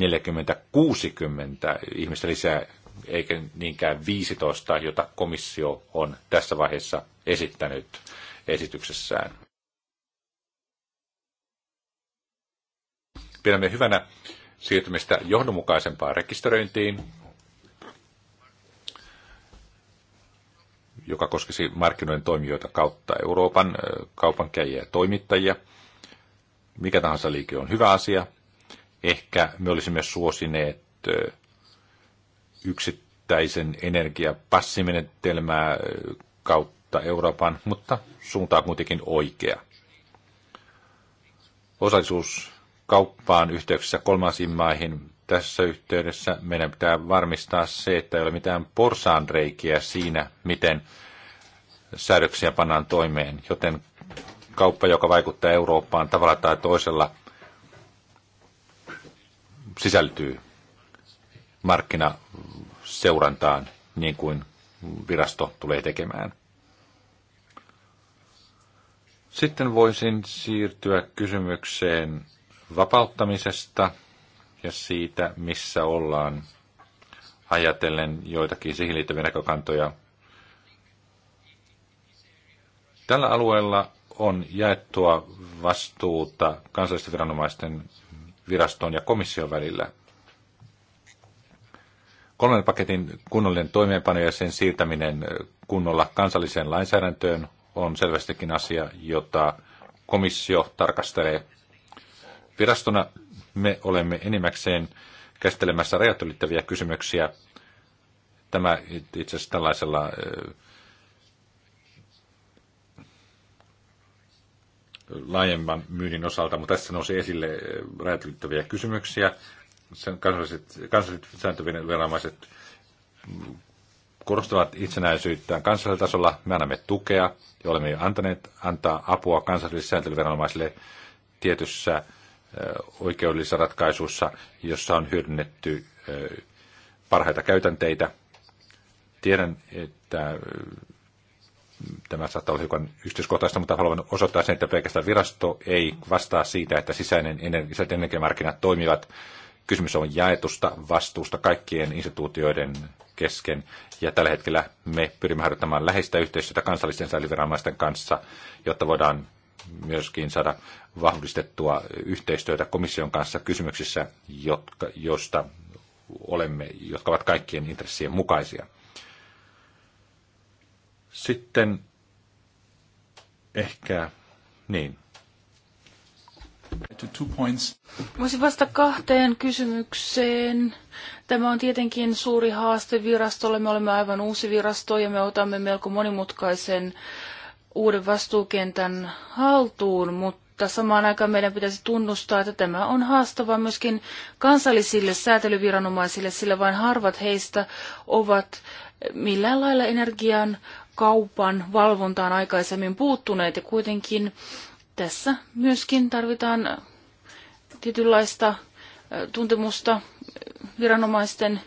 Speaker 2: ihmistä lisää, eikä niinkään 15, jota komissio on tässä vaiheessa esittänyt esityksessään. Pidämme hyvänä siirtymistä johdonmukaisempaan rekisteröintiin, joka koskisi markkinoiden toimijoita kautta Euroopan kaupankäjiä ja toimittajia. Mikä tahansa liike on hyvä asia. Ehkä me olisimme suosineet yksittäisen energiapassimenetelmää kautta Euroopan, mutta suuntaa kuitenkin oikea. Osallisuus kauppaan yhteyksissä kolmansiin maihin. Tässä yhteydessä meidän pitää varmistaa se, että ei ole mitään porsaanreikiä siinä, miten säädöksiä pannaan toimeen, joten kauppa, joka vaikuttaa Eurooppaan tavalla tai toisella, sisältyy markkinaseurantaan niin kuin virasto tulee tekemään. Sitten voisin siirtyä kysymykseen, vapauttamisesta ja siitä, missä ollaan ajatellen joitakin siihen liittyviä näkökantoja. Tällä alueella on jaettua vastuuta kansallisten viranomaisten viraston ja komission välillä. Kolmen paketin kunnollinen toimeenpano ja sen siirtäminen kunnolla kansalliseen lainsäädäntöön on selvästikin asia, jota komissio tarkastelee Virastona me olemme enimmäkseen käsittelemässä rajat ylittäviä kysymyksiä. Tämä itse asiassa tällaisella laajemman myynnin osalta, mutta tässä nousi esille rajat ylittäviä kysymyksiä. Sen kansalliset, kansalliset sääntöviranomaiset korostavat itsenäisyyttään kansallisella tasolla. Me annamme tukea ja olemme jo antaneet antaa apua kansallisille sääntelyviranomaisille tietyssä oikeudellisissa ratkaisuissa, jossa on hyödynnetty parhaita käytänteitä. Tiedän, että tämä saattaa olla hiukan yksityiskohtaista, mutta haluan osoittaa sen, että pelkästään virasto ei vastaa siitä, että sisäinen energiamarkkinat toimivat. Kysymys on jaetusta vastuusta kaikkien instituutioiden kesken. Ja tällä hetkellä me pyrimme harjoittamaan läheistä yhteistyötä kansallisten säilyviranomaisten kanssa, jotta voidaan myöskin saada vahvistettua yhteistyötä komission kanssa kysymyksissä, jotka, josta olemme, jotka ovat kaikkien intressien mukaisia. Sitten ehkä niin.
Speaker 3: Voisin vasta kahteen kysymykseen. Tämä on tietenkin suuri haaste virastolle. Me olemme aivan uusi virasto ja me otamme melko monimutkaisen äh, uuden vastuukentän haltuun, mutta samaan aikaan meidän pitäisi tunnustaa, että tämä on haastava myöskin kansallisille säätelyviranomaisille, sillä vain harvat heistä ovat millään lailla energian kaupan valvontaan aikaisemmin puuttuneet ja kuitenkin tässä myöskin tarvitaan tietynlaista tuntemusta viranomaisten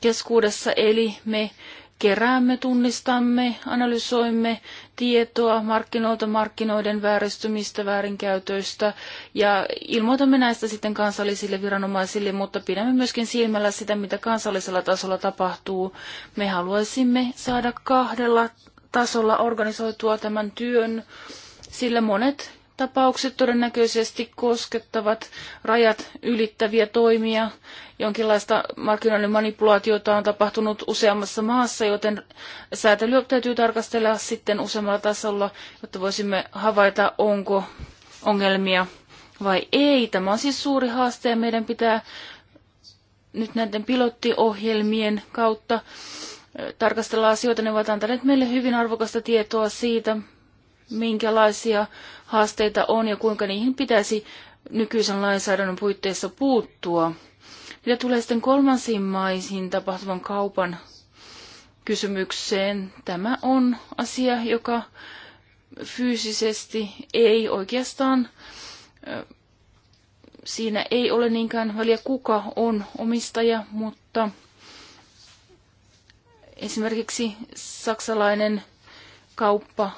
Speaker 3: keskuudessa, eli me keräämme, tunnistamme, analysoimme tietoa markkinoilta, markkinoiden vääristymistä, väärinkäytöistä ja ilmoitamme näistä sitten kansallisille viranomaisille, mutta pidämme myöskin silmällä sitä, mitä kansallisella tasolla tapahtuu. Me haluaisimme saada kahdella tasolla organisoitua tämän työn, sillä monet tapaukset todennäköisesti koskettavat rajat ylittäviä toimia. Jonkinlaista markkinoiden manipulaatiota on tapahtunut useammassa maassa, joten säätelyä täytyy tarkastella sitten useammalla tasolla, jotta voisimme havaita, onko ongelmia vai ei. Tämä on siis suuri haaste ja meidän pitää nyt näiden pilottiohjelmien kautta tarkastella asioita. Ne ovat antaneet meille hyvin arvokasta tietoa siitä, minkälaisia haasteita on ja kuinka niihin pitäisi nykyisen lainsäädännön puitteissa puuttua. Mitä tulee sitten kolmansiin maisiin tapahtuvan kaupan kysymykseen, tämä on asia, joka fyysisesti ei oikeastaan, siinä ei ole niinkään väliä kuka on omistaja, mutta esimerkiksi saksalainen kauppa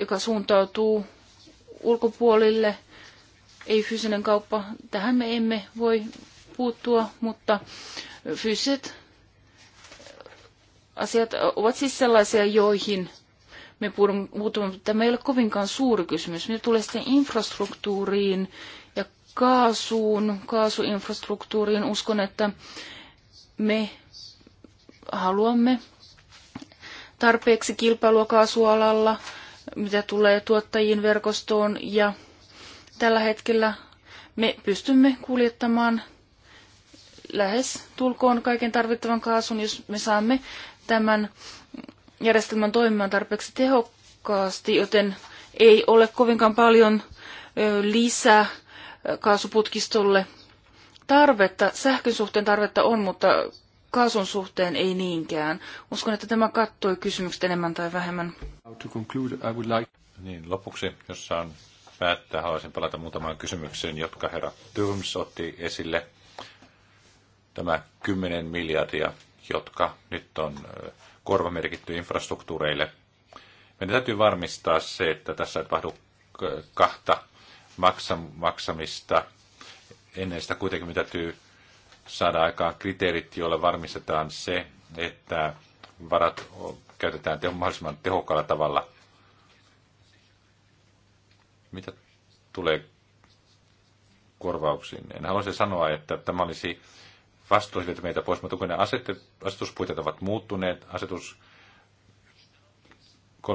Speaker 3: joka suuntautuu ulkopuolille, ei fyysinen kauppa, tähän me emme voi puuttua, mutta fyysiset asiat ovat siis sellaisia, joihin me puutumme, tämä ei ole kovinkaan suuri kysymys. Mitä tulee sitten infrastruktuuriin ja kaasuun, kaasuinfrastruktuuriin, uskon, että me haluamme tarpeeksi kilpailua kaasualalla – mitä tulee tuottajien verkostoon ja tällä hetkellä me pystymme kuljettamaan lähes tulkoon kaiken tarvittavan kaasun, jos me saamme tämän järjestelmän toimimaan tarpeeksi tehokkaasti, joten ei ole kovinkaan paljon lisää kaasuputkistolle tarvetta. Sähkön suhteen tarvetta on, mutta kaasun suhteen ei niinkään. Uskon, että tämä kattoi kysymykset enemmän tai vähemmän.
Speaker 2: Niin, lopuksi, jos saan päättää, haluaisin palata muutamaan kysymykseen, jotka herra Tyrms otti esille. Tämä 10 miljardia, jotka nyt on korvamerkitty infrastruktuureille. Meidän täytyy varmistaa se, että tässä ei tapahdu kahta maksamista. Ennen sitä kuitenkin täytyy saada aikaan kriteerit, joilla varmistetaan se, että varat käytetään teho, mahdollisimman tehokkaalla tavalla. Mitä tulee korvauksiin? En haluaisi sanoa, että tämä olisi vastuullisilta meitä pois, mutta kun ne asetuspuitteet ovat muuttuneet, asetus 383-2010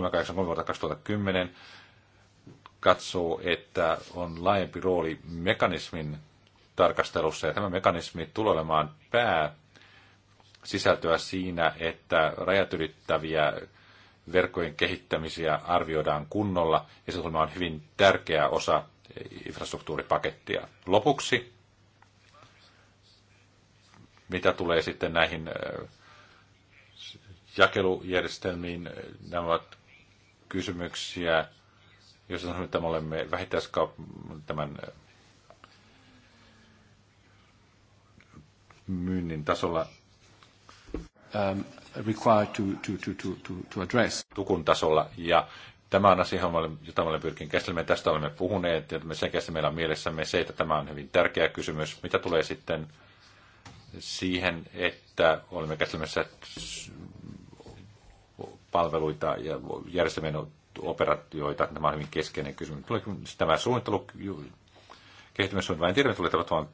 Speaker 2: katsoo, että on laajempi rooli mekanismin tarkastelussa. Ja tämä mekanismi tulee olemaan pää sisältöä siinä, että rajat ylittäviä verkkojen kehittämisiä arvioidaan kunnolla, ja se on hyvin tärkeä osa infrastruktuuripakettia. Lopuksi, mitä tulee sitten näihin äh, jakelujärjestelmiin, nämä ovat kysymyksiä, jos sanotaan, että me olemme vähittäiskaup- tämän äh, myynnin tasolla um, tukun tasolla. Ja tämä on asia, jota me pyrkin käsittelemään. Tästä olemme puhuneet ja käsittelemme meillä on mielessämme se, että tämä on hyvin tärkeä kysymys. Mitä tulee sitten siihen, että olemme käsittelemässä palveluita ja järjestelmien operaatioita, tämä on hyvin keskeinen kysymys. Tuleeko tämä suunnittelu kehittämissuunnitelma, en tiedä, tulee tapahtumaan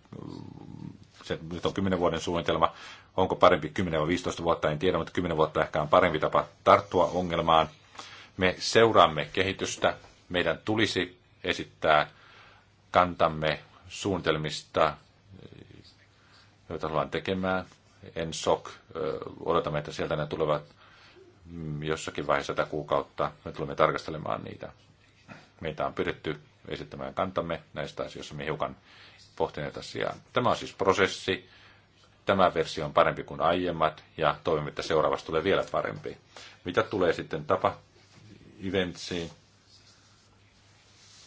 Speaker 2: se nyt on 10 vuoden suunnitelma, onko parempi 10 vai 15 vuotta, en tiedä, mutta 10 vuotta ehkä on parempi tapa tarttua ongelmaan. Me seuraamme kehitystä, meidän tulisi esittää kantamme suunnitelmista, joita ollaan tekemään. En sok, odotamme, että sieltä ne tulevat jossakin vaiheessa tätä kuukautta. Me tulemme tarkastelemaan niitä. Meitä on pyritty esittämään kantamme näistä asioista. Me hiukan pohtineet asiaa. Tämä on siis prosessi. Tämä versio on parempi kuin aiemmat ja toivomme, että seuraavasta tulee vielä parempi. Mitä tulee sitten tapa eventsiin?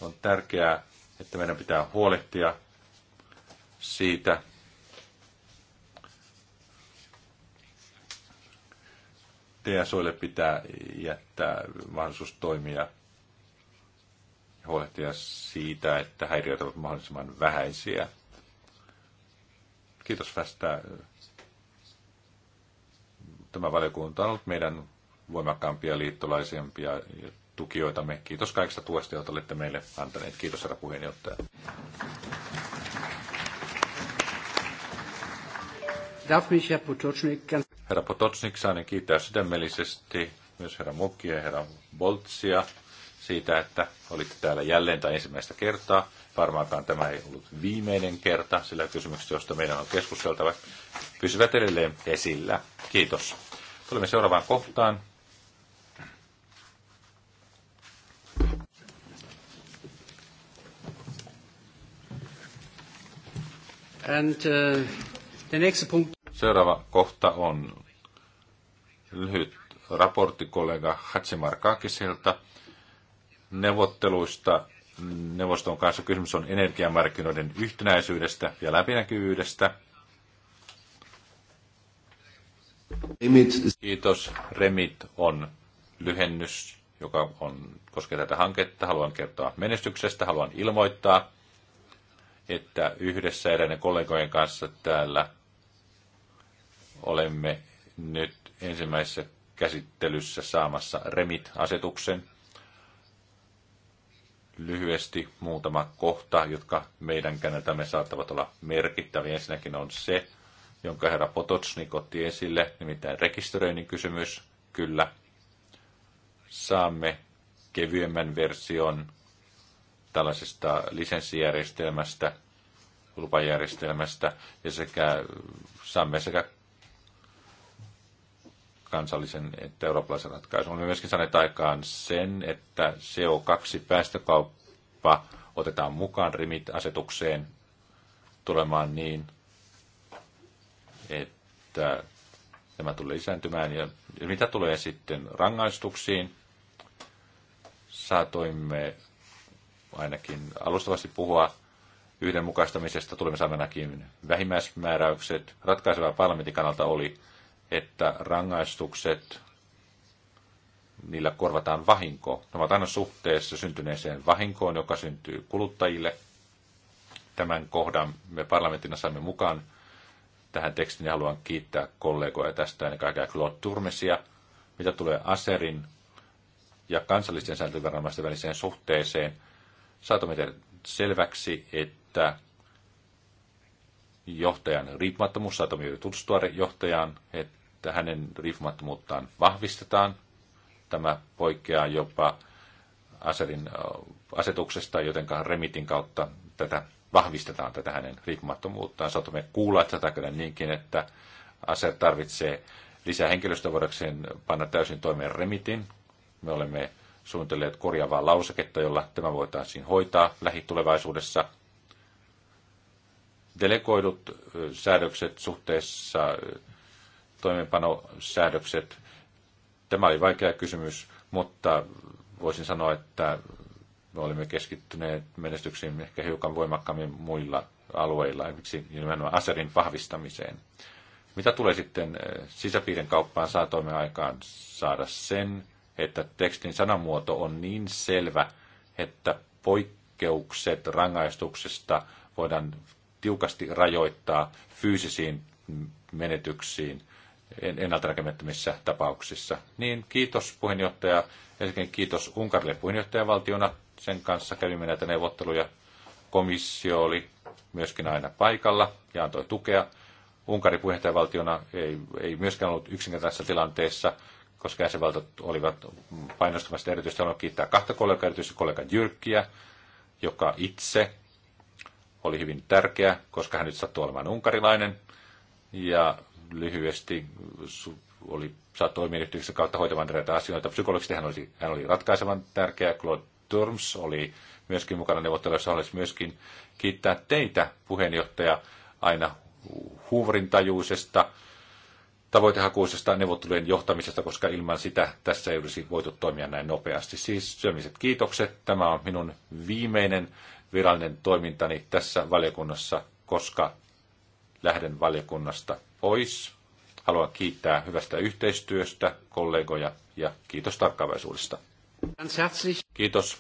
Speaker 2: On tärkeää, että meidän pitää huolehtia siitä, TSOille pitää jättää mahdollisuus toimia huolehtia siitä, että häiriöt ovat mahdollisimman vähäisiä. Kiitos tästä. Tämä valiokunta on ollut meidän voimakkaampia liittolaisempia tukijoitamme. Kiitos kaikista tuesta, joita olette meille antaneet. Kiitos, herra puheenjohtaja. Herra Potocnik, saan kiittää sydämellisesti myös herra Mukki ja herra Boltsia siitä, että olitte täällä jälleen tai ensimmäistä kertaa. Varmaankaan tämä ei ollut viimeinen kerta, sillä kysymykset, joista meidän on keskusteltava, pysyvät edelleen esillä. Kiitos. Tulemme seuraavaan kohtaan.
Speaker 1: And, uh, the next point...
Speaker 2: Seuraava kohta on lyhyt raportti kollega Kaakiselta neuvotteluista neuvoston kanssa. Kysymys on energiamarkkinoiden yhtenäisyydestä ja läpinäkyvyydestä. Kiitos. Remit on lyhennys, joka on, koskee tätä hanketta. Haluan kertoa menestyksestä. Haluan ilmoittaa, että yhdessä eräiden kollegojen kanssa täällä olemme nyt ensimmäisessä käsittelyssä saamassa Remit-asetuksen lyhyesti muutama kohta, jotka meidän kannaltamme saattavat olla merkittäviä. Ensinnäkin on se, jonka herra Potocnik otti esille, nimittäin rekisteröinnin kysymys. Kyllä, saamme kevyemmän version tällaisesta lisenssijärjestelmästä, lupajärjestelmästä, ja sekä saamme sekä kansallisen että eurooppalaisen ratkaisun. Me myöskin saaneet aikaan sen, että CO2-päästökauppa otetaan mukaan RIMIT-asetukseen tulemaan niin, että tämä tulee lisääntymään. Ja mitä tulee sitten rangaistuksiin, saatoimme ainakin alustavasti puhua yhdenmukaistamisesta. Tulemme saamaan vähimmäismääräykset. Ratkaisevaa parlamentin kannalta oli että rangaistukset, niillä korvataan vahinko. Ne ovat aina suhteessa syntyneeseen vahinkoon, joka syntyy kuluttajille. Tämän kohdan me parlamentina saimme mukaan tähän tekstiin ja haluan kiittää kollegoja tästä, ennen kaikkea Claude Turmesia, mitä tulee Aserin ja kansallisten sääntöviranomaisten väliseen suhteeseen. Saatamme tehdä selväksi, että johtajan riippumattomuus, saatamme tutustua johtajaan, että että hänen riippumattomuuttaan vahvistetaan. Tämä poikkeaa jopa Aserin asetuksesta, joten Remitin kautta tätä vahvistetaan tätä hänen riippumattomuuttaan. Saatamme kuulla tätä kyllä niinkin, että Aser tarvitsee lisää henkilöstöä voidakseen panna täysin toimeen Remitin. Me olemme suunnitelleet korjaavaa lauseketta, jolla tämä voitaisiin hoitaa lähitulevaisuudessa. Delegoidut säädökset suhteessa toimeenpanosäädökset. Tämä oli vaikea kysymys, mutta voisin sanoa, että me olimme keskittyneet menestyksiin ehkä hiukan voimakkaammin muilla alueilla, esimerkiksi nimenomaan aserin vahvistamiseen. Mitä tulee sitten eh, sisäpiirin kauppaan, saatoimme aikaan saada sen, että tekstin sanamuoto on niin selvä, että poikkeukset rangaistuksesta voidaan tiukasti rajoittaa fyysisiin menetyksiin ennalta tapauksissa. Niin, kiitos puheenjohtaja. Ensinnäkin kiitos Unkarille puheenjohtajavaltiona. Sen kanssa kävimme näitä neuvotteluja. Komissio oli myöskin aina paikalla ja antoi tukea. Unkari puheenjohtajavaltiona ei, ei myöskään ollut yksinkertaisessa tilanteessa, koska jäsenvaltiot olivat painostamassa erityisesti. Haluan kiittää kahta kollegaa, erityisesti kollega Jyrkkiä, joka itse oli hyvin tärkeä, koska hän nyt sattuu olemaan unkarilainen. Ja lyhyesti oli, saattoi mielittymyksen kautta hoitavan näitä asioita. Psykologisesti hän oli, hän oli ratkaisevan tärkeä. Claude Turms oli myöskin mukana neuvotteluissa. Haluaisin myöskin kiittää teitä, puheenjohtaja, aina huuvrintajuisesta, tavoitehakuisesta neuvottelujen johtamisesta, koska ilman sitä tässä ei olisi voitu toimia näin nopeasti. Siis syömiset kiitokset. Tämä on minun viimeinen virallinen toimintani tässä valiokunnassa, koska lähden valiokunnasta pois. Haluan kiittää hyvästä yhteistyöstä, kollegoja ja kiitos tarkkaavaisuudesta. Kiitos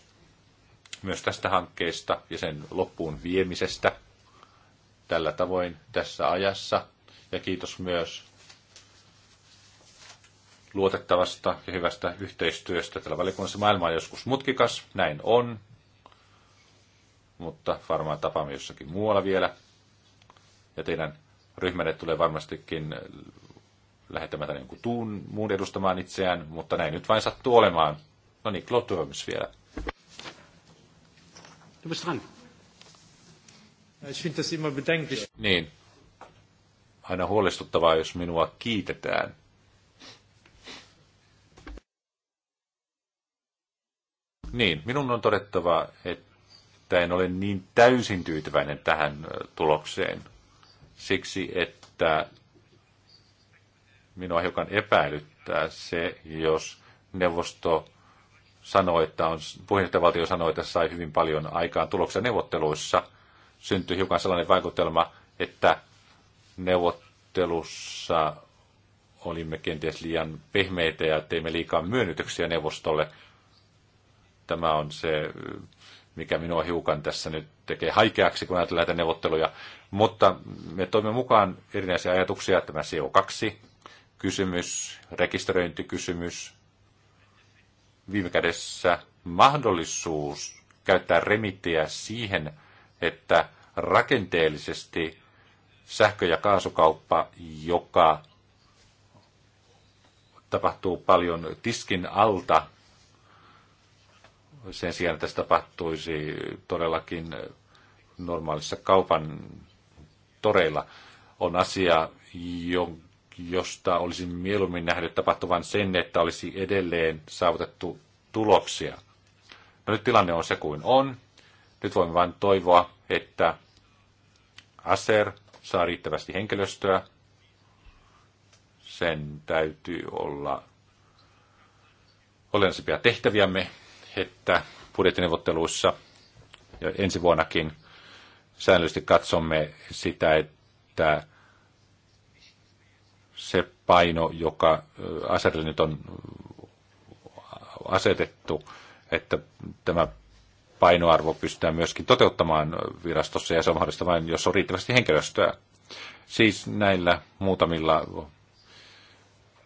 Speaker 2: myös tästä hankkeesta ja sen loppuun viemisestä tällä tavoin tässä ajassa. Ja kiitos myös luotettavasta ja hyvästä yhteistyöstä. Tällä valikunnassa. maailma on joskus mutkikas, näin on, mutta varmaan tapaamme jossakin muualla vielä. Ja teidän ryhmälle tulee varmastikin lähettämättä niin kuin tuun, muun edustamaan itseään, mutta näin nyt vain sattuu olemaan. No niin, Claude Turmes vielä.
Speaker 1: Du bist dran. Ich finde das immer bedenklich.
Speaker 2: Niin. Aina huolestuttavaa, jos minua kiitetään. Niin, minun on todettava, että en ole niin täysin tyytyväinen tähän tulokseen siksi, että minua hiukan epäilyttää se, jos neuvosto sanoi, että on, puheenjohtajavaltio sanoi, että sai hyvin paljon aikaan tuloksia neuvotteluissa, syntyi hiukan sellainen vaikutelma, että neuvottelussa olimme kenties liian pehmeitä ja teimme liikaa myönnytyksiä neuvostolle. Tämä on se mikä minua hiukan tässä nyt tekee haikeaksi, kun ajatellaan näitä neuvotteluja. Mutta me toimme mukaan erinäisiä ajatuksia, tämä CO2-kysymys, rekisteröintikysymys, viime kädessä mahdollisuus käyttää remittiä siihen, että rakenteellisesti sähkö- ja kaasukauppa, joka tapahtuu paljon tiskin alta, sen sijaan, tässä tapahtuisi todellakin normaalissa kaupan toreilla, on asia, josta olisi mieluummin nähnyt tapahtuvan sen, että olisi edelleen saavutettu tuloksia. No nyt tilanne on se kuin on. Nyt voimme vain toivoa, että ASER saa riittävästi henkilöstöä. Sen täytyy olla olennaisempia tehtäviämme että budjettineuvotteluissa ja ensi vuonnakin säännöllisesti katsomme sitä, että se paino, joka aserille nyt on asetettu, että tämä painoarvo pystytään myöskin toteuttamaan virastossa ja se on mahdollista vain, jos on riittävästi henkilöstöä. Siis näillä muutamilla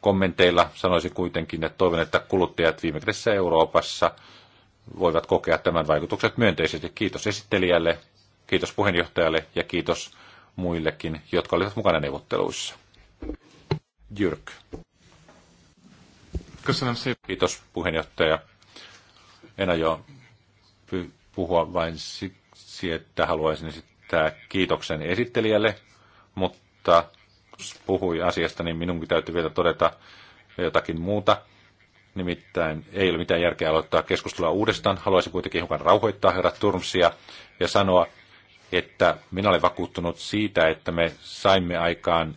Speaker 2: kommenteilla sanoisin kuitenkin, että toivon, että kuluttajat viime kädessä Euroopassa – voivat kokea tämän vaikutukset myönteisesti. Kiitos esittelijälle, kiitos puheenjohtajalle ja kiitos muillekin, jotka olivat mukana neuvotteluissa. Jyrk. Kiitos puheenjohtaja. En aio puhua vain siksi, että haluaisin esittää kiitoksen esittelijälle, mutta puhui asiasta, niin minunkin täytyy vielä todeta jotakin muuta. Nimittäin ei ole mitään järkeä aloittaa keskustelua uudestaan. Haluaisin kuitenkin hiukan rauhoittaa herra Turmsia ja sanoa, että minä olen vakuuttunut siitä, että me saimme aikaan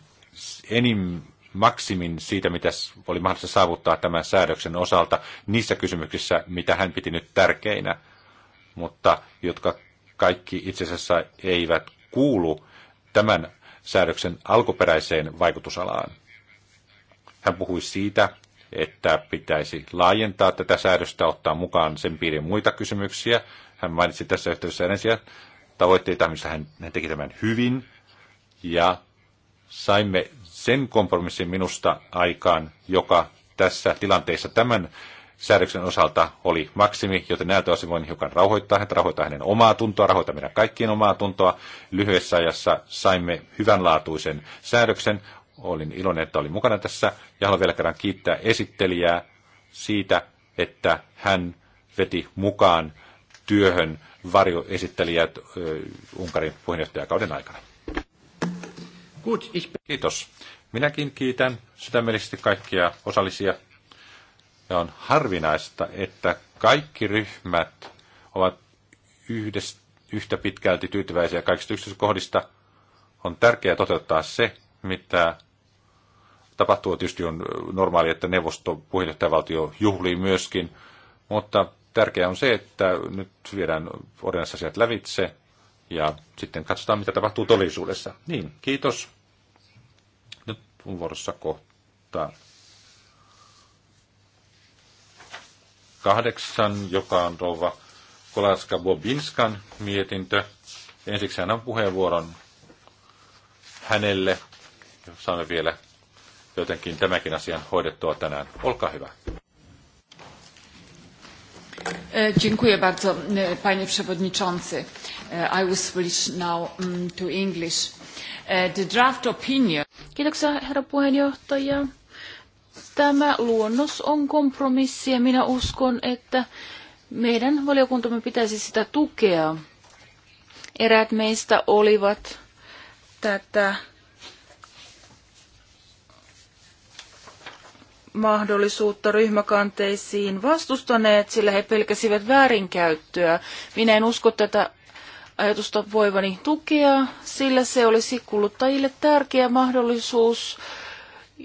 Speaker 2: enim, maksimin siitä, mitä oli mahdollista saavuttaa tämän säädöksen osalta niissä kysymyksissä, mitä hän piti nyt tärkeinä, mutta jotka kaikki itse asiassa eivät kuulu tämän säädöksen alkuperäiseen vaikutusalaan. Hän puhui siitä, että pitäisi laajentaa tätä säädöstä, ottaa mukaan sen piirin muita kysymyksiä. Hän mainitsi tässä yhteydessä ensiä tavoitteita, missä hän, hän teki tämän hyvin. Ja saimme sen kompromissin minusta aikaan, joka tässä tilanteessa tämän säädöksen osalta oli maksimi, joten näiltä osin voin hiukan rauhoittaa häntä, rauhoittaa hänen omaa tuntoa, rauhoittaa meidän kaikkien omaa tuntoa. Lyhyessä ajassa saimme hyvänlaatuisen säädöksen. Olin iloinen, että olin mukana tässä ja haluan vielä kerran kiittää esittelijää siitä, että hän veti mukaan työhön varjoesittelijät Unkarin puheenjohtajakauden aikana. Kiitos. Minäkin kiitän sydämellisesti kaikkia osallisia. Ja on harvinaista, että kaikki ryhmät ovat yhdestä, yhtä pitkälti tyytyväisiä kaikista yksityiskohdista. On tärkeää toteuttaa se, mitä tapahtuu. Tietysti on normaali, että neuvosto puheenjohtajavaltio juhlii myöskin, mutta tärkeää on se, että nyt viedään ordinassa sieltä lävitse ja sitten katsotaan, mitä tapahtuu todellisuudessa. Niin, kiitos. Nyt on vuorossa kohta kahdeksan, joka on rouva Kolaska Bobinskan mietintö. Ensiksi hän on puheenvuoron hänelle. Saamme vielä jotenkin tämäkin asian hoidettua tänään. Olkaa hyvä.
Speaker 3: E, dziękuję bardzo, e, panie przewodniczący. E, I will switch now mm, to English. The draft opinion. Kiitoksia, herra puheenjohtaja. Tämä luonnos on kompromissi ja minä uskon, että meidän valiokuntamme pitäisi sitä tukea. Eräät meistä olivat tätä mahdollisuutta ryhmäkanteisiin vastustaneet, sillä he pelkäsivät väärinkäyttöä. Minä en usko tätä ajatusta voivani tukea, sillä se olisi kuluttajille tärkeä mahdollisuus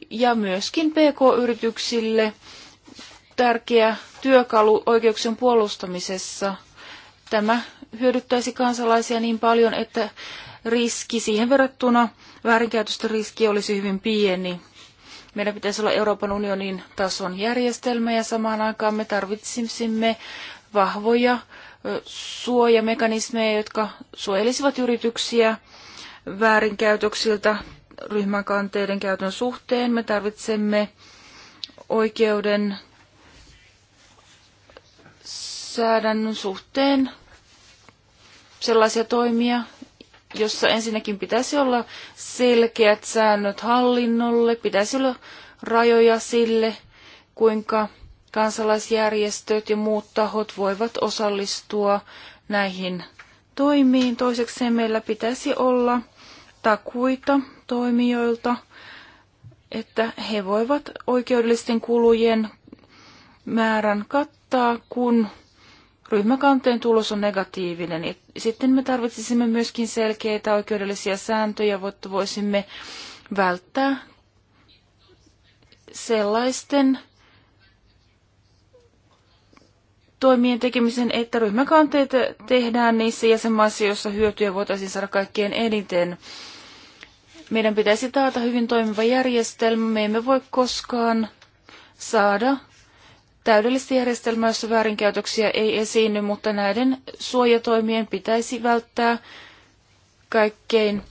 Speaker 3: ja myöskin PK-yrityksille tärkeä työkalu oikeuksien puolustamisessa. Tämä hyödyttäisi kansalaisia niin paljon, että riski siihen verrattuna väärinkäytöstä riski olisi hyvin pieni. Meillä pitäisi olla Euroopan unionin tason järjestelmä ja samaan aikaan me tarvitsisimme vahvoja suojamekanismeja, jotka suojelisivat yrityksiä väärinkäytöksiltä ryhmäkanteiden käytön suhteen. Me tarvitsemme oikeuden säädännön suhteen sellaisia toimia, jossa ensinnäkin pitäisi olla selkeät säännöt hallinnolle, pitäisi olla rajoja sille, kuinka kansalaisjärjestöt ja muut tahot voivat osallistua näihin toimiin. Toiseksi meillä pitäisi olla takuita toimijoilta, että he voivat oikeudellisten kulujen määrän kattaa, kun ryhmäkanteen tulos on negatiivinen. sitten me tarvitsisimme myöskin selkeitä oikeudellisia sääntöjä, jotta voisimme välttää sellaisten toimien tekemisen, että ryhmäkanteet tehdään niissä jäsenmaissa, joissa hyötyjä voitaisiin saada kaikkien eniten. Meidän pitäisi taata hyvin toimiva järjestelmä. Me emme voi koskaan saada täydellistä järjestelmää, jossa väärinkäytöksiä ei esiinny, mutta näiden suojatoimien pitäisi välttää kaikkein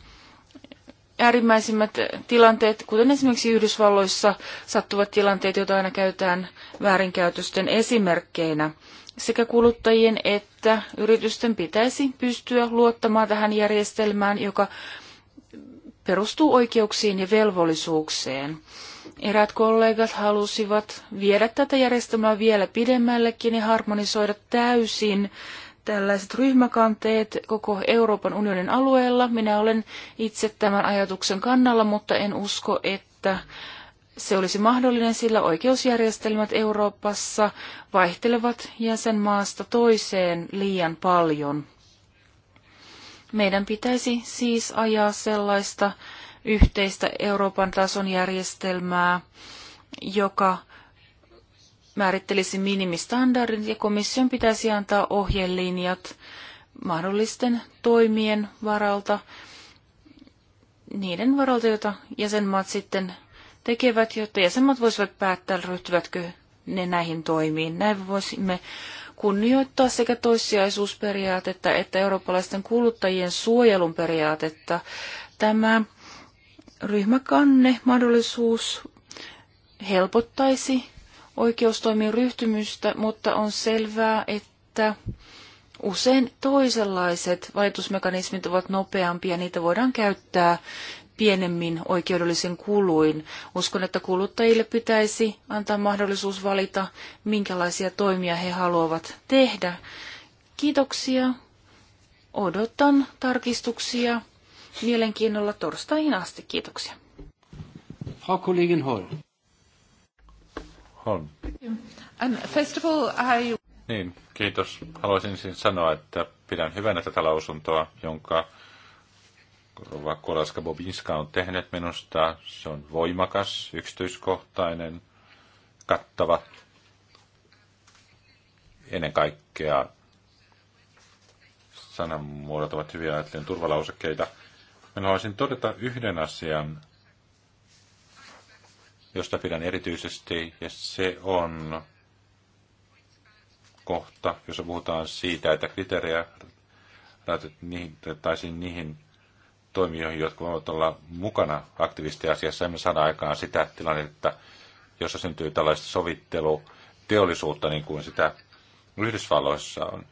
Speaker 3: äärimmäisimmät tilanteet, kuten esimerkiksi Yhdysvalloissa sattuvat tilanteet, joita aina käytetään väärinkäytösten esimerkkeinä. Sekä kuluttajien että yritysten pitäisi pystyä luottamaan tähän järjestelmään, joka perustuu oikeuksiin ja velvollisuukseen. Eräät kollegat halusivat viedä tätä järjestelmää vielä pidemmällekin ja harmonisoida täysin tällaiset ryhmäkanteet koko Euroopan unionin alueella. Minä olen itse tämän ajatuksen kannalla, mutta en usko, että se olisi mahdollinen, sillä oikeusjärjestelmät Euroopassa vaihtelevat jäsenmaasta toiseen liian paljon. Meidän pitäisi siis ajaa sellaista yhteistä Euroopan tason järjestelmää, joka määrittelisi minimistandardit ja komission pitäisi antaa ohjelinjat mahdollisten toimien varalta, niiden varalta, joita jäsenmaat sitten tekevät, jotta jäsenmaat voisivat päättää, ryhtyvätkö ne näihin toimiin. Näin voisimme kunnioittaa sekä toissijaisuusperiaatetta että eurooppalaisten kuluttajien suojelun periaatetta. Tämä ryhmäkanne mahdollisuus helpottaisi oikeustoimien ryhtymystä, mutta on selvää, että usein toisenlaiset valitusmekanismit ovat nopeampia, niitä voidaan käyttää pienemmin oikeudellisen kuluin. Uskon, että kuluttajille pitäisi antaa mahdollisuus valita, minkälaisia toimia he haluavat tehdä. Kiitoksia. Odotan tarkistuksia mielenkiinnolla torstaihin asti. Kiitoksia.
Speaker 1: Frau Kollegin Holm.
Speaker 2: Holm.
Speaker 4: And um, first of all, I...
Speaker 2: Niin, kiitos. Haluaisin siis sanoa, että pidän hyvänä tätä lausuntoa, jonka Rova Koraska Bobinska on tehnyt minusta. Se on voimakas, yksityiskohtainen, kattava. Ennen kaikkea sanamuodot ovat hyviä ajattelen turvalausekkeita – minä haluaisin todeta yhden asian, josta pidän erityisesti, ja se on kohta, jossa puhutaan siitä, että kriteerejä laitettaisiin niihin toimijoihin, jotka voivat olla mukana aktivistiasiassa. Emme saada aikaan sitä tilannetta, jossa syntyy tällaista sovitteluteollisuutta, niin kuin sitä Yhdysvalloissa on.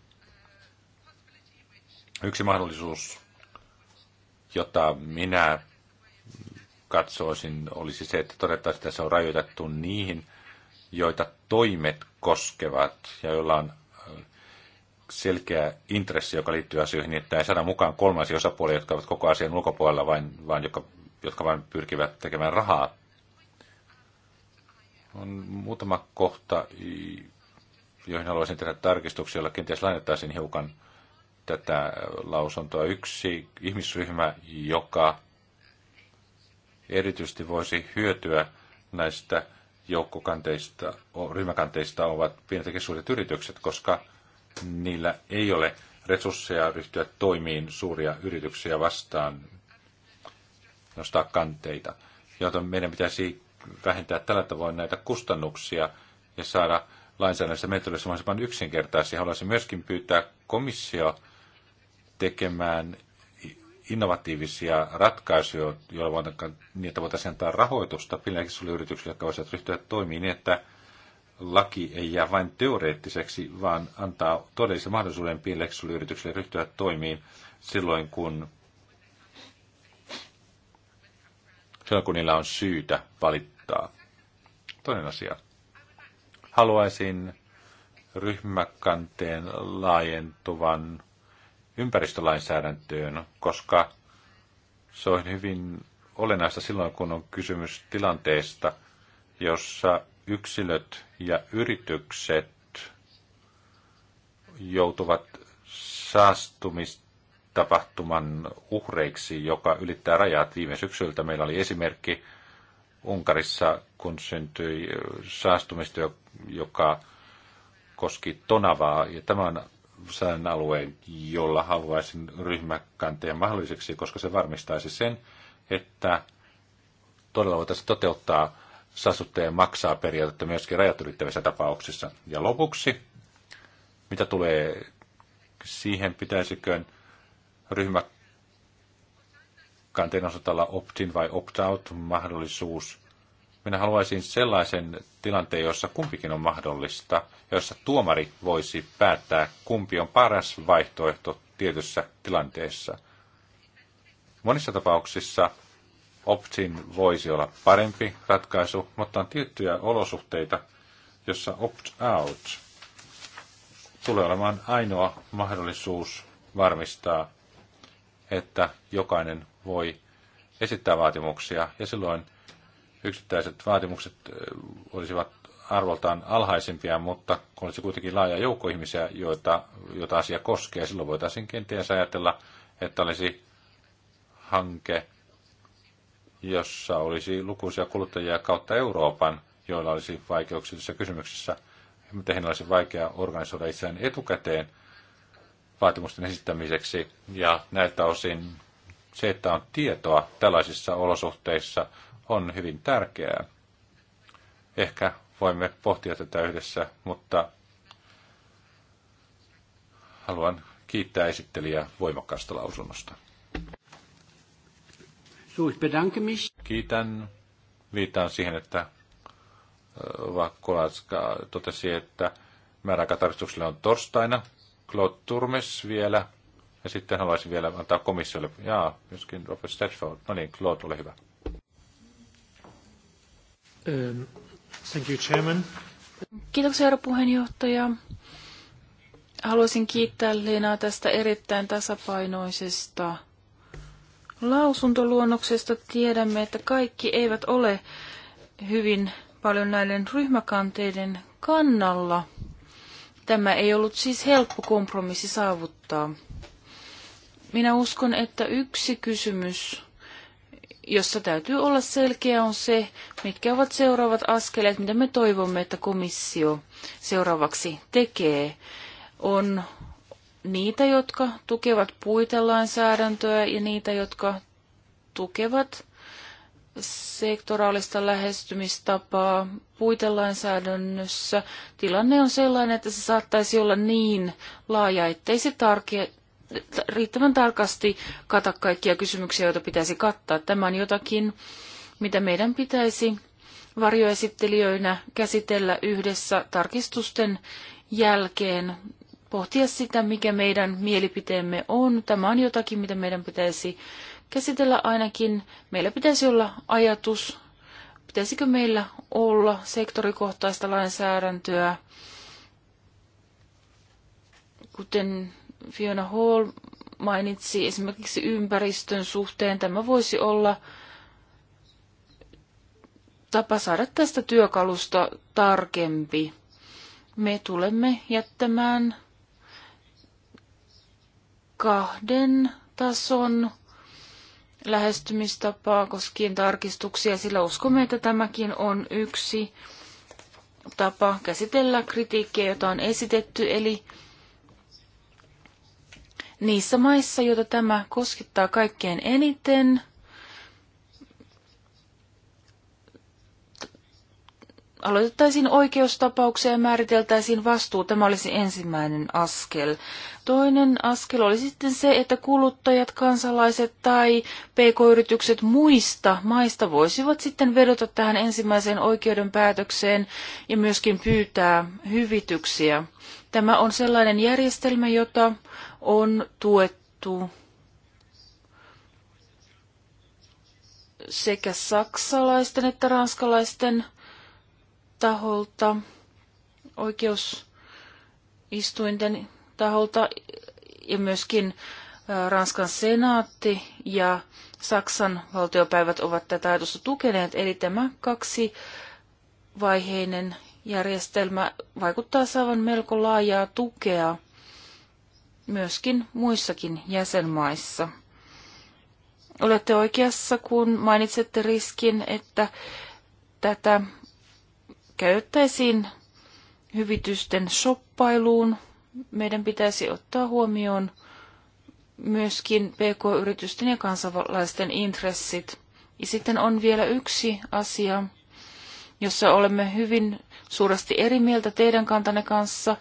Speaker 2: Yksi mahdollisuus jota minä katsoisin, olisi se, että todettaisiin, että se on rajoitettu niihin, joita toimet koskevat ja joilla on äh, selkeä intressi, joka liittyy asioihin, niin että ei saada mukaan kolmansia osapuolia, jotka ovat koko asian ulkopuolella, vain, vaan jotka, jotka vain pyrkivät tekemään rahaa. On muutama kohta, joihin haluaisin tehdä tarkistuksia, joilla kenties lainettaisiin hiukan – tätä lausuntoa. Yksi ihmisryhmä, joka erityisesti voisi hyötyä näistä joukkokanteista, ryhmäkanteista ovat pienet ja suuret yritykset, koska niillä ei ole resursseja ryhtyä toimiin suuria yrityksiä vastaan nostaa kanteita. Joten meidän pitäisi vähentää tällä tavoin näitä kustannuksia ja saada lainsäädännössä menettelyssä mahdollisimman yksinkertaisia. Haluaisin myöskin pyytää komissio tekemään innovatiivisia ratkaisuja, joilla voidaan, niitä voitaisiin antaa rahoitusta pienelläkin yrityksille, jotka voisivat ryhtyä toimiin niin, että laki ei jää vain teoreettiseksi, vaan antaa todellisen mahdollisuuden pienellekin yrityksille ryhtyä toimiin silloin, kun silloin, kun niillä on syytä valittaa. Toinen asia. Haluaisin ryhmäkanteen laajentuvan ympäristölainsäädäntöön, koska se on hyvin olennaista silloin, kun on kysymys tilanteesta, jossa yksilöt ja yritykset joutuvat saastumistapahtuman uhreiksi, joka ylittää rajat. Viime syksyltä meillä oli esimerkki Unkarissa, kun syntyi saastumista, joka koski Tonavaa. Ja tämä on sadan alueen, jolla haluaisin ryhmäkanteja mahdolliseksi, koska se varmistaisi sen, että todella voitaisiin toteuttaa sasutteen maksaa periaatetta myöskin rajat ylittävissä tapauksissa. Ja lopuksi, mitä tulee siihen, pitäisikö ryhmäkanteen osalta olla opt-in vai opt-out mahdollisuus – minä haluaisin sellaisen tilanteen, jossa kumpikin on mahdollista, jossa tuomari voisi päättää, kumpi on paras vaihtoehto tietyssä tilanteessa. Monissa tapauksissa optin voisi olla parempi ratkaisu, mutta on tiettyjä olosuhteita, jossa opt-out tulee olemaan ainoa mahdollisuus varmistaa, että jokainen voi esittää vaatimuksia, ja silloin – yksittäiset vaatimukset olisivat arvoltaan alhaisempia, mutta olisi kuitenkin laaja joukko ihmisiä, joita, joita asia koskee. Silloin voitaisiin kenties ajatella, että olisi hanke, jossa olisi lukuisia kuluttajia kautta Euroopan, joilla olisi vaikeuksia kysymyksissä, mutta heillä olisi vaikea organisoida itseään etukäteen vaatimusten esittämiseksi. Ja näiltä osin se, että on tietoa tällaisissa olosuhteissa – on hyvin tärkeää. Ehkä voimme pohtia tätä yhdessä, mutta haluan kiittää esittelijää voimakkaasta lausunnosta. Kiitän. Viitaan siihen, että äh, Vakkolatska totesi, että määräaikatarkistukselle on torstaina. Claude Turmes vielä. Ja sitten haluaisin vielä antaa komissiolle, jaa, myöskin Robert Stedford. No niin, Claude, ole hyvä.
Speaker 1: Um, thank you,
Speaker 2: Chairman.
Speaker 3: Kiitoksia, herra puheenjohtaja. Haluaisin kiittää Leenaa tästä erittäin tasapainoisesta lausuntoluonnoksesta. Tiedämme, että kaikki eivät ole hyvin paljon näiden ryhmäkanteiden kannalla. Tämä ei ollut siis helppo kompromissi saavuttaa. Minä uskon, että yksi kysymys jossa täytyy olla selkeä, on se, mitkä ovat seuraavat askeleet, mitä me toivomme, että komissio seuraavaksi tekee. On niitä, jotka tukevat puitelainsäädäntöä ja niitä, jotka tukevat sektoraalista lähestymistapaa puitelainsäädännössä. Tilanne on sellainen, että se saattaisi olla niin laaja, ettei se tarke- riittävän tarkasti kata kaikkia kysymyksiä, joita pitäisi kattaa. Tämä on jotakin, mitä meidän pitäisi varjoesittelijöinä käsitellä yhdessä tarkistusten jälkeen, pohtia sitä, mikä meidän mielipiteemme on. Tämä on jotakin, mitä meidän pitäisi käsitellä ainakin. Meillä pitäisi olla ajatus, pitäisikö meillä olla sektorikohtaista lainsäädäntöä, kuten Fiona Hall mainitsi esimerkiksi ympäristön suhteen. Tämä voisi olla tapa saada tästä työkalusta tarkempi. Me tulemme jättämään kahden tason lähestymistapaa koskien tarkistuksia, sillä uskomme, että tämäkin on yksi tapa käsitellä kritiikkiä, jota on esitetty, eli niissä maissa, joita tämä koskettaa kaikkein eniten. Aloitettaisiin oikeustapauksia ja määriteltäisiin vastuu. Tämä olisi ensimmäinen askel. Toinen askel oli sitten se, että kuluttajat, kansalaiset tai pk-yritykset muista maista voisivat sitten vedota tähän ensimmäiseen oikeudenpäätökseen ja myöskin pyytää hyvityksiä. Tämä on sellainen järjestelmä, jota on tuettu sekä saksalaisten että ranskalaisten taholta, oikeusistuinten taholta ja myöskin Ranskan senaatti ja Saksan valtiopäivät ovat tätä ajatusta tukeneet, eli tämä kaksi vaiheinen järjestelmä vaikuttaa saavan melko laajaa tukea myöskin muissakin jäsenmaissa. Olette oikeassa, kun mainitsette riskin, että tätä käyttäisiin hyvitysten shoppailuun. Meidän pitäisi ottaa huomioon myöskin PK-yritysten ja kansalaisten intressit. Ja sitten on vielä yksi asia, jossa olemme hyvin suuresti eri mieltä teidän kantanne kanssa,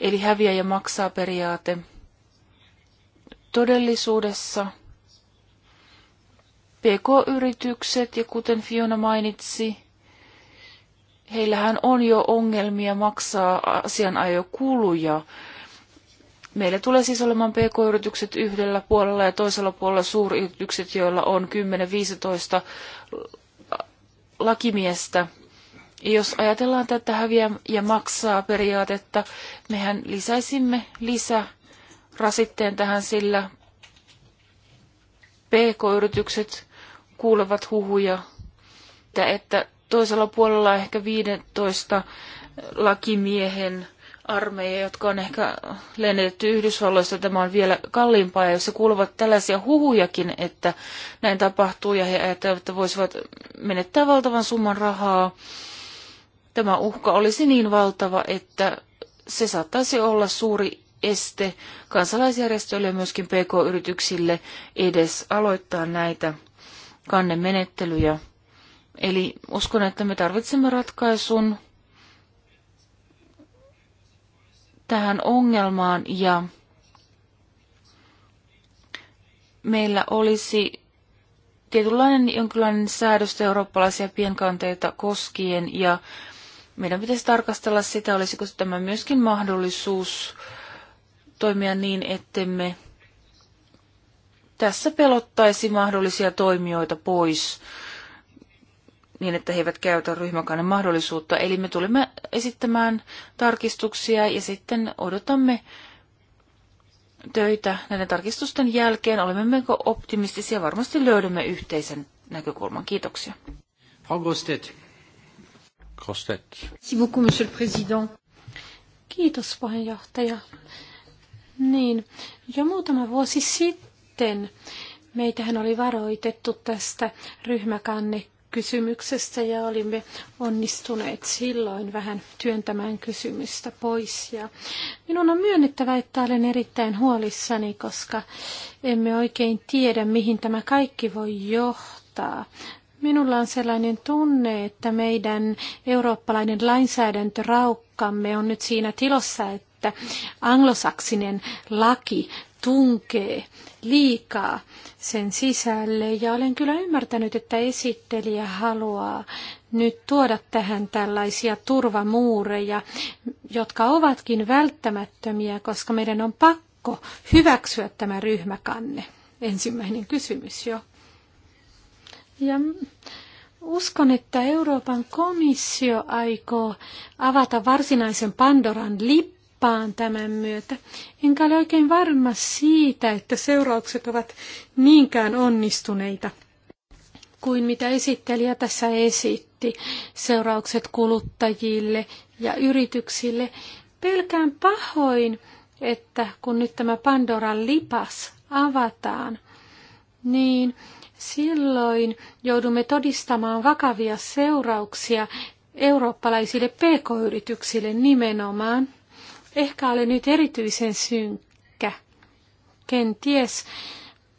Speaker 3: eli häviäjä maksaa periaate todellisuudessa PK-yritykset, ja kuten Fiona mainitsi, heillähän on jo ongelmia maksaa asianajokuluja. Meillä tulee siis olemaan PK-yritykset yhdellä puolella ja toisella puolella suuryritykset, joilla on 10-15 lakimiestä. Ja jos ajatellaan tätä häviä ja maksaa periaatetta, mehän lisäisimme lisää rasitteen tähän, sillä PK-yritykset kuulevat huhuja, että toisella puolella ehkä 15 lakimiehen armeija, jotka on ehkä lennetty Yhdysvalloista. Tämä on vielä kalliimpaa, ja jos he kuuluvat tällaisia huhujakin, että näin tapahtuu, ja he ajattelevat, että voisivat menettää valtavan summan rahaa, tämä uhka olisi niin valtava, että se saattaisi olla suuri este kansalaisjärjestöille ja myöskin PK-yrityksille edes aloittaa näitä kannemenettelyjä. Eli uskon, että me tarvitsemme ratkaisun tähän ongelmaan ja meillä olisi tietynlainen jonkinlainen säädöstä eurooppalaisia pienkanteita koskien ja meidän pitäisi tarkastella sitä, olisiko tämä myöskin mahdollisuus äh, toimia niin, ettemme tässä pelottaisi mahdollisia toimijoita pois niin, että he eivät käytä ryhmäkannen mahdollisuutta. Eli me tulemme esittämään tarkistuksia ja sitten odotamme töitä näiden tarkistusten jälkeen. Olemme melko optimistisia. Varmasti löydämme yhteisen näkökulman. Kiitoksia.
Speaker 1: Augustet. Kostet.
Speaker 4: Kiitos puheenjohtaja. Niin, jo muutama vuosi sitten meitähän oli varoitettu tästä ryhmäkanne kysymyksestä ja olimme onnistuneet silloin vähän työntämään kysymystä pois. Ja minun on myönnettävä, että olen erittäin huolissani, koska emme oikein tiedä, mihin tämä kaikki voi johtaa. Minulla on sellainen tunne, että meidän eurooppalainen lainsäädäntöraukkamme on nyt siinä tilossa, että että anglosaksinen laki tunkee liikaa sen sisälle. Ja olen kyllä ymmärtänyt, että esittelijä haluaa nyt tuoda tähän tällaisia turvamuureja, jotka ovatkin välttämättömiä, koska meidän on pakko hyväksyä tämä ryhmäkanne. Ensimmäinen kysymys jo. Ja uskon, että Euroopan komissio aikoo avata varsinaisen Pandoran lip vapaan tämän myötä. Enkä ole oikein varma siitä, että seuraukset ovat niinkään onnistuneita kuin mitä esittelijä tässä esitti. Seuraukset kuluttajille ja yrityksille. Pelkään pahoin, että kun nyt tämä Pandoran lipas avataan, niin silloin joudumme todistamaan vakavia seurauksia eurooppalaisille pk-yrityksille nimenomaan. Ehkä olen nyt erityisen synkkä, kenties,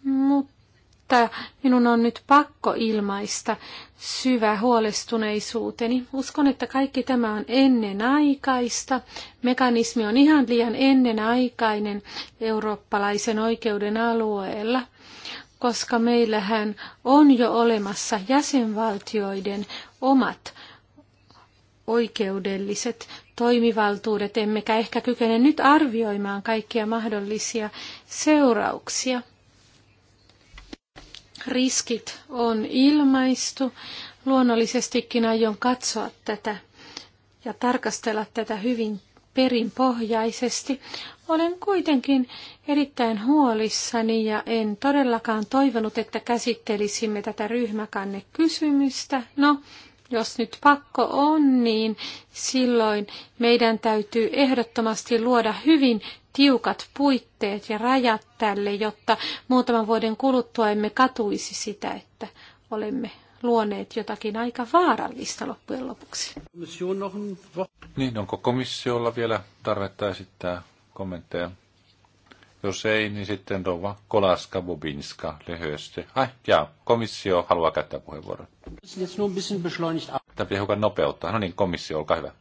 Speaker 4: mutta minun on nyt pakko ilmaista syvä huolestuneisuuteni. Uskon, että kaikki tämä on ennenaikaista. Mekanismi on ihan liian ennenaikainen eurooppalaisen oikeuden alueella koska meillähän on jo olemassa jäsenvaltioiden omat oikeudelliset toimivaltuudet, emmekä ehkä kykene nyt arvioimaan kaikkia mahdollisia seurauksia. Riskit on ilmaistu. Luonnollisestikin aion katsoa tätä ja tarkastella tätä hyvin perinpohjaisesti. Olen kuitenkin erittäin huolissani ja en todellakaan toivonut, että käsittelisimme tätä ryhmäkannekysymystä. No, jos nyt pakko on, niin silloin meidän täytyy ehdottomasti luoda hyvin tiukat puitteet ja rajat tälle, jotta muutaman vuoden kuluttua emme katuisi sitä, että olemme luoneet jotakin aika vaarallista loppujen lopuksi.
Speaker 2: Niin, onko komissiolla vielä tarvetta esittää kommentteja? Jos ei, niin sitten Rova Kolaska Bobinska lyhyesti. Ai, jaa, komissio haluaa käyttää puheenvuoron.
Speaker 1: Tämä
Speaker 2: pitää hiukan nopeuttaa. No niin, komissio, olkaa hyvä.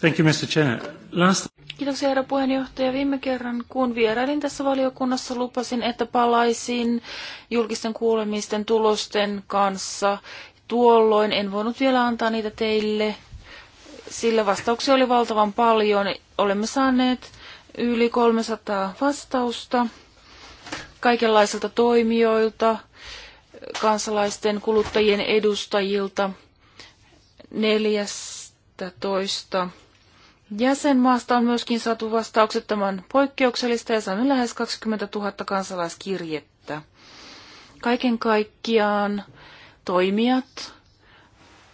Speaker 1: Thank you, Mr. Chair. Last...
Speaker 3: Kiitoksia, herra puheenjohtaja. Viime kerran, kun vierailin tässä valiokunnassa, lupasin, että palaisin julkisten kuulemisten tulosten kanssa. Tuolloin en voinut vielä antaa niitä teille, sillä vastauksia oli valtavan paljon. Olemme saaneet yli 300 vastausta kaikenlaisilta toimijoilta, kansalaisten kuluttajien edustajilta 14 jäsenmaasta on myöskin saatu vastaukset tämän poikkeuksellista ja saanut lähes 20 000 kansalaiskirjettä. Kaiken kaikkiaan toimijat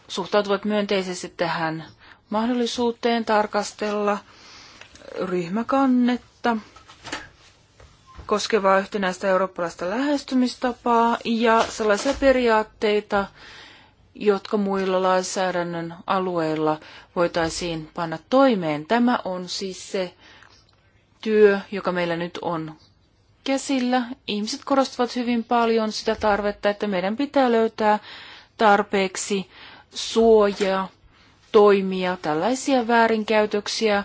Speaker 3: suhtautuvat myönteisesti tähän mahdollisuuteen tarkastella – ryhmäkannetta koskevaa yhtenäistä eurooppalaista lähestymistapaa ja sellaisia periaatteita, jotka muilla lainsäädännön alueilla voitaisiin panna toimeen. Tämä on siis se työ, joka meillä nyt on käsillä. Ihmiset korostavat hyvin paljon sitä tarvetta, että meidän pitää löytää tarpeeksi suojaa, toimia, tällaisia väärinkäytöksiä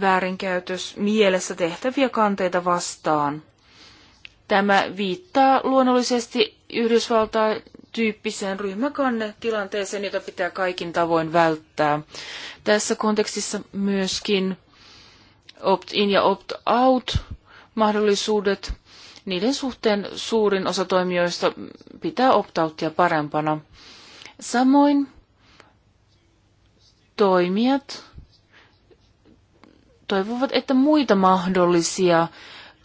Speaker 3: väärinkäytös mielessä tehtäviä kanteita vastaan. Tämä viittaa luonnollisesti Yhdysvaltain tyyppiseen ryhmäkannetilanteeseen, jota pitää kaikin tavoin välttää. Tässä kontekstissa myöskin opt-in ja opt-out mahdollisuudet. Niiden suhteen suurin osa toimijoista pitää opt-outia parempana. Samoin toimijat toivovat, että muita mahdollisia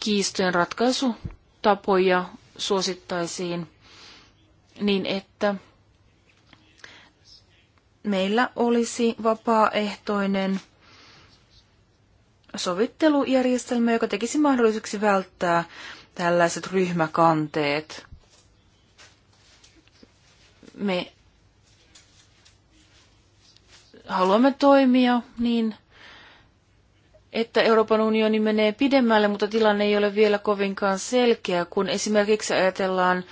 Speaker 3: kiistojen ratkaisutapoja suosittaisiin niin, että meillä olisi vapaaehtoinen sovittelujärjestelmä, joka tekisi mahdolliseksi välttää tällaiset ryhmäkanteet. Me haluamme toimia niin että Euroopan unioni menee pidemmälle, mutta tilanne ei ole vielä kovinkaan selkeä, kun esimerkiksi ajatellaan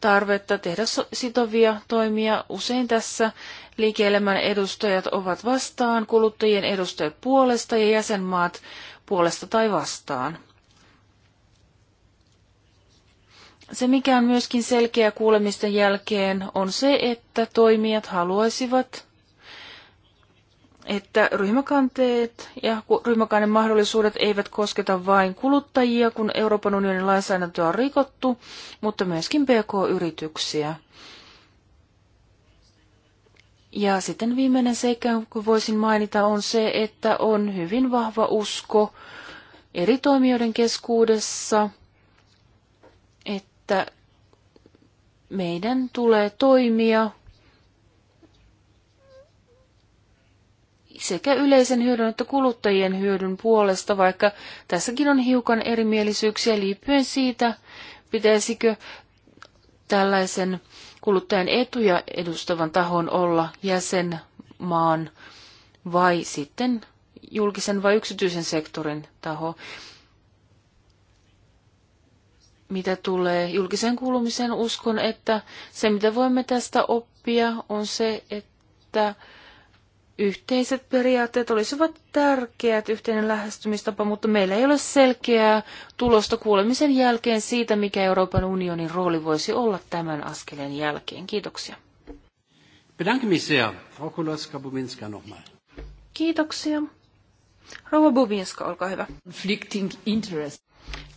Speaker 3: tarvetta tehdä sitovia toimia. Usein tässä liike-elämän edustajat ovat vastaan, kuluttajien edustajat puolesta ja jäsenmaat puolesta tai vastaan. Se, mikä on myöskin selkeä kuulemisten jälkeen, on se, että toimijat haluaisivat että ryhmäkanteet ja ryhmäkannen mahdollisuudet eivät kosketa vain kuluttajia, kun Euroopan unionin lainsäädäntöä on rikottu, mutta myöskin PK-yrityksiä. Ja sitten viimeinen seikka, kun voisin mainita, on se, että on hyvin vahva usko eri toimijoiden keskuudessa, että meidän tulee toimia sekä yleisen hyödyn että kuluttajien hyödyn puolesta, vaikka tässäkin on hiukan erimielisyyksiä liippyen siitä, pitäisikö tällaisen kuluttajan etuja edustavan tahon olla jäsenmaan vai sitten julkisen vai yksityisen sektorin taho. Mitä tulee julkiseen kuulumiseen, uskon, että se mitä voimme tästä oppia on se, että yhteiset periaatteet olisivat tärkeät, yhteinen lähestymistapa, mutta meillä ei ole selkeää tulosta kuulemisen jälkeen siitä, mikä Euroopan unionin rooli voisi olla tämän askeleen jälkeen. Kiitoksia. Kiitoksia. Rouva Bubinska, olkaa hyvä. interest.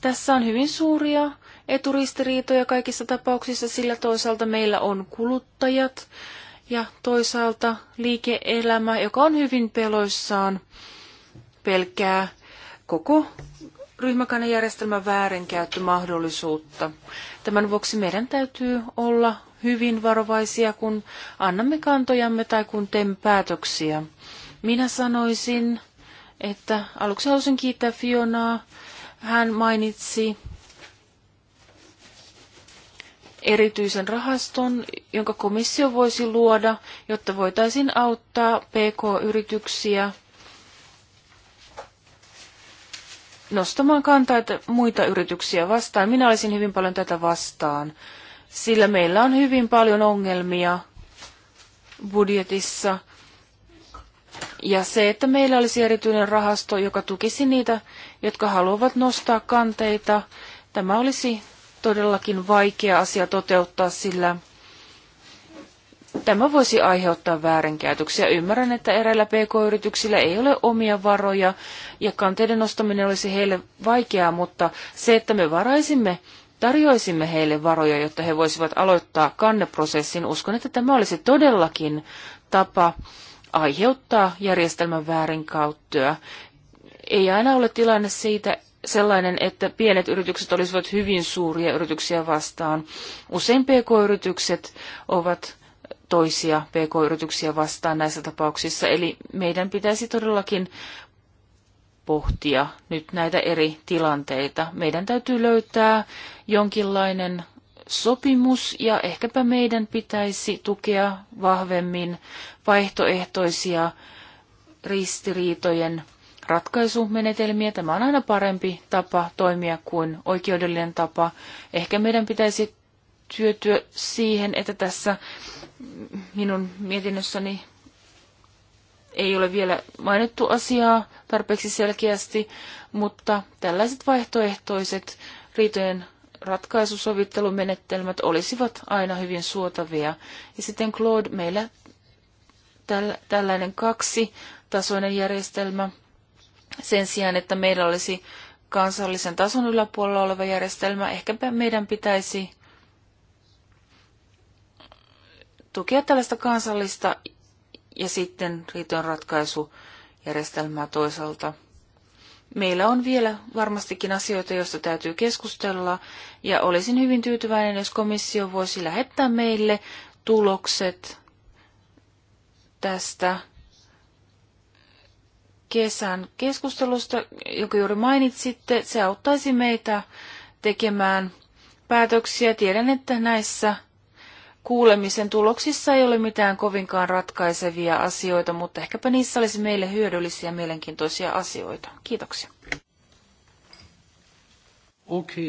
Speaker 3: Tässä on hyvin suuria eturistiriitoja kaikissa tapauksissa, sillä toisaalta meillä on kuluttajat, ja toisaalta liike-elämä, joka on hyvin peloissaan, pelkää koko ryhmäkannejärjestelmän väärinkäyttömahdollisuutta. Tämän vuoksi meidän täytyy olla hyvin varovaisia, kun annamme kantojamme tai kun teemme päätöksiä. Minä sanoisin, että aluksi halusin kiittää Fionaa. Hän mainitsi erityisen rahaston, jonka komissio voisi luoda, jotta voitaisiin auttaa PK-yrityksiä nostamaan kantaa muita yrityksiä vastaan. Minä olisin hyvin paljon tätä vastaan, sillä meillä on hyvin paljon ongelmia budjetissa. Ja se, että meillä olisi erityinen rahasto, joka tukisi niitä, jotka haluavat nostaa kanteita, tämä olisi todellakin vaikea asia toteuttaa, sillä tämä voisi aiheuttaa väärinkäytöksiä. Ymmärrän, että eräillä pk-yrityksillä ei ole omia varoja ja kanteiden nostaminen olisi heille vaikeaa, mutta se, että me varaisimme tarjoisimme heille varoja, jotta he voisivat aloittaa kanneprosessin. Uskon, että tämä olisi todellakin tapa aiheuttaa järjestelmän väärinkäyttöä. Ei aina ole tilanne siitä, sellainen, että pienet yritykset olisivat hyvin suuria yrityksiä vastaan. Usein pk-yritykset ovat toisia pk-yrityksiä vastaan näissä tapauksissa, eli meidän pitäisi todellakin pohtia nyt näitä eri tilanteita. Meidän täytyy löytää jonkinlainen sopimus ja ehkäpä meidän pitäisi tukea vahvemmin vaihtoehtoisia ristiriitojen ratkaisumenetelmiä. Tämä on aina parempi tapa toimia kuin oikeudellinen tapa. Ehkä meidän pitäisi työtyä siihen, että tässä minun mietinnössäni ei ole vielä mainittu asiaa tarpeeksi selkeästi, mutta tällaiset vaihtoehtoiset riitojen ratkaisusovittelumenetelmät olisivat aina hyvin suotavia. Ja sitten Claude, meillä tällainen tällainen kaksitasoinen järjestelmä – sen sijaan, että meillä olisi kansallisen tason yläpuolella oleva järjestelmä, ehkäpä meidän pitäisi tukea tällaista kansallista ja sitten riitojen ratkaisujärjestelmää toisaalta. Meillä on vielä varmastikin asioita, joista täytyy keskustella, ja olisin hyvin tyytyväinen, jos komissio voisi lähettää meille tulokset tästä kesän keskustelusta, joka juuri mainitsitte. Se auttaisi meitä tekemään päätöksiä. Tiedän, että näissä kuulemisen tuloksissa ei ole mitään kovinkaan ratkaisevia asioita, mutta ehkäpä niissä olisi meille hyödyllisiä ja mielenkiintoisia asioita. Kiitoksia.
Speaker 1: Okei.